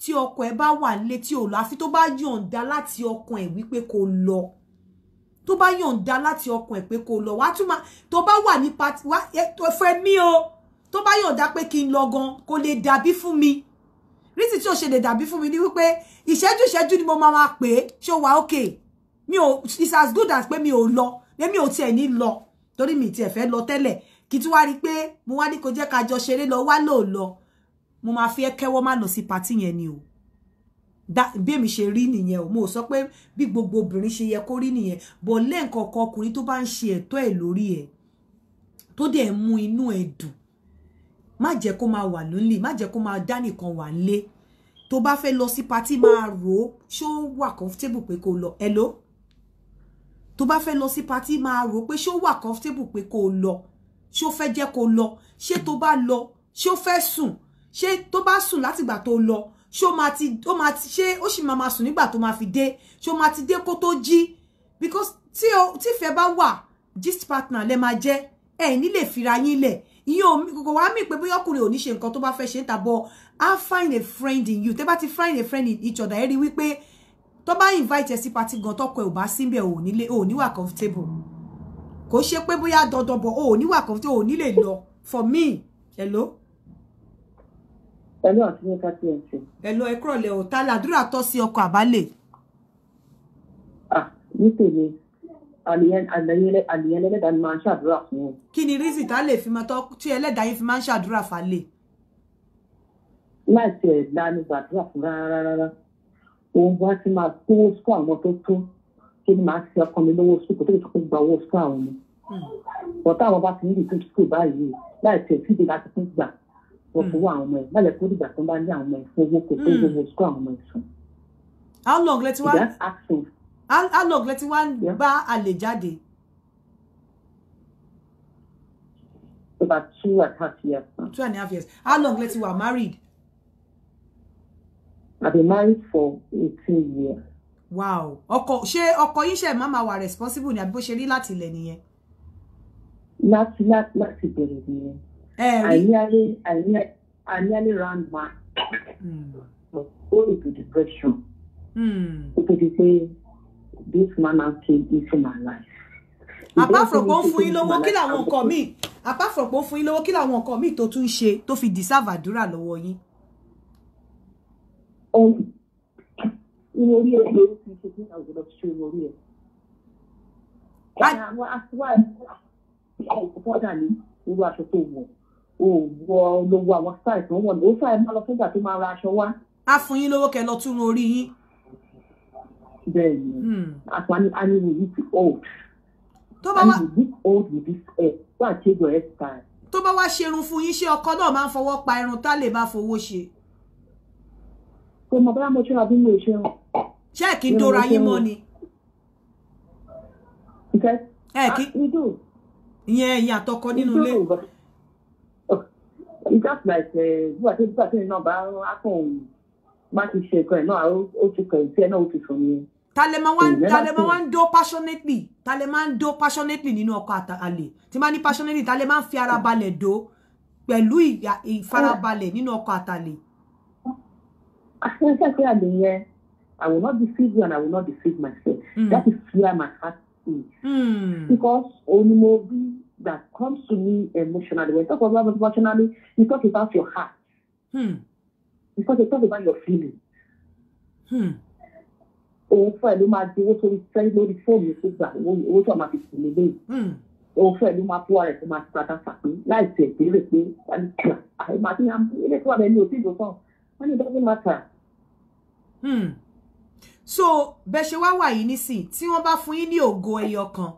tí ọkọ ẹ bá wà nílé tí ò lọ àfi tó bá yọ̀ǹda láti ọkàn ẹ wípé kó lọ tó bá yọ̀ǹda láti ọkàn ẹ pé kó wa. wá tún máa tó bá wà ní patí wá tó fẹ́ mí o to ba yọ̀ǹda pé kí n lọ gan kó lè dàbí fún mi Risi ti o ṣe lè dàbí fún mi ni wípé ìṣẹ́jú ìṣẹ́jú ni mo máa máa pè é ṣó wà mi ò it's as good as pé mi ò lọ lèmi ò tiẹ̀ ní lo, torí mi tiẹ̀ fẹ́ lo tẹ́lẹ̀ kí tí wá rí pé mo wá ní kó jẹ́ ká jọ ṣeré lọ wá lo, lọ mo máa fi kẹ́wọ́ má lọ sí pàtí yẹn ni o bí èmi ṣe rí nìyẹn o mo sọ pé bí gbogbo obìnrin ṣe yẹ kó rí nìyẹn bọ̀ lẹ́ǹkọ̀ọ̀kan ọkùnrin tó bá ń ṣe ẹ̀tọ́ ẹ̀ lórí ẹ̀ tó dẹ̀ mú inú ẹ̀ dùn má jẹ́ kó máa wà lónìí má jẹ́ kó máa dá nìkan wà nílé tó bá fẹ́ lọ sí pàtí máa rò ó ṣó comfortable pé kó lọ hello tó bá fẹ́ lọ sí patí máa rò pé ṣé ó wà comfortable pé kó o lọ ṣé ó fẹ́ jẹ́ kó o lọ ṣé tó bá lọ ṣé ó fẹ́ sùn ṣé tó bá sùn látìgbà tó lọ ṣé ó máa ti ó máa ti ṣé ó sì máa máa sùn nígbà tó fi dé ṣé ó máa ti dé kó tó jí because tí o tí ìfẹ́ bá wà gist partner le máa jẹ́ ẹ ní lè fira yín lẹ̀ ìyẹn mi kòkò wá mí pé bóyá ọkùnrin ò ní ṣe nǹkan tó bá fẹ́ ṣe ń i find a friend in you tẹ́ bá ti find a friend in each other ẹ rí wípé tó bá invite ẹ sí party gan tọkọ ẹ ò bá síbẹ̀ ò nílé ò níwà comfortable kò ṣe pé bóyá dandan bọ̀ ni níwà comfortable ò nílè lọ for me hello. hello àti ní káàkiri ẹ̀sìn. hello ẹ kúrọ̀lẹ́ o ta làdúrà tọ́ sí ọkọ àbálẹ̀. ah ni tèmi àlìyẹn ẹlẹ́dàá ni máa ń ṣàdúrà fún un. kí ni rísì tá lè fi máa tọ́ tí ẹlẹ́dàá yín fi máa ń ṣàdúrà fálẹ̀. láì tiẹ̀ lánàá gbàdúrà fún rárá rárá òun bá ti máa kówó sùkúl àwọn tó tó kí ni màá ṣe ọkàn mi lówó sùkúl kó tó lè gba owó sùkúl àwọn mi. Hmm. bọ̀tá àwọn bá ti ní ìpín sùkúl báyìí láì tẹ̀ sí ìdí láti fún gbà wọ́n fowó àwọn ọmọ ẹ̀ láì lẹ́kọ́ dìgbà tó bá ní àwọn ọmọ ẹ̀ fún owó kò tó hmm. owó sùkúl àwọn ọmọ ẹ̀ sùn. how long lẹ ti how long lẹ ti wá àlè jáde. about two and a half years. two and a half years how long lẹ ti married. I've been married for 18 years. Wow. Ọkọ ṣé ọkọ yín ṣe máa máa wà responsible ni àbí bó ṣe rí láti ilẹ̀ nìyẹn? Láti láti bẹ̀rẹ̀ nìyẹn. Àníyálé àníyálé round man. Ó lè to depression. Ó tó di pé this man now came into my life. Apart from pé ó ń fún yín lówó kí làwọn nǹkan míì apart from pé ó ń fún yín lówó kí làwọn nǹkan míì tó tún ṣe tó fi deserve àdúrà lọ́wọ́ yín ìwọ orí ẹ̀ ló ti ṣe kí àwọn ọ̀dọ́ ṣe ìwọ orí ẹ̀. àwọn aṣọwá ẹ̀ ọ̀pọ̀dà ní irú aṣọ tó wọ̀ o wọ lówó àwọn sáì tó wọ̀ ló sáì má lọ fúngbà tó máa ra aṣọ wá. a fún yín lówó kẹ lọ tún orí yín. bẹ́ẹ̀ ni àpò aníwò yìí ti old tó bá wá tó bá wá ṣerun fún yín ṣé ọkọ náà máa ń fọwọ́ pa irun tá lè bá fowó ṣe kò mọ̀ bóyá mo ṣe àbí mo ṣe o. ṣé kí n dóra yín mọ́ ni. ẹ ah, kí ìyẹn ẹ̀yin àtọkọ nínú ilé. Oh, it's just like eh, bí wàá tẹ́lifíṣà tẹ́lifíṣà náà bá akọ̀ọ̀ má ti ṣe ẹ̀kọ́ ẹ̀ náà ó ti kọ̀ ìfẹ́ náà ó ti sọ nìyẹn. Talema wa talema wa ń dó passionately talema ń dó passionately nínú ọkọ àtàlè tí máa ní passionately talema ń fi ara balẹ̀ dó pẹ̀lú ìfarabalẹ̀ nínú ọkọ àtàlè. As soon as I am here, I will not deceive you and I will not deceive myself. Mm. That is where my heart is. Mm. Because onimobi that comes to me emotionally, when you talk about emotionally, you talk about your heart. Mm. Because you talk about your feelings. Oh hmm. friend, you ẹ̀ ló máa di say tó ń fẹ́ lórí fóònù tó gbà owó tó máa fi sùn nílé. Hmm. Òun fún ẹ̀ ló máa fún ara ẹ̀ tó máa ti padà sàpé to tẹ̀ béèrè pé wọ́n ti kà. Àìmọ̀ àti ìyá ilé tó wà it doesn't matter. Hmm. so bẹ ṣe wá wà yìí nísìn tí wọ́n bá fún yín ní ògo ẹyọ kan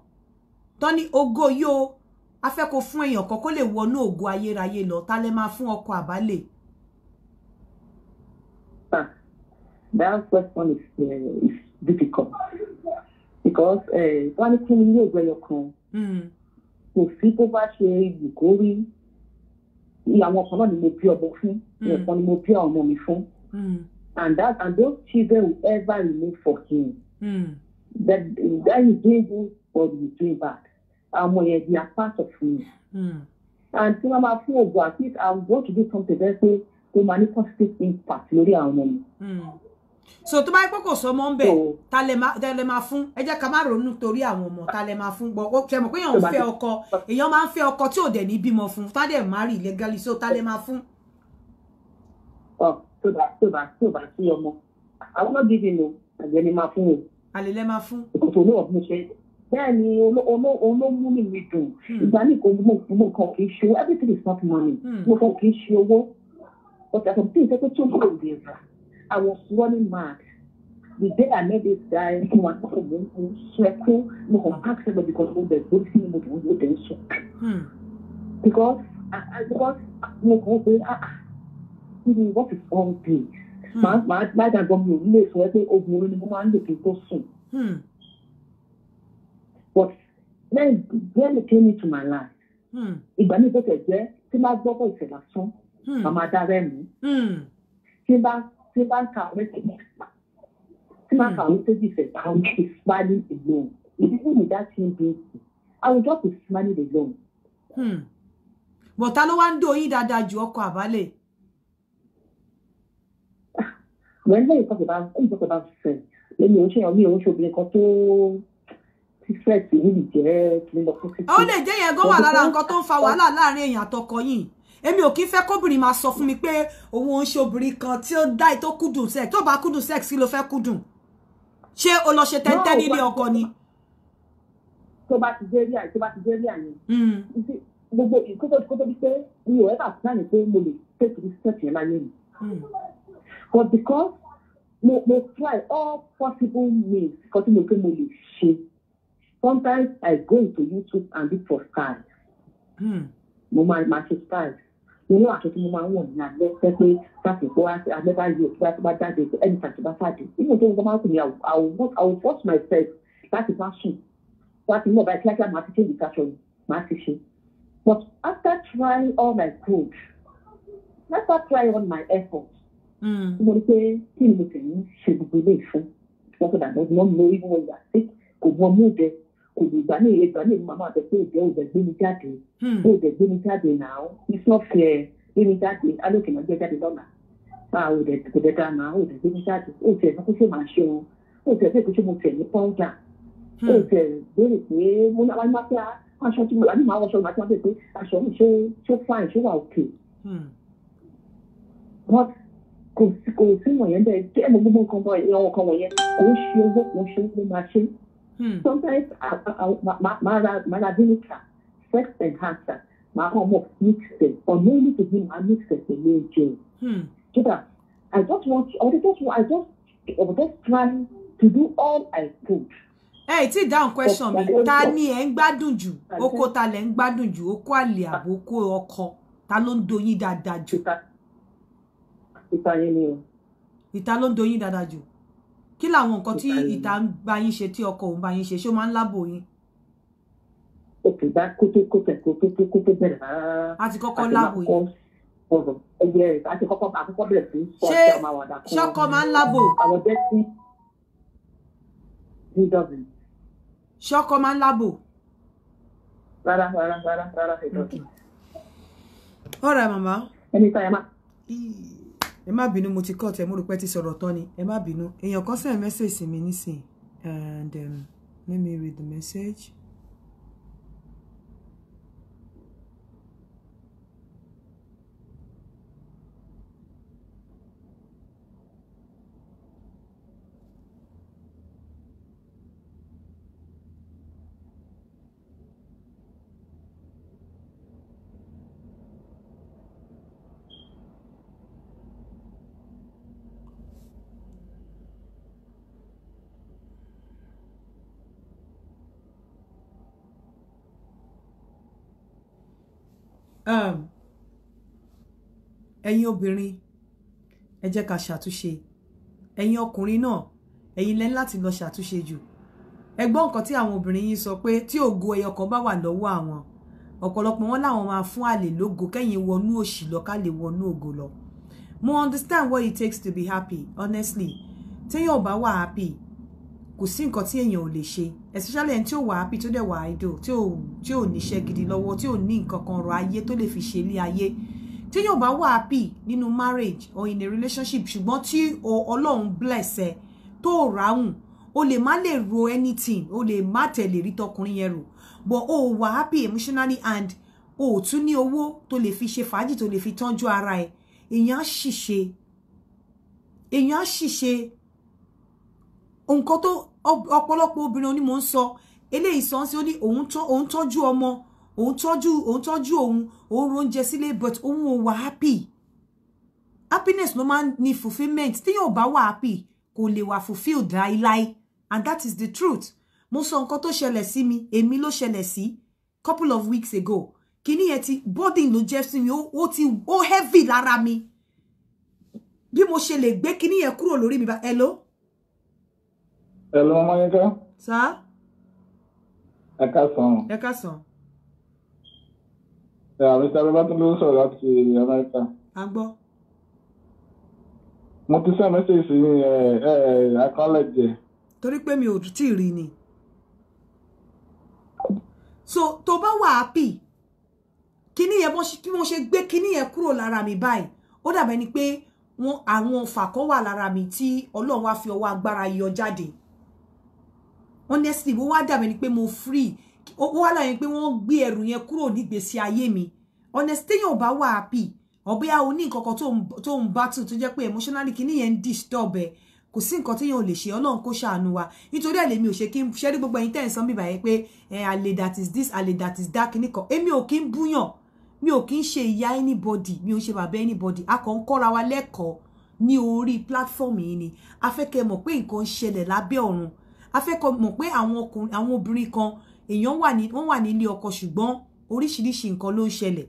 tán ní ògo yìí o a fẹ́ kó fún èèyàn kan kó lè wọnú ògo ayérayé lọ ta lẹ máa fún ọkọ àbálẹ̀. Ah, that question is, uh, is difficult because eh, wọ́n ní kí ni ilé ìgbẹ́ ẹyọ kan people hmm. sí tó go in. ìgòrí are kan náà ni mo a ọmọ fún hmm. are ni mo bí àwọn ọmọ mi fún and that and those children will ever remain for him. Mm. That that he gave me for the dream back. Àwọn yẹn they are part of me. Mm. And tí wọ́n máa fún ògùn at least I want to do something bẹ́ẹ̀ pé tó máa ní positive impact lórí àwọn ọmọ mi. Hmm. So tó bá yẹ pé kò sọ ọmọ ń bẹ̀ ta lẹ máa fún ẹ jẹ́ ká má ronú torí àwọn ọmọ ta lẹ máa fún gbọ́ ṣe mọ̀ pé èèyàn ń fẹ́ ọkọ èèyàn máa ń fẹ́ ọkọ tí ò dẹ̀ ní bímọ fún tá dẹ̀ má rí ilé gálí so ta lẹ máa fún tó bá tó bá tó bá sí ọmọ àwọn náà bíbí ni àgbẹ̀ ni máa fún wọn. àlè lẹ́ máa fún. kòtò ní ọ̀gbìn ṣe bẹ́ẹ̀ ni olómú mi mi dùn hmm. ìgbà ní kò mú mú kan kì í ṣe everything is not money hmm. mo kàn kì í ṣe owó but as i'm saying pé tó kúrò dé ra i was running mad the day i met this guy fún wa kókò mo ń sẹ́kún mo kàn pack sẹ́gbẹ̀ because mo bẹ̀ gbórí sí mo dùn mo dẹ̀ ń sọ. Hmm. because ah, ah, because mo kàn ń pè ah ah me what is all day hmm. màá màá ládàgbọ́ mi ò nílé sọ ẹ pé oògùn orí ni mo máa ń lò kí tó sùn. Hmm. but then then it came into my life. Hmm. ìgbà mi bẹ̀rẹ̀ jẹ́ tí máa gbọ́ bọ̀ ìṣẹ̀lá sán màmá darẹ́ mi. tí bá tí bá ń ka àwọn ẹ̀sẹ̀ tí máa ka àwọn ẹ̀sẹ̀ ìfẹ̀ I will be smiling alone even without him being sick I will just be smiling alone. bọ̀tá ló wá ń dòyìn dáadáa ju ọkọ̀ àbálẹ̀. Mas veio fazer base, como fazer base sem? Lẹ́yìn oṣù yẹn, mi ò ṣe obìnrin kan tó fífẹ́ẹ̀tì Ó lè jẹ́ yẹn gan wà lára nǹkan tó ń fa wàhálà láàrin èèyàn àtọkọ yìí. Èmi ò kí ń kóbìnrin máa sọ fún mi pé òun ò ń ṣe obìnrin kan tí ó dá ètò kúdùn sex. Tó bá kúdùn sex kí ló fẹ́ kúdùn? Ṣé o lọ ṣe tẹ́ntẹ́ nílé ọkọ ni? Tó bá ti dé rí àyè, tó bá ti dé rí àyè. Hmm. Gbogbo ìkótó ti pé mi ò ẹ́ bá ti dáhùn pé mo lè tẹ́tù sẹ́ẹ̀tì ẹ̀ láyé mi. Hmm but because mo mo try all possible means because mo pe mo lè ṣe sometimes I go into YouTube and look for style hmm. mo máa ma ṣe style mo ní àtúntò mo máa ń wọ̀ ní alẹ́ pé pé sàkókò alẹ́ bá yọ tí wọ́n bá jáde ẹni tàbí bá jáde nínú tó ń gbọ́ máa ń pè ní I will force myself láti má sùn láti mú ọ̀bá ẹ̀ kíákíá máa ti ṣe ìdíkàṣọ máa ti ṣe but after trying all my good after trying all my efforts. Mm. mo rí pé kí ni mo sì ń ṣe gbogbo ilé ìfún wọn kò dàgbà ọdún mọ even when you are sick kò mọ mú bẹ kò lè gbà ní ìgbà ní ìmọ̀ máa bẹ pé ìjẹ́ òjẹ́ gbé mi jáde òjẹ́ mm. gbé mi jáde náà it's not fair gbé mi jáde alókè máa gbé jáde lọ́la máa òjẹ́ kò dẹ́ dáa náà òjẹ́ gbé mi jáde òjẹ́ ẹ̀sán kó ṣe máa ṣe o òjẹ́ bẹ́ẹ̀ kó ṣe mo tẹ̀ ní pọ́ńdà òjẹ́ mm. béèrè pé mo náà wáyé máa fẹ́ aṣọ tí mo rà ní màá wọṣọ màá tí wọ́n bẹ̀ pé aṣọ mi kò sí kò sí wọ̀nyẹn bẹ́ẹ̀ kí ẹ̀mọ gbogbo nǹkan bọ̀ ẹ̀yẹ wọn kan wọ̀nyẹn kò ń ṣe owó kò ń ṣe owó máa ṣe. sometimes màá ra vinegar sex enhancer màá kàn mọ̀ mix it ọ̀nà ìlú kejì màá mix it pẹ̀lú ẹ̀jẹ̀. so that i just want or i just i just i was just trying to do all i could. ẹ ẹ tí dáhùn question mi ta ni ẹ e ń gbádùn jù oko ta lẹ ń gbádùn jù oko àlè àbókò ọkọ ta ló ń doyin dáadáa jù ìta yẹn ni o. ìta ló ń doyin dáadáa jù kí làwọn nǹkan tí ìta ń bá yín ṣe tí ọkọ òun bá yín ṣe ṣé ó máa ń lábò yín. ó bá kótó kótó kótó kótó bẹ̀rẹ̀ rárá. a ti kọ́kọ́ lábò yín. ẹyẹ a ti kọ́kọ́ àkọ́kọ́ bẹ̀rẹ̀ sí sọ ṣé ọmọ àwọn àdàkùn. ṣé ọkọ máa ń lábò. àwọn jẹ́ sí dw. ṣé máa ń lábò. rárá rárá rárá rárá ìdọ̀tí. ọ̀rẹ́ màmá. ẹni tá a yẹ ẹ má bínú mo ti kọ́ tẹ mo rò pé ti sọ̀rọ̀ tán ni ẹ má bínú èèyàn kan send message sí mi nísìnyí and um, let me read the message. Um, ẹ̀yin obìnrin ẹ jẹ́ ká ṣàtúnṣe ẹ̀yin ọkùnrin náà ẹ̀yin lẹ́ni láti lọ ṣàtúnṣe jù ẹ gbọ́ nǹkan tí àwọn obìnrin yìí sọ pé tí ògo ẹyọ kan bá wà lọ́wọ́ àwọn ọ̀pọ̀lọpọ̀ wọn láwọn máa fún àlè lógo kẹ́yìn wọnú òṣì lọ ká lè wọnú ògo lọ mo understand what it takes to be happy honestly téèyàn ò bá wà happy kò sí nǹkan tí èèyàn ò lè ṣe especially ẹni tí ò wà happy tó dẹ̀ wà idle tí ò tí ò níṣẹ́ gidi lọ́wọ́ tí ò ní nǹkan kan ọrọ̀ ayé tó lè fi ṣe ilé ayé tí èèyàn bá wà happy nínú marriage or in a relationship ṣùgbọ́n tí ọlọ́run bless ẹ tó ráhùn o lè má lè ro anything o lè má tẹ̀lé rí tọkùnrin yẹn rò but o wà happy emotionally and o tún ní owó tó lè fi ṣe fàájì tó lè fi tọ́jú ara ẹ èèyàn á ṣìṣe èèyàn á ṣìṣe nǹkan tó ọ̀pọ̀lọpọ̀ obìnrin oní mò ń sọ eléyìí sọ ń sí ó ní òun tọ́jú ọmọ òun tọ́jú òun tọ́jú òun òun róúnjẹ sílé but òun ò wà happy happiness ló máa ń ní fulfilment téèyàn ò bá wà happy kò lè wà fulfilled láíláí and that is the truth mo sọ nǹkan tó ṣẹlẹ̀ sí mi èmi ló ṣẹlẹ̀ sí couple of weeks ago kíní yẹn ti burden ló jẹ́ sí mi ó ti ó heavy lára mi bí mo ṣe lè gbé kíní yẹn kúrò lórí mi bá hello Hello, Mọ́yínká. Sá. Ẹ káàsán. Ẹ káàsán. Àmì sábẹ́ bá tún ló ń sọ̀rọ̀ láti Amẹ́ríkà. A gbọ́. Mo ti sẹ́ mẹ́sẹ̀gì sí akọ́lẹ̀jẹ̀. Torí pé mi ò tí ì rí ni. So tó bá wà happy, kíní yẹn bí mo ṣe gbé kíní yẹn kúrò lára mi báyìí, ó dàbẹ̀ ni pé àwọn fàkọ́ wà lára mi tí Ọlọ́run wá fi ọwọ́ agbára yọ jáde honestly ó wá dàbẹ̀ ni pé mo free ó wá láyé pé wọ́n gbé ẹrù yẹn kúrò nígbèsí ayé mi honest téèyàn ò bá wà happy ọ̀bẹ́yà o ní nǹkan kan tó ń battle tó jẹ́ pé emotionally kini yen disturb ẹ̀ kò sí nǹkan téèyàn ò lè ṣe ọlọ́run kó ṣàánú wa nítorí ẹ̀ lèmi ò ṣe kí n ṣẹ́rí gbogbo ẹ̀yin tẹ́yìn sọ́nbí báyẹn pé ẹ̀ àlè that is this àlè that is that kìíní ko èmi ò kí ń mi ò kí ń ṣe anybody mi ò ń ṣe anybody a kàn ń kọ́ra wa leko ní orí platform yìí ni a fẹ́ kẹ́ mọ̀ pé nǹkan ń ṣẹlẹ̀ lábẹ́ a fẹ́ kó mọ̀ pé àwọn ọkùnrin àwọn obìnrin kan èèyàn wà ní wọ́n wà nílé ọkọ ṣùgbọ́n oríṣiríṣi nǹkan ló ń ṣẹlẹ̀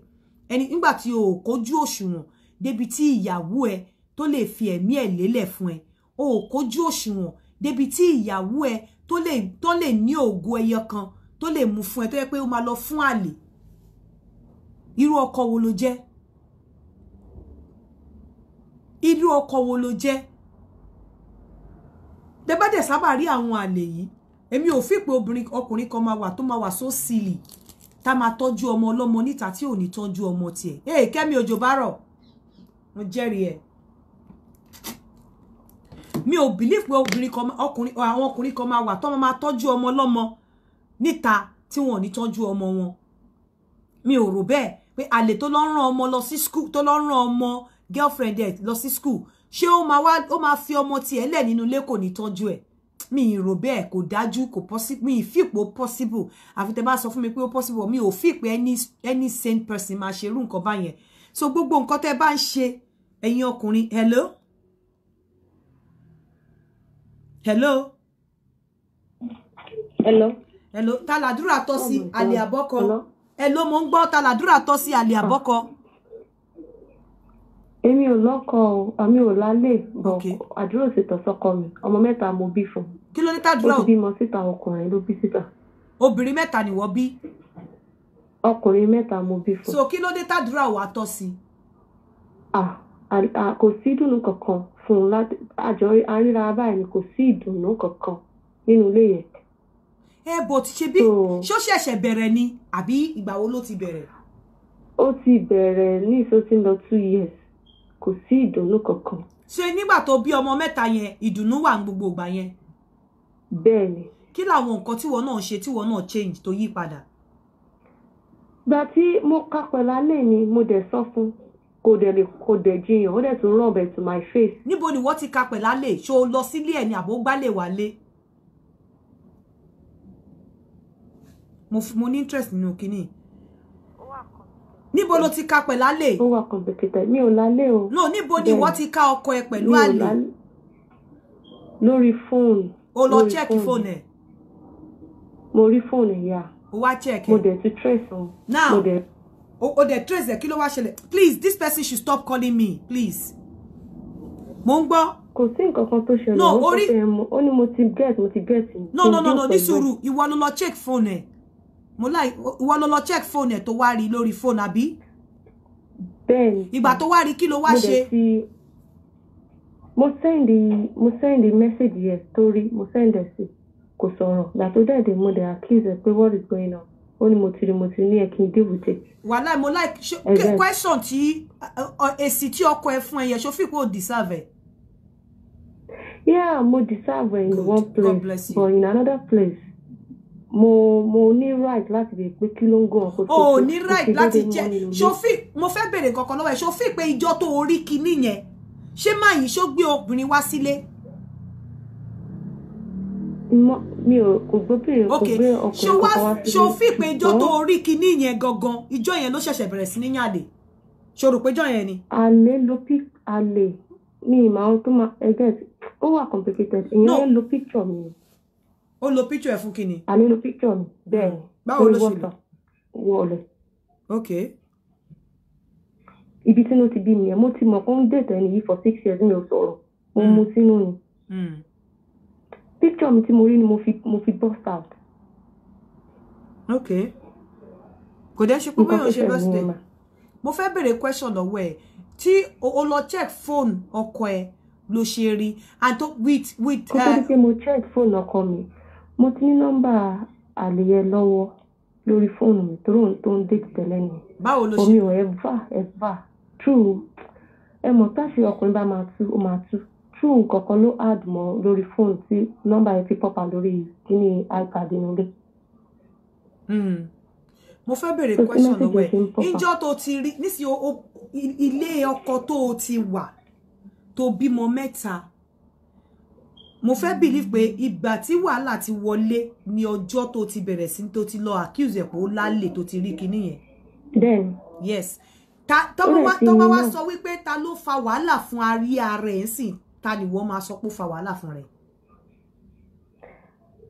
ẹni nígbà tí o kójú òṣùwọ̀n débi tí ìyàwó ẹ tó lè fi ẹ̀mí ẹ̀ lélẹ̀ fún ẹ o kójú òṣùwọ̀n débi tí ìyàwó ẹ tó lè tó lè ní ògo ẹyọ kan tó lè mú fún ẹ tó yẹ pé ó máa lọ fún àlè irú ọkọ wo ló jẹ́ irú ọkọ wo ló jẹ́ tẹ bá dẹ̀ sábà rí àwọn àlè yìí èmi ò fìpé obìnrin ọkùnrin kan máa wà tó máa wà so silly tá máa tọ́jú ọmọ ọlọ́mọ níta tí ò ní tọ́jú ọmọ tiẹ̀ ee kẹ́mi òjò bá rọ̀ mo jẹ́rìí ẹ̀ mi ò bìlíf pé obìnrin kan ọkùnrin àwọn ọkùnrin kan máa wà tó máa tọ́jú ọmọ ọlọ́mọ níta tí wọn ò ní tọ́jú ọmọ wọn mi ò rò bẹ́ẹ̀ pé àlè tó lọ ń rán ọmọ lọ sí school tó lọ ń rán ọmọ girlfriend ẹ̀ lọ sí school ṣé ó máa wá ó máa fi ọmọ tiẹ̀ lẹ̀ nínú ilé kò ní tọ́jú ẹ̀ mi ìrò bẹ́ẹ̀ kò dájú kò possible mi ìfipò possible àfi tẹ́ bá sọ fún mi pé ó possible mi ò fi any any sane person máa ṣe irú nǹkan báyẹn so gbogbo nǹkan tẹ́ bá ń ṣe ẹ̀yin ọkùnrin hello hello hello hello taladura oh tọ́ sí àlè àbọ́kọ hello mo ń gbọ́ taladura tọ́ sí àlè àbọ́kọ èmi ò lọ́kọ o àmì ò lálẹ́ bọ̀ àdúrà ò sì tọ́ sọ́kọ mi ọmọ mẹ́ta mo bí fún. kí ló ní tàdúrà o. ó ti bímọ síta ọkùnrin ló bí síta. obìnrin mẹ́ta ni wọ́n bí. ọkùnrin mẹ́ta mo bí fún. so kí ló dé tàdúrà wà tọ́ sí. kò sí ìdùnnú kankan fún un láti àjọ àríra báyìí kò sí ìdùnnú kankan nínú ilé yẹn. ẹ bò ti ṣe bí ṣó ṣẹ̀ṣẹ̀ bẹ̀rẹ̀ ni àbí ìgbà wo ló ti bẹ̀rẹ̀. ó ti bẹ̀rẹ̀ ní ìsọ́sí lọ two years kò sí ìdùnnú kankan. ṣé nígbà tó bí ọmọ mẹ́ta yẹn ìdùnnú wà ní gbogbo ìgbà yẹn. bẹ́ẹ̀ ni. kí làwọn nǹkan tíwọ náà ṣe tíwọ náà change tó yí padà. gbà tí mo ka pẹ̀lú alẹ́ ni mo dẹ̀ sọ fún kò dẹ̀ lè kò dẹ̀ jiyàn ó dẹ̀ tún rub it to my face. níbo ni wọ́n ti ka pẹ̀lú alẹ́ ṣó lọ sílé ẹ̀ ni àbó gbálẹ̀ wálé. mo ní interest nínú kínní níbo ló ti ka pẹ̀lú àlè. ó wà kọ̀m̀pútà mi ò lálẹ́ o. no níbo ni ìwọ ti ka ọkọ ẹ pẹ̀lú àlè. lórí fóònù. o lọ check fóònù ẹ. mo rí fóònù ìyá. o wá check ẹ. mo dẹ̀ ti trace o. now mo dẹ̀. o dẹ̀ trace ẹ kí ló wá ṣẹlẹ̀ please this person should stop calling me please. mo ń gbọ́ kò sí nǹkan kan tó ṣẹlẹ̀ ó ní mo ti get mo ti get. no no no no ní sùúrù ìwọ ló lọ check fóònù ẹ mo láì ìwọ ló lọ check phone ẹ̀ tó wá rí lórí phone abi bẹ́ẹ̀ni ìgbà to wá rí kí ló wá ṣe. mo send mo send message yes story mo send ẹ sí kò sọ̀rọ̀ gbà tó dẹ̀dẹ̀ mo dẹ̀ accuse ẹ what is going on ó ní mo ti rí mo ti ní ẹ deal with it. wàhálà mo like question ti eh, eh, èsì tí ọkọ ẹ fún ẹ yẹ sófin kò deserve yeah mo deserve in one place but in another place mo mo ní right láti bèèrè pé kí ló ń gàn kó tó o ní right láti jẹ ṣòfì mo fẹ́ bèèrè kankan lọ́wọ́ ẹ̀ ṣòfì pé ìjọ tó orí kinní yẹn ṣé máa yìí ṣó gbé obìnrin wá sílé. mi ò kò gbóbìnrin kò gbé ọkùnrin kankan wá sílé. ṣòfì pé ìjọ tó orí kinní yẹn gangan ìjọ yẹn ló ṣẹ̀ṣẹ̀ bẹ̀rẹ̀ sí ní yàdé ṣòro péjọ yẹn ni. àlè ló pí àlè mi ìmọ̀ àwọn tó máa ẹgẹ́ ó wà complicated ìyẹn ló picture mi ó lo picture ẹ fún kí ni. àmì lo picture mi bẹ́ẹ̀ ni hmm. báwo ló ṣe lò wọ lọ. ok. ibi tí mo ti bí nìyẹn mo ti mọ̀ pé ń dètò ẹni for six years mi ò sọ̀rọ̀ mo hmm. mú sínú ni. Hmm. picture mi tí mo rí ni mo fi mo fi burst out. ok kò dẹ́ ṣe pé bóyá ò ń ṣe birthday mo fẹ́ bèrè question lọ́wọ́ ẹ̀ tí o lọ check phone ọkọ ẹ̀ ló ṣe rí and to with with. kókó ni eh, pé mo check phone ọkọ mi mo ti ní nọ́mbà àlè yẹn lọ́wọ́ lórí fóònù mi tó ròhún tó ń déètì tẹ́lẹ̀ ni. omi ò ẹ̀fà ẹ̀fà true ẹ mọ̀ táṣì ọkùnrin bá máa tú ó máa tú true nǹkan kan ló add mọ́ lórí fóònù tí nọ́mbà yẹn fi pọ́pà lórí kíní ipad inú ilé. Hmm. mo fẹ́ bèrè question lọ́wọ́ ẹ̀ níjọ́ tó ti rí nísìnyí ilé ọkọ tó o ti wà tó bímọ mẹ́ta mo fẹ́ believe pé ìgbà tí wàhálà ti wọlé ní ọjọ́ tó ti bẹ̀rẹ̀ sí tó ti lọ accuse ẹ̀ pé lálẹ́ tó ti rí kinní yẹn. bẹ́ẹ̀ni. yes ta tọ́ba wá sọ wípé ta ló fa wàhálà fún arí ara ẹ̀ sìn ta ni wọ́n máa sọ pé ó fa wàhálà fún rẹ̀.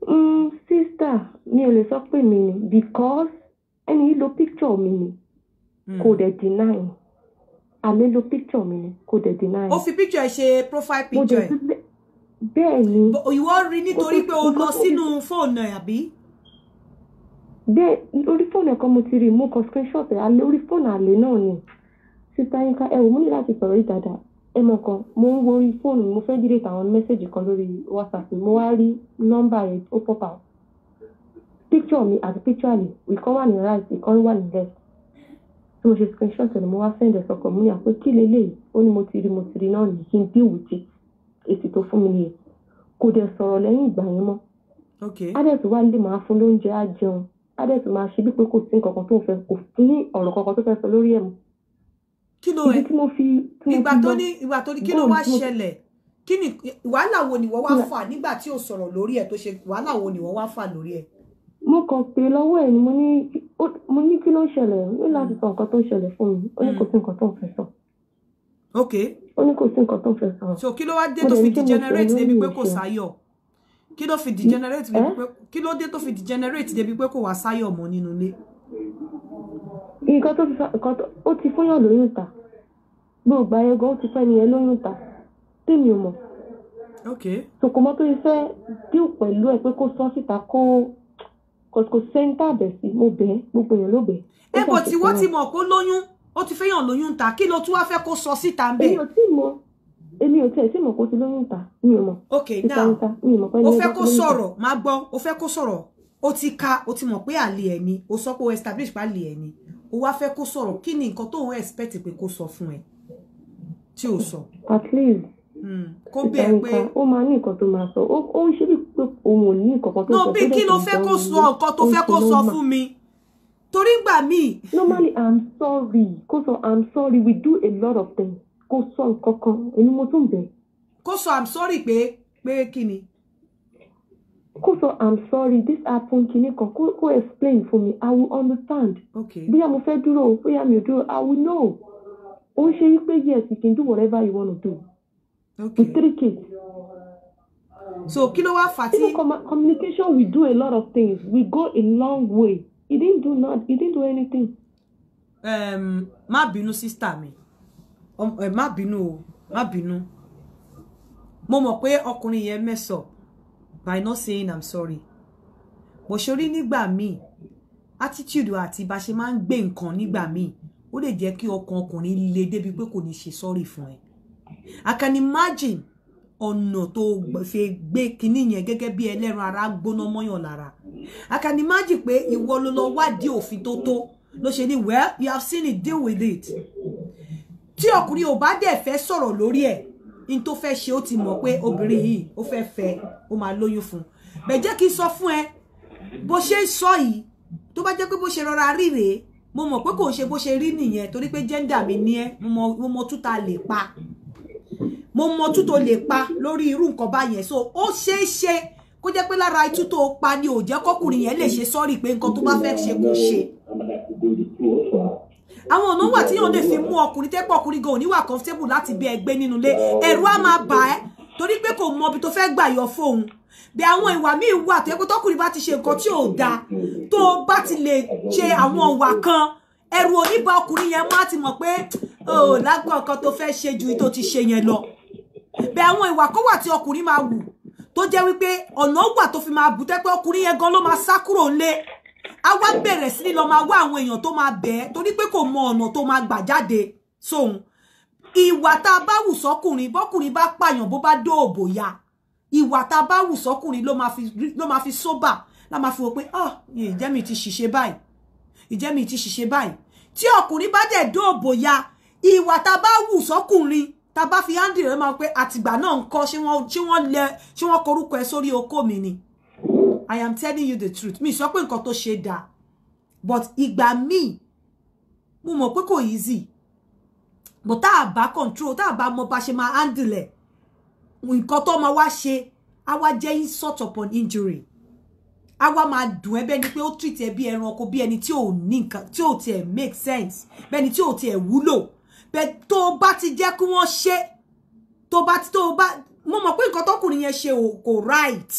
Mm, sísítà mi ò lè sọ pé mi ni because ẹni yìí lo picture mi ni hmm. kò dẹ̀ deny àlè lo picture mi ni kò dẹ̀ deny. o fi picture ẹ ṣe profile picture ẹ bẹ́ẹ̀ ni. ìwọ rí nítorí pé o lọ sínú fóònù ẹ̀ àbí. bẹ́ẹ̀ orí fóònù ẹ̀kọ́ mo ti rí mú kan screenshot ẹ̀ alẹ́ orí fóònù àlè náà ni sísá yín ká ẹ wò mú ní láti sọ̀rọ̀ yìí dáadáa ẹ mọ̀ kan mo ń wo fóònù mo fẹ́ dídé tàwọn mẹ́sẹ̀gì kan lórí whatsapp mo wá rí nọ́mbà rẹ̀ ó pop out picture mi àti picture àlè ìkan wà ní right ìkan wà ní left tí mo ṣe screenshot ẹ̀ ni mo wá send ẹ̀ sọkọ̀ mú ní àpò kí lélẹ́yìí ó ní mo ti rí mo ti rí náà nìyí kí n deal with it èsì tó fún mi nìyẹn kò dẹ̀ sọ̀rọ̀ lẹ́yìn ìgbà yẹn mọ́ adẹ́tù wá lè máa fún lóúnjẹ á jẹun adẹ́tù máa ṣe bí pé kò sí nǹkan kan tó fẹ́ kò ní ọ̀rọ̀ kankan tó fẹ́ sọ lórí ẹ̀ mọ́. kí ló ẹ ìgbà tó ní ìgbà tó ní kí ló wá ṣẹlẹ̀ kí ni wàhálà wo ni wọ́n wá fà nígbà tí ò sọ̀rọ̀ lórí ẹ̀ tó ṣe wàhálà wo ni wọ́n wá fà lórí ẹ̀. mo kàn pé lọ́wọ́ ẹ̀ ni mo ní kí ló ṣẹlẹ̀ ní láti sọ nǹkan tó ṣẹlẹ̀ fún mi ó ní kò hmm. sí nǹkan tó fẹ́ sọ. okay ó ní kò sí nǹkan tó fẹ́ sọ̀rọ̀. so kí ló wá dé tó fi degenerate débi pé kò sáyọ̀ kí ló fi degenerate débi pé kí ló dé tó fi degenerate débi pé kò wá sáyọ̀ mọ́ nínú ilé. nǹkan tó ti sọ nǹkan tó ó ti fúnyàn lóyún ta gbogbo ayé gan ó ti fẹ́ nìyẹn lóyún ta tèmi ò mọ̀. ok sokomọ tó yẹ fẹ́ díò pẹ̀lú ẹ pé kó sọ síta kó kò sẹ́ńtà bẹ̀ sí mo bẹ̀ gbogbo èèyàn ló bẹ̀. ẹ bọ̀ tí wọ́n ti mọ̀ kó lóyún ó ti fẹ́yàn lóyún ta kí ló tún wá fẹ́ kó sọ síta ń bẹ̀. èmi ò tí mọ èmi ò tiẹ̀ tí mo kó ti lóyún ta mi ò mọ. ok now o fẹ́ kó sọ̀rọ̀ máa gbọ́ o fẹ́ kó sọ̀rọ̀ o ti ka o ti mọ̀ pé àlè ẹ̀ ni o sọ pé o establish pa àlè ẹ̀ ni o wá fẹ́ kó sọ̀rọ̀ kí ni nǹkan tó ń expect pé kó sọ fún ẹ tí o sọ. at least hmm, kó bẹ́ẹ̀ pé ó máa ní nǹkan tó máa sọ ó ń ṣe bí pé òun ò ní nǹkan tó sọ. náà bí kí ló fẹ́ kó sọ nǹkan tó fẹ́ kó sọ fún mi torí ń gbà mí. normally i'm sorry kó sọ i'm sorry we do a lot of things kó sọ nǹkan kan ẹni mo tún bẹ̀. kó sọ i'm sorry pé pé kí ni. kó sọ i'm sorry this happen kìíní kan kó kó explain for me i will understand. okay bóyá mo fẹ́ dúró bóyá mi ò dúró i will know. ó ń ṣe wípé yes you can do whatever you wanna do. okay with three kids. so kí ló wá fà tí. communication we do a lot of things we go a long way he didn't do not he didn't do anything. Um, má bínú sísítà mi um, eh, má bínú o má bínú mo mọ̀ pé ọkùnrin yẹn mess by not saying i'm sorry bó ṣe rí nígbà míì attitude àti bá ṣe máa ń gbé nǹkan nígbà míì ó lè jẹ́ kí ọkàn ọkùnrin le débi pé kò ní ṣe sorry fún ẹ i can imagine ọ̀nà tó fi gbé kinní yẹn gẹ́gẹ́ bí ẹlẹ́ran ara gbóná mọ́yàn lára I can imagine pé ìwọ ló lọ wádìí òfin tó tó ló ṣe ní well you have seen it deal with it tí ọkùnrin ò bá dẹ̀ fẹ́ sọ̀rọ̀ lórí ẹ̀ in tó fẹ́ ṣe ó ti mọ̀ pé obìnrin yìí ó fẹ́ fẹ́ ó máa lóyún fún un bẹ̀ jẹ́ kí n sọ fún ẹ bó ṣe ń sọ yìí tó bá jẹ́ pé bó ṣe rọra rí mo mọ̀ pé kò ṣe bó ṣe rí nìyẹn torí pé gender mi ní ẹ mo mọ̀ tún lè pa mo mọ tú tó lè pa lórí irú nǹkan báyẹn so ó ṣeé ṣe kó jẹ́ pé lára itú pa ni ò jẹ́ kọkùnrin yẹn lè ṣe sọ́ọ̀rì pé nǹkan tó bá fẹ́ ṣe kó ṣe àwọn ọ̀nà wà tí yàn lè fi mú ọkùnrin tẹ́pọ̀ ọkùnrin gan oníwà comfortable láti bí ẹgbẹ́ nínú ilé ẹ̀rù á máa bà ẹ́ torí pé kò mọ ibi tó fẹ́ gbà yọ fóun bí àwọn ìwà míì wà tó yẹ pé tọkùnrin bá ti ṣe nǹkan tí ò dáa tó bá ti lè ṣe àwọn ìwà kan ẹ̀rù oníbà ọkùnrin yẹn má ti mọ̀ pé ó oh, lágbọ̀n kan tó fẹ́ ṣe ju tó ti ṣe yẹn lọ bẹ àwọn ìwà kó wà tí ọkùnrin máa wù tó jẹ́ wípé ọ̀nà wà tó fi máa bù tẹ́ pé ọkùnrin yẹn gan ló máa sá kúrò ńlé a wá bẹ̀rẹ̀ sí ní lọ máa wá àwọn èèyàn ma máa bẹ̀ ẹ́ torí pé kò mọ ọ̀nà tó máa gbà jáde sóhun ìwà tá a bá wù sọkùnrin bọ́kùnrin bá pààyàn bó bá dóòbò ya ìwà tá a bá wù sọkùnrin ló fi soba. la ma fi wò pé ah ìjẹ́ mi ti ṣìṣe báyìí ìjẹ́ mi ti ṣìṣe báyìí tí ọkùnrin bá dẹ̀ dóòbò ya ìwà tá a bá wù tá bá fi áńdì rẹ pé àtìgbà náà ń kọ́ ṣé wọ́n korúkọ ẹ sórí okó mi ni i am telling you the truth mi sọ pé nǹkan tó ṣe dáa but ìgbà míì mo mọ̀ pé kò easy but tá a bá control tá a bá mọ bá ṣe máa handle ẹ̀ nǹkan tó máa wá ṣe á wá jẹ́ insult upon injury á wá máa dùn ẹ́ bẹ́ẹ̀ pé ó treat ẹ bí ẹranko bí ẹni tí ò ní nǹkan tí ò tiẹ̀ make sense bẹ́ẹ̀ ni tí ò tiẹ̀ wúlò bẹ́ẹ̀ tó o bá ti jẹ́ kí wọ́n ṣe tó o bá ti tó o bá mo mọ̀ pé nǹkan tọkùnrin yẹn ṣe kò right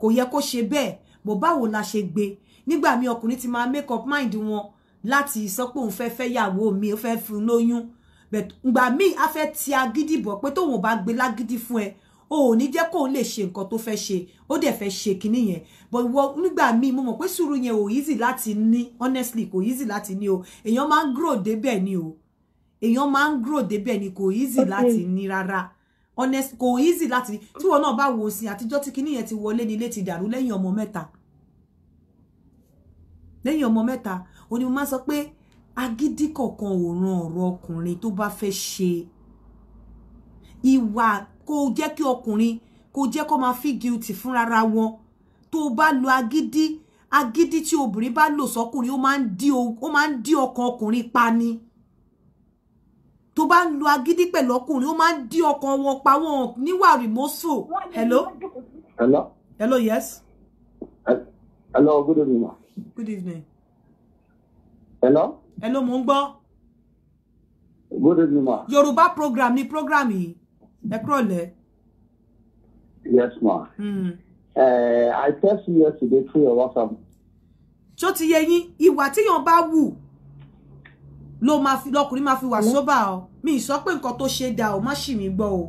kò yẹ kó ṣe bẹ́ẹ̀ bó báwo la ṣe gbé nígbà míì ọkùnrin ti máa make up mind wọn láti sọ pé òun fẹ́ fẹ́ yàwó mi ó fẹ́ fún lóyún but ìgbà míì a fẹ́ ti agídí bọ̀ pé tóun ò bá gbé lágídí fún ẹ o ò ní jẹ́ kóun lè ṣe nǹkan tó fẹ́ ṣe ó dẹ̀ fẹ́ ṣe kinní yẹn but ìwọ nígbà míì mo mọ̀ pé sùúrù yẹn ò easy láti ní honestly kò easy láti ní o èèyàn máa ń grow débẹ̀ ni o èèyàn máa ń grow débẹ̀ ni kò easy láti ní rárá honest kò easy láti tí wọn náà bá wò sí àtijọ́ tí kinní yẹn ti wọlé nílé ti dàrú lẹ́yìn ọmọ mẹ́ta lẹ́yìn ọmọ mẹ́ta ó ní mo máa sọ pé agídí kọ̀ọ̀kan ò ran ọ̀rọ̀ ọkùnrin tó bá fẹ́ ṣe ìwà kó jẹ́ kí ọkùnrin kó jẹ́ kó máa fi guilty fúnra wọn tó bá lo agídí agídí tí obìnrin bá lò sọ́kùnrin ó máa ń dí ọkàn ọkùnrin pa ni tó bá ń lo agídí pẹ̀lú ọkùnrin ó máa ń dí ọkàn wọn pa wọn níwà remorseful hello hello hello yes hello good evening good evening hello hello mo ń gbọ́ good evening ma Yorùbá program ni program yìí ẹ kúrò lẹ. yes ma mm. uh, I text you yesterday through your WhatsApp. ṣó ti yẹ yín ìwà tíyàn bá wù ló ma, fi lọkùnrin máa fi wà sóbà ọ mi sọ pé nǹkan tó ṣe dà ó má ṣì mí gbọ́ o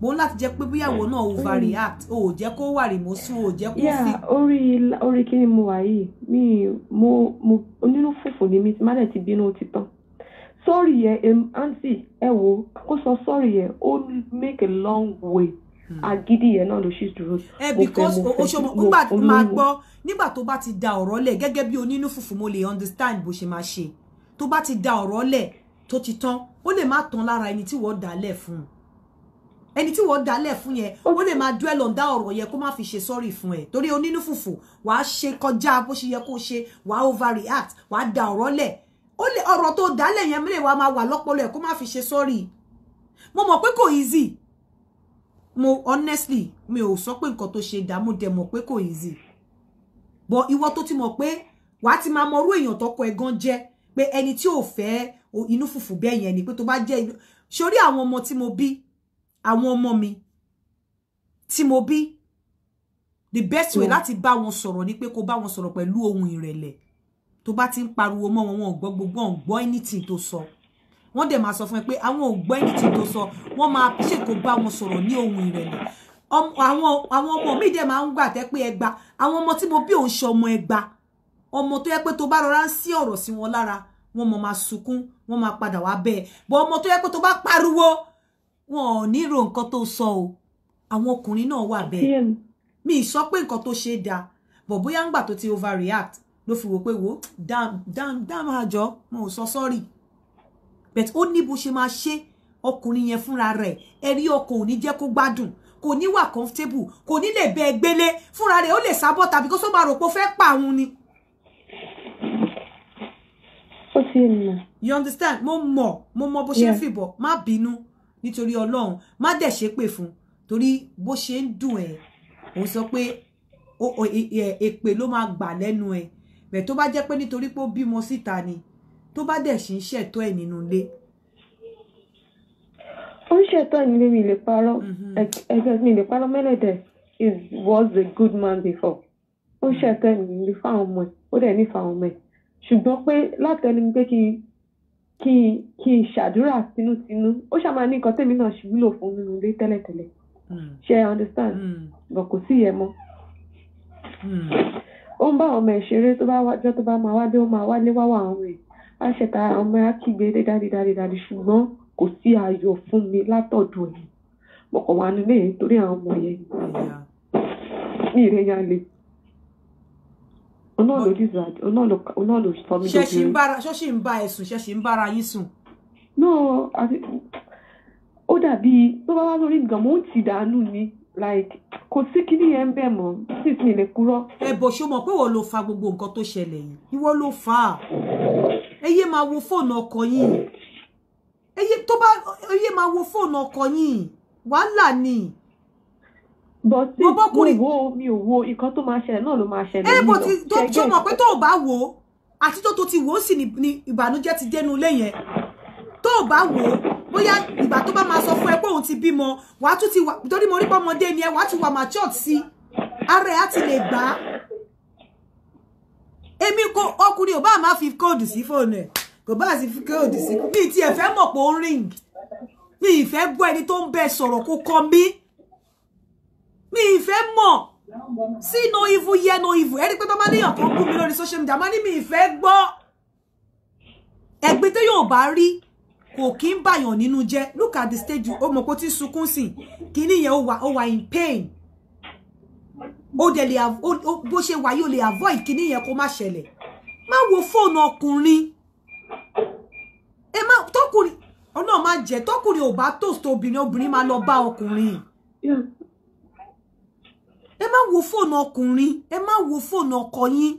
mo láti jẹ́ pé bíyàwó mm. náà overreact o ò jẹ́ kó wà rìmọsù o ò jẹ́ kó fi. orí orí kí ni mo wà yìí mi mo mo onínú fùfù ni mi ti má dẹ̀ ti bínú ti tán sọ́ọ̀rì yẹn àǹtí ẹ wo kó sọ sọ́ọ̀rì yẹn ó make a long way hmm. agídí yẹn náà ló ṣì dúró. Eh, because oṣooṣo nígbà tó máa gbọ́ nígbà tó ba ti da ọ̀rọ̀ lẹ̀ gẹ́gẹ́ bí onínú fufu mo lè understand bó ṣe máa ṣe tó bá ti da ọ̀rọ̀ lẹ̀ tó ti tán ó lè má tán lára ẹni tí wọ́n dá lẹ̀ fún ẹni tí wọ́n dá lẹ̀ fún yẹn ó lè máa dwell on ọ̀rọ̀ yẹn kó má fi ṣe sorry fún ẹ torí onínú fùfù wàá ṣe kọjá bó ṣe yẹ kó ṣe wàá overreact wàá da ọ̀rọ̀ lẹ̀ ó lè ọ̀rọ̀ tó dá lẹ̀ yẹn mílẹ̀ wàá máa wà lọ́pọlọ ẹ̀ kó má fi ṣe sorry mo mọ̀ pé kò easy mo honestly mi ò sọ pé nǹkan tó ṣe dá mo dẹ̀ mọ̀ pé kò easy but ìwọ tó ti mọ̀ pé wàá ti máa mọrú èèyàn tọkọ ẹ̀ gan jẹ́ pé ẹni tí ò fẹ́ inú fùfù bẹ́ẹ̀ yẹn ni pé tó bá jẹ́ inú sórí àwọn ọmọ mo bí àwọn ọmọ mi tí mo bí the best way hmm. láti ba wọn sọ̀rọ̀ ni pé kó bá wọn sọ̀rọ̀ pẹ̀lú ohun ìrẹ̀lẹ̀ tó bá ti ń pariwo mọ́ wọn wọn gbọ́ gbogbo wọn gbọ́ anything tó sọ wọ́n dẹ̀ máa sọ fún ẹ pé àwọn ò gbọ́ anything tó sọ wọ́n máa ṣèkó bá wọn sọ̀rọ̀ ní ohun ìrẹ̀lẹ̀ àwọn ọmọ mi dẹ̀ máa ń gbà tẹ́ pé ẹgba àwọn ọmọ tí mo bí òun ṣe ọmọ ẹgba ọmọ tó yẹ pé tó bá rọra ń sí ọ̀rọ̀ sí wọn lára wọn mọ̀ máa sunkún wọn máa padà wá bẹ́ẹ̀ bọ́ ọmọ tó yẹ pé tó bá pariwo wọn ò ro nǹkan tó sọ o àwọn ọkùnrin náà wà bẹ́ẹ̀ mi sọ pé nǹkan tó ṣe dáa bọ̀ bóyá ń gbà tó ti overreact ló fi wò pé wo dáàmú àjọ mo ò sorry. sọ́ọ̀rì but ó ní bó ṣe máa ṣe ọkùnrin yẹn fúnra rẹ̀ ẹ̀rí ọkọ ò ní jẹ́ kó gbádùn kò ní comfortable kò ní lè bẹ ẹgbẹ́lé fúnra rẹ̀ ó lè sábọ́ta because o máa rò pé ó pa òun ni ó ti mọ̀. you understand mo mọ̀ mo mọ̀ bó ṣe ń fìbọ̀ má bínú nítorí ọlọ́run má dẹ̀ ṣe pè fún torí bó ṣe ń dùn ẹ̀ ò sọ pé e, e, èpè ló máa gbà lẹ́nu ẹ̀ bẹ̀ tó bá jẹ́ pé nítorí pé ó bímọ síta ni tó bá dẹ̀ ṣì ń ṣẹ̀tọ́ ẹ̀ nínú ilé. ó ń ṣẹ̀tọ́ ìnílé mi lè parọ́ mm-hmm. ẹgbẹ́ mi lè parọ́ mẹ́lẹ̀dẹ̀ is was a good man before ó ń ṣẹ̀tọ́ ìnílé fáwọn ọmọ ẹ̀ ó dẹ̀ nífàá ọmọ ẹ̀ ṣùgbọ́n pé látẹnu pé kí n kí n kí n ṣàdúrà tinútinú ó ṣáà máa ní nǹkan tèmi náà ṣùwúlò fún nínú ilé tẹ́lẹ̀tẹ́lẹ̀ hmm. ṣe understand hmm. bọ̀ kò sí yẹ mọ́ hmm. ó ń bá àwọn ọmọ ẹ̀ ṣeré tó bá wájọ́ tó bá máa wálé ó máa wálé wá wà àwọn ẹ̀ á ṣẹ̀ta ọmọ ẹ̀ á kígbe dé dáadé dáadé dáadé ṣùgbọ́n kò sí ayọ̀ fún mi látọ̀dọ̀ ẹ̀ mọ̀kànwá nílé torí àwọn ọmọ yẹn mi ìrẹ́yà le onáà ló dísàdì onáà ló sọ mí dóbìnrin. ṣọ́ọ̀ṣì ń bá ẹ sùn ṣọ́ọ̀ṣì ń bára yín sùn. náà àti ó dàbí tó bá wá lórí nǹkan mò ń tì dànù ni like kò sí kíní yẹn bẹ́ẹ̀ mọ́ sísìn ilé kúrọ́. ẹ bọ̀ ṣó mọ̀ pé wọ́n ló fa gbogbo nǹkan tó ṣẹlẹ̀ yìí ìwọ ló fà á ẹ yé máa wo fóònù ọkọ yín ẹ tó bá ẹ máa wo fóònù ọkọ yín wàhálà ni but tí mo wo mi ò wo nǹkan tó máa ṣẹlẹ̀ náà ló máa ṣẹlẹ̀ eh, nílò ṣẹgẹ́ tó mọ̀ pé tó o bá wo àti tó tó ti wo sì ni ìbànújẹ́ ti dénú ilé yẹn tó o bá wo bóyá ìgbà tó bá máa sọ fún ẹ pé òun ti bímọ wàá tún ti wà torí mo rí pọ́mọdé ni ẹ wàá ti wà matured sí ara ẹ á ti lè gbà á èmi kò ọkùnrin ò bá máa fi kóòdù sí fóònù ẹ kò bá sì fi kóòdù sí mi ti ẹ fẹ́ mọ̀ pé ó ń ring mi ìfẹ́ gbọ́ ẹni tó ń bẹ sọ̀rọ̀ kó kọ mí mi ìfẹ́ mọ̀ sí no evil yẹ no evil ẹni pé tó máa níyàn kan bú mi lórí social media máa ní mi ìfẹ́ gbọ́ ẹgbẹ́ tó yóò bá rí kò kí ń bàyàn nínú jẹ́ look at the stage ó mọ̀ pé ó ti sunkún sí kíní yẹn ó wà ó wà in pain ó dẹ̀ lè bó ṣe wà yóò lè avoid kíní yẹn kó má ṣẹlẹ̀ má wo fóònù ọkùnrin ẹ má tọkùnrin ọ̀nà má jẹ́ tọkùnrin ò bá tòsí obìnrin obìnrin máa lọ bá ọkùnrin ẹ má wo fóònù ọkùnrin ẹ má wo fóònù ọkọ yín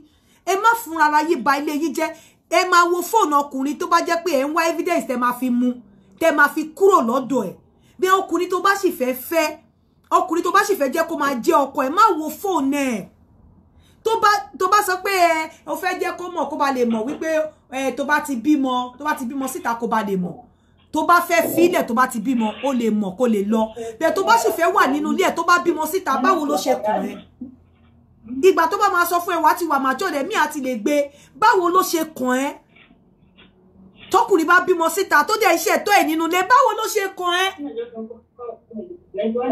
ẹ má fúnra ara yín ba ilé yín jẹ́ ẹ máa wo fóònù ọkùnrin tó bá jẹ́ pé ẹ ń wá evidence tẹ máa fi mu tẹ máa fi kúrò lọ́dọ̀ ẹ̀ bí ọkùnrin tó bá sì fẹ́ fẹ́ ọkùnrin tó bá sì fẹ́ jẹ́ kó máa jẹ́ ọkọ ẹ má wo fóònù ẹ̀ tó bá tó bá sọ pé o fẹ́ jẹ́ kó mọ̀ kó ba lè mọ̀ wípé ẹ tó bá ti bímọ tó bá ti bímọ síta kó ba lè mọ̀ tó bá fẹ́ fílẹ̀ tó bá ti bímọ ó lè mọ̀ kó lè lọ bẹ́ẹ̀ tó bá sì fẹ́ wà nínú ilé ẹ̀ tó bá bímọ síta báwo ló ṣe kù rẹ̀ ìgbà tó bá máa sọ fún ẹ wá ti wà màjọ rẹ mí àti lè gbé báwo ló ṣe kàn ẹ́ tọkùnrin bá bímọ síta tó dẹ̀ iṣẹ́ tó ẹ̀ nínú ilé báwo ló ṣe kàn ẹ́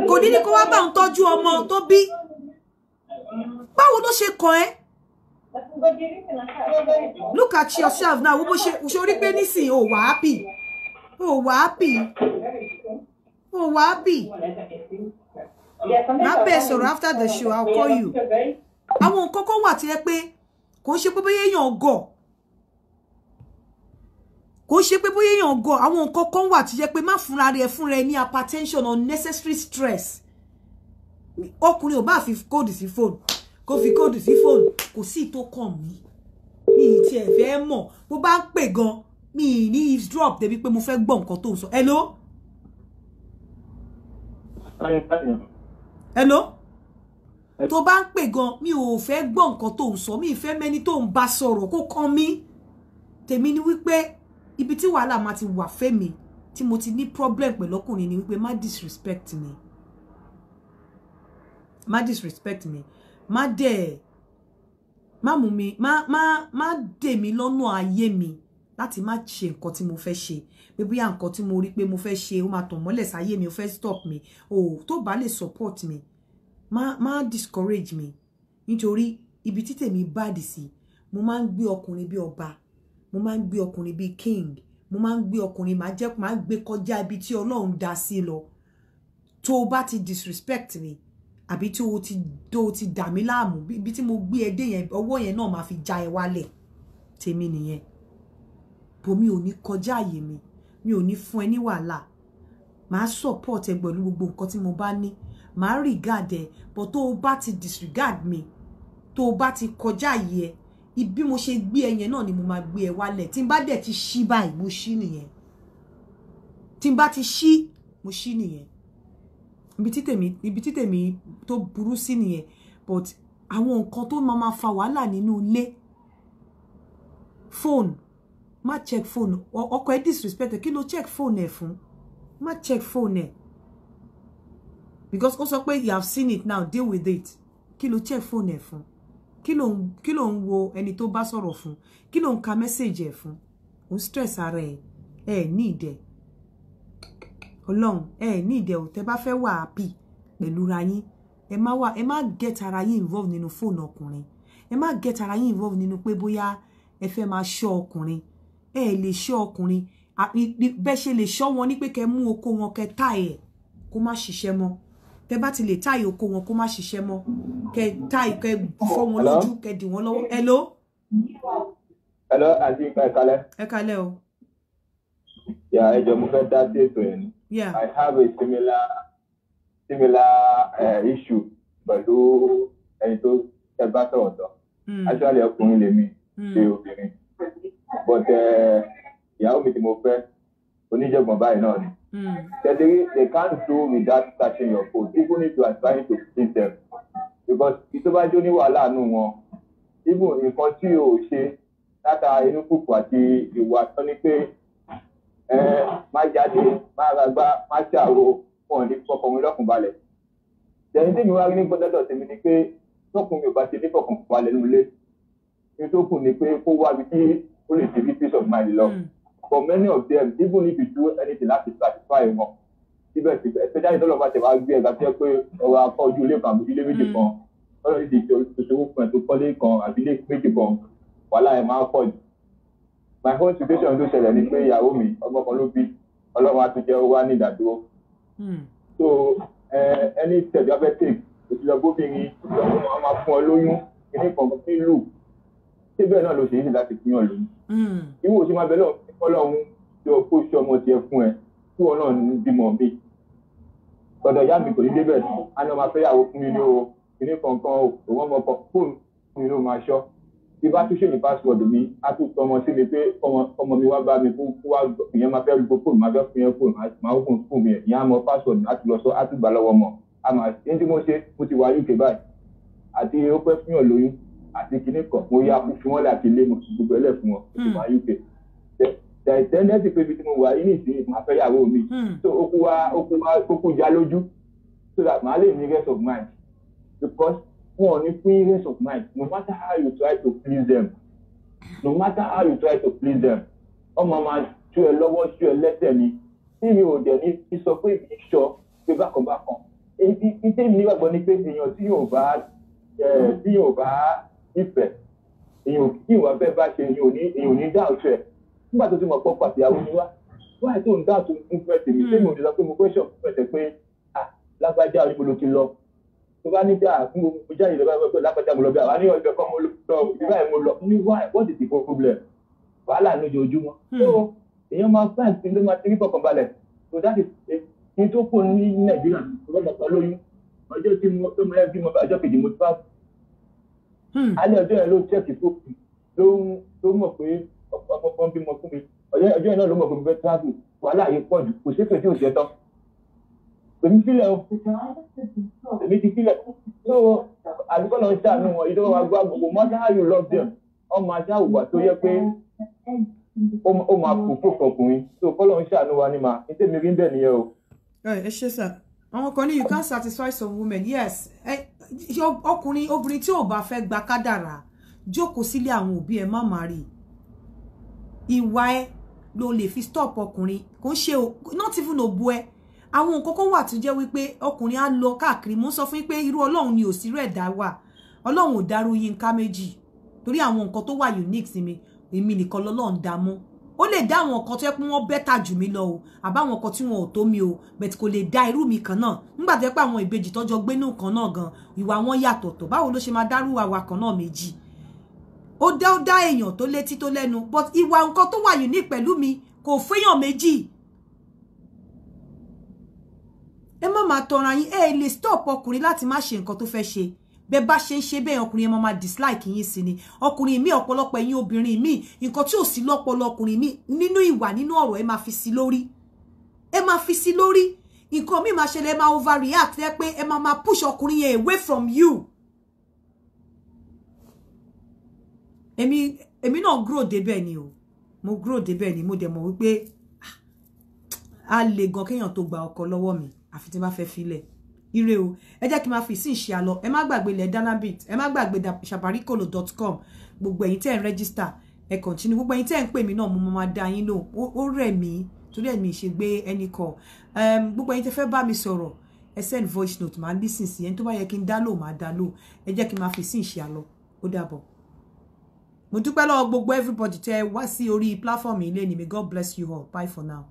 kò ní ní kó wá bá òun tọ́jú ọmọ tó bí báwo ló ṣe kàn look at yourself now wo bó ṣe orí pé nísìnyí ò wá happy. Oh, wapi. Oh, wapi. My best, or after the show, I'll call you. I won't call wà tí ẹ pé kò ń ṣe pé bóyá Go gọ̀. Kò ń ṣe pé bóyá èèyàn gọ̀. Àwọn nǹkan kan wà tí ẹ funeral má fúnra rẹ̀ fúnra hypertension unnecessary stress. Ọkùnrin you bá fi kóòdù sí fóònù. Kò fi kóòdù sí fóònù. Kò sí ìtó kàn mí. Mi Me, tiẹ̀ fẹ́ mọ̀. Bó bá ń pè gan-an mi ní eavesdrop débi pé mo fẹ́ gbọ́ nǹkan tó ń sọ hello. hello. tó bá ń pè gan mi ò fẹ́ gbọ́ nǹkan tó ń sọ mi ìfẹ́ mẹ́ni tó ń bá sọ̀rọ̀ kó kàn mí tèmi ni wípé ibi tí wàhálà máa ti wà fẹ́ mi tí mo ti ní problem pẹ̀lú ni wípé má disrespect mi má disrespect mi má dẹ̀ má mú mi má má má dè mí lọ́nà ayé mi láti má ṣe nǹkan tí mo fẹ́ ṣe pé bóyá nǹkan tí mo rí pé mo fẹ́ ṣe ó máa tàn mọ́lẹ̀ sáyé mi ó fẹ́ stop mi o tó bá lè support mi má má discourage mi nítorí ibi tí tèmi báàdì sí mo máa ń gbé ọkùnrin bí ọba mo máa ń gbé ọkùnrin bí king mo máa ń gbé ọkùnrin máa jẹ́ máa gbé kọjá ibi tí ọlọ́run dá sí lọ tó o bá ti disrespect mi àbí tó o ti tó o ti dà mí láàmú ibi tí mo gbé ẹ dé yẹn ọwọ́ yẹn náà máa fi já ẹ wálẹ̀ tèmi nìyẹn bò mi ò ní kọjá mi mi ò ní fún ẹ ní wàhálà màá support ẹ pẹ̀lú gbogbo nǹkan tí mo bá ní màá regard ẹ but tó o ti disregard mi to o bá ti kọjá àyè ẹ ibi mo ṣe gbé ẹ yẹn náà ni mo máa gbé ẹ wálẹ̀ tí n bá ti ṣí báyìí mo ṣí nìyẹn tí n ti ṣí mo ṣí nìyẹn ibi tí tèmi ibi tí tèmi tó burú sí nìyẹn but àwọn nǹkan tó máa ma fa wàhálà nínú ilé phone. Ma check phone ọkọ ẹ disrespect ẹ kí check phone e fún Ma check phone e. because ó sọ pé you have seen it now deal with it kí ló check phone ẹ fún kí ló ń wo ẹni tó bá sọ̀rọ̀ fún kí ló ka message e fún òun stress ara Eh ẹ ní ìdẹ Ọlọ́run ẹ ní ìdẹ ò tẹ bá fẹ́ wà happy pẹ̀lú ra yín ẹ má wà ẹ get ara yín involved nínú phone ọkùnrin ẹ má get ara yín involved nínú pé boya ẹ fẹ́ máa ṣọ́ ọkùnrin ẹ lè ṣọ́ ọkùnrin bẹ́ ṣe lè ṣọ́ wọn ní pé kẹ́ mú oko wọn kẹ́ táì ẹ̀ kó má ṣiṣẹ́ mọ́ tẹ́ bá ti lè táì oko wọn kó má ṣiṣẹ́ mọ́ kẹ́ táì kẹ́ fọ́ wọn lójú kẹ́ dì wọ́n lọ́wọ́ ẹ ló. ẹ àti nǹkan ẹ kalẹ̀. o. yà ẹ jọ mo fẹ́ dá sí ètò yẹn ni. Yeah. I have a similar similar uh, issue pẹ̀lú ẹni tó ẹ bá sọ̀rọ̀ sọ. Hmm. actually ọkùnrin lèmi hmm. ṣe obìnrin but eh, ìyàwó mi tí mo fẹ́ oníjọ̀gbọ̀n báyìí náà ni. Hmm. Tẹ̀sírí they can't do without touching your food even if you are trying to feed them because ìtọ́bájú ní wàhálà nù wọn even nǹkan tí o ṣe látara inú kùkù àti ìwà tán ni pé ẹ eh, má jáde má ragbá má ṣàrò wọn ní fọkàn mi lọ́kùnbalẹ̀. Ìjẹ́ni tí mi wá rí ní gbọ́dọ̀dọ̀ tèmi ni pé tọkùnrin ò bá ṣe ní fọkànbalẹ̀ nílé. Ní tó kù ni pé kó wá bí kí Only lè débi peace of mind lọ hmm. for many of them even if you do anything láti satisfy wọn síbẹ̀síbẹ̀ especially tọ́lọ́ bá tẹ̀ wá gbé ẹ̀ka tẹ́ pé ọ̀rọ̀ akọ ojú ilé kan àbójú ilé méjì the hmm. tọ́lọ́ ti di ìṣòwò fún ẹ̀ tó kọ́lé kan àbí ilé méjì kan wàhálà ẹ̀ máa pọ̀ jù. my whole situation ló ṣẹlẹ̀ ni pé ìyàwó mi ọmọ kan ló bí ọlọ́run á tún jẹ́ wá ní ìdádúró. Hmm. so ẹni tẹ̀síwájú fẹ́ tèk òṣìṣẹ́ gómìnrin ọmọ máa fún ọ lóyún kí ní kọ̀ọ̀kan look ṣé bẹ́ẹ̀ náà ló ṣe é ṣe láti fi hàn lóyún. ìwọ ṣe máa bẹ lọ Ọlọ́run yọ kó ṣe ọmọ tiẹ̀ fún ẹ kí wọn náà bímọ mi. ọ̀dọ̀ ìyá mi kò ní débẹ̀ á ní ọmọ afẹ́yàwó fún mi ní o kìíní kankan o òun ọmọ kan fóònù fún mi ló máa ṣọ́. bí bá tún ṣe ní password mi á tún tọ ọmọ sí mi pé ọmọ mi wá bá mi kó wá ìyẹn máa fẹ́ gbó fóònù máa fẹ́ fún yẹn fóònù máa fún fóònù mi ìyẹn á mọ password láti lọ sọ á tún gbà lọ́wọ́ mọ̀ àmọ́ ẹni tí mo ṣe mo ti wá UK báyìí àti kinní kan mo yá kó fún wọn láti lé mo gbogbo ẹlẹ fún wọn mo sì máa hmm. yí pé ibi tí mo wà yìí nìsín máa fẹ́ yàwó mi hmm. so ó kú wá ó kú wá lójú so that màá lè ní rest of mind because wọn ò ní fún rest of mind no matter how you try to please them no matter how you try to please them ọmọ máa tú ẹ lọ́wọ́ tú ẹ lẹ́sẹ̀ ni tí mi ò dẹ̀ ní fi sọ pé èmi sọ pé bákan bákan èyí tí mi nígbàgbọ́ ni pé èèyàn tí yóò bá tí yóò bá ìfẹ́ èyàn kí ìwà bẹ́ẹ̀ bá ṣe èyàn ò ní èyàn ò ní dá ọ̀tún ẹ̀ nígbà tó ti mọ̀ pọ́ pàtì àwọn oníwá wáyé tó ń dá ọ̀tún fún fẹ́ tèmi tèmi hmm. ò lè sọ pé mo question pẹ̀tẹ̀ pé à lágbájá oníbo ti lọ tó bá ní bí àfún mo jáde lọ́wọ́ pé lágbájá mo lọ bí àwọn àníyàn ibẹ̀ kọ́ mo lọ ibà mo lọ ní wáyé what is the problem wàhálà lójoojúmọ́ hmm. so èyàn máa fẹ́ àti ló máa ti rí fọkànbalẹ̀ so that is kí n tó kù ní Hmm. alẹ́ ọjọ́ yẹn ló check tó ló ń pé ọ̀pọ̀pọ̀ bímọ fún mi ọjọ́ yẹn náà ló mọ̀ pé mo fẹ́ travel wàhálà yìí pọ̀ jù kò ṣètò tí ò tán èmi sílẹ̀ o èmi ti sílẹ̀ so àdúgbò náà ń ṣàánú wọn ìdánwò agbó agbègbè mọ́ dáhà yóò lọ bẹ̀rẹ̀ ọmọ ajá òwà tó yẹ pé ó máa kú fòfò ọkùnrin so kọ́lọ́ ń ṣàánú wa ni màá ní tèmi rí bẹ́ẹ̀ nìyẹn o. ẹ ṣe sà àwọn kan ní you can't satisfy some women yes. Hey ọkùnrin obìnrin tí ò bá fẹ́ gba kádàrà jókòó sílé àwọn òbí ẹ má má rí ìwà ẹ ló lè fi stop ọkùnrin kò ń ṣe not even òbu ẹ àwọn nǹkan kan wà tó jẹ́ wípé ọkùnrin á lọ káàkiri mo ń sọ fún yín pé irú ọlọ́run ni òsírò ẹ̀dá wà ọlọ́run ò dárú Yínká Méjì torí àwọn nǹkan tó wà unique sí mi èmi nìkan lọ́lọ́run dá mọ́ ó lè dá àwọn nǹkan tó yẹ pé wọ́n bẹ́tà jù mí lọ o àbáwọn nǹkan tí wọn ò tó mi o bẹ̀t kò lè dá irú mi kan náà nígbà tó yẹ pé àwọn ìbejì tọ́jọ́ gbé nù kan náà gan ìwà wọn yàtọ̀ tó báwo ló ṣe daru dárú àwa kan náà méjì o da ó dá èèyàn tó létí tó lẹ́nu but ìwà nǹkan tó wà unique pẹ̀lú mi kò fẹ́yàn méjì ẹ má máa tọra yín ẹ lè stop ọkùnrin lati má ṣe nǹkan tó fẹ́ ṣe bẹ bá ṣe ń ṣe bẹ́ẹ̀ ọkùnrin yẹn dislike yín sí ni ọkùnrin mi ọ̀pọ̀lọpọ̀ ẹ̀yin obìnrin mi nǹkan tí ò sí lọ́pọlọ ọkùnrin mi nínú iwa nínú ọ̀rọ̀ ẹ máa fi sí lórí ẹ máa fi sí lórí nǹkan mi máa ṣẹlẹ̀ ẹ máa overreact rẹ pé ẹ máa máa push ọkùnrin yẹn away from you. emi emi na grow débẹ̀ ni o mo grow débẹ̀ ni mo dẹ̀ mọ̀ wípé ah, a lè gan kéèyàn tó gba ọkọ lọ́wọ́ mi àfi tí n bá fẹ́ ire o ẹ jẹ́ kí n máa fi sí ìṣe àlọ ẹ má gbàgbé ilẹ̀ danabit ẹ má gbàgbé sabarikolo dot com gbogbo ẹ̀yin tẹ́ ẹ̀ ń rẹ́gísítà ẹ kọ̀ntínú gbogbo ẹ̀yin tẹ́ ẹ̀ ń pè mí náà mo máa dá yín lò ó rẹ̀ mí torí ẹ̀mí ṣe gbé ẹnì kọ̀ gbogbo ẹ̀yin tẹ́ fẹ́ bá mi sọ̀rọ̀ ẹ send voice note máa lísìn sí ẹni tó bá yẹ kí n dá lò máa dá lò ẹ jẹ́ kí n máa fi sí ìṣe àlọ ó dàbọ̀ mo dúpẹ́ lọ́wọ́ gbogbo everybody tẹ́ wá sí orí platform ilé ni may God bless you all bye for now.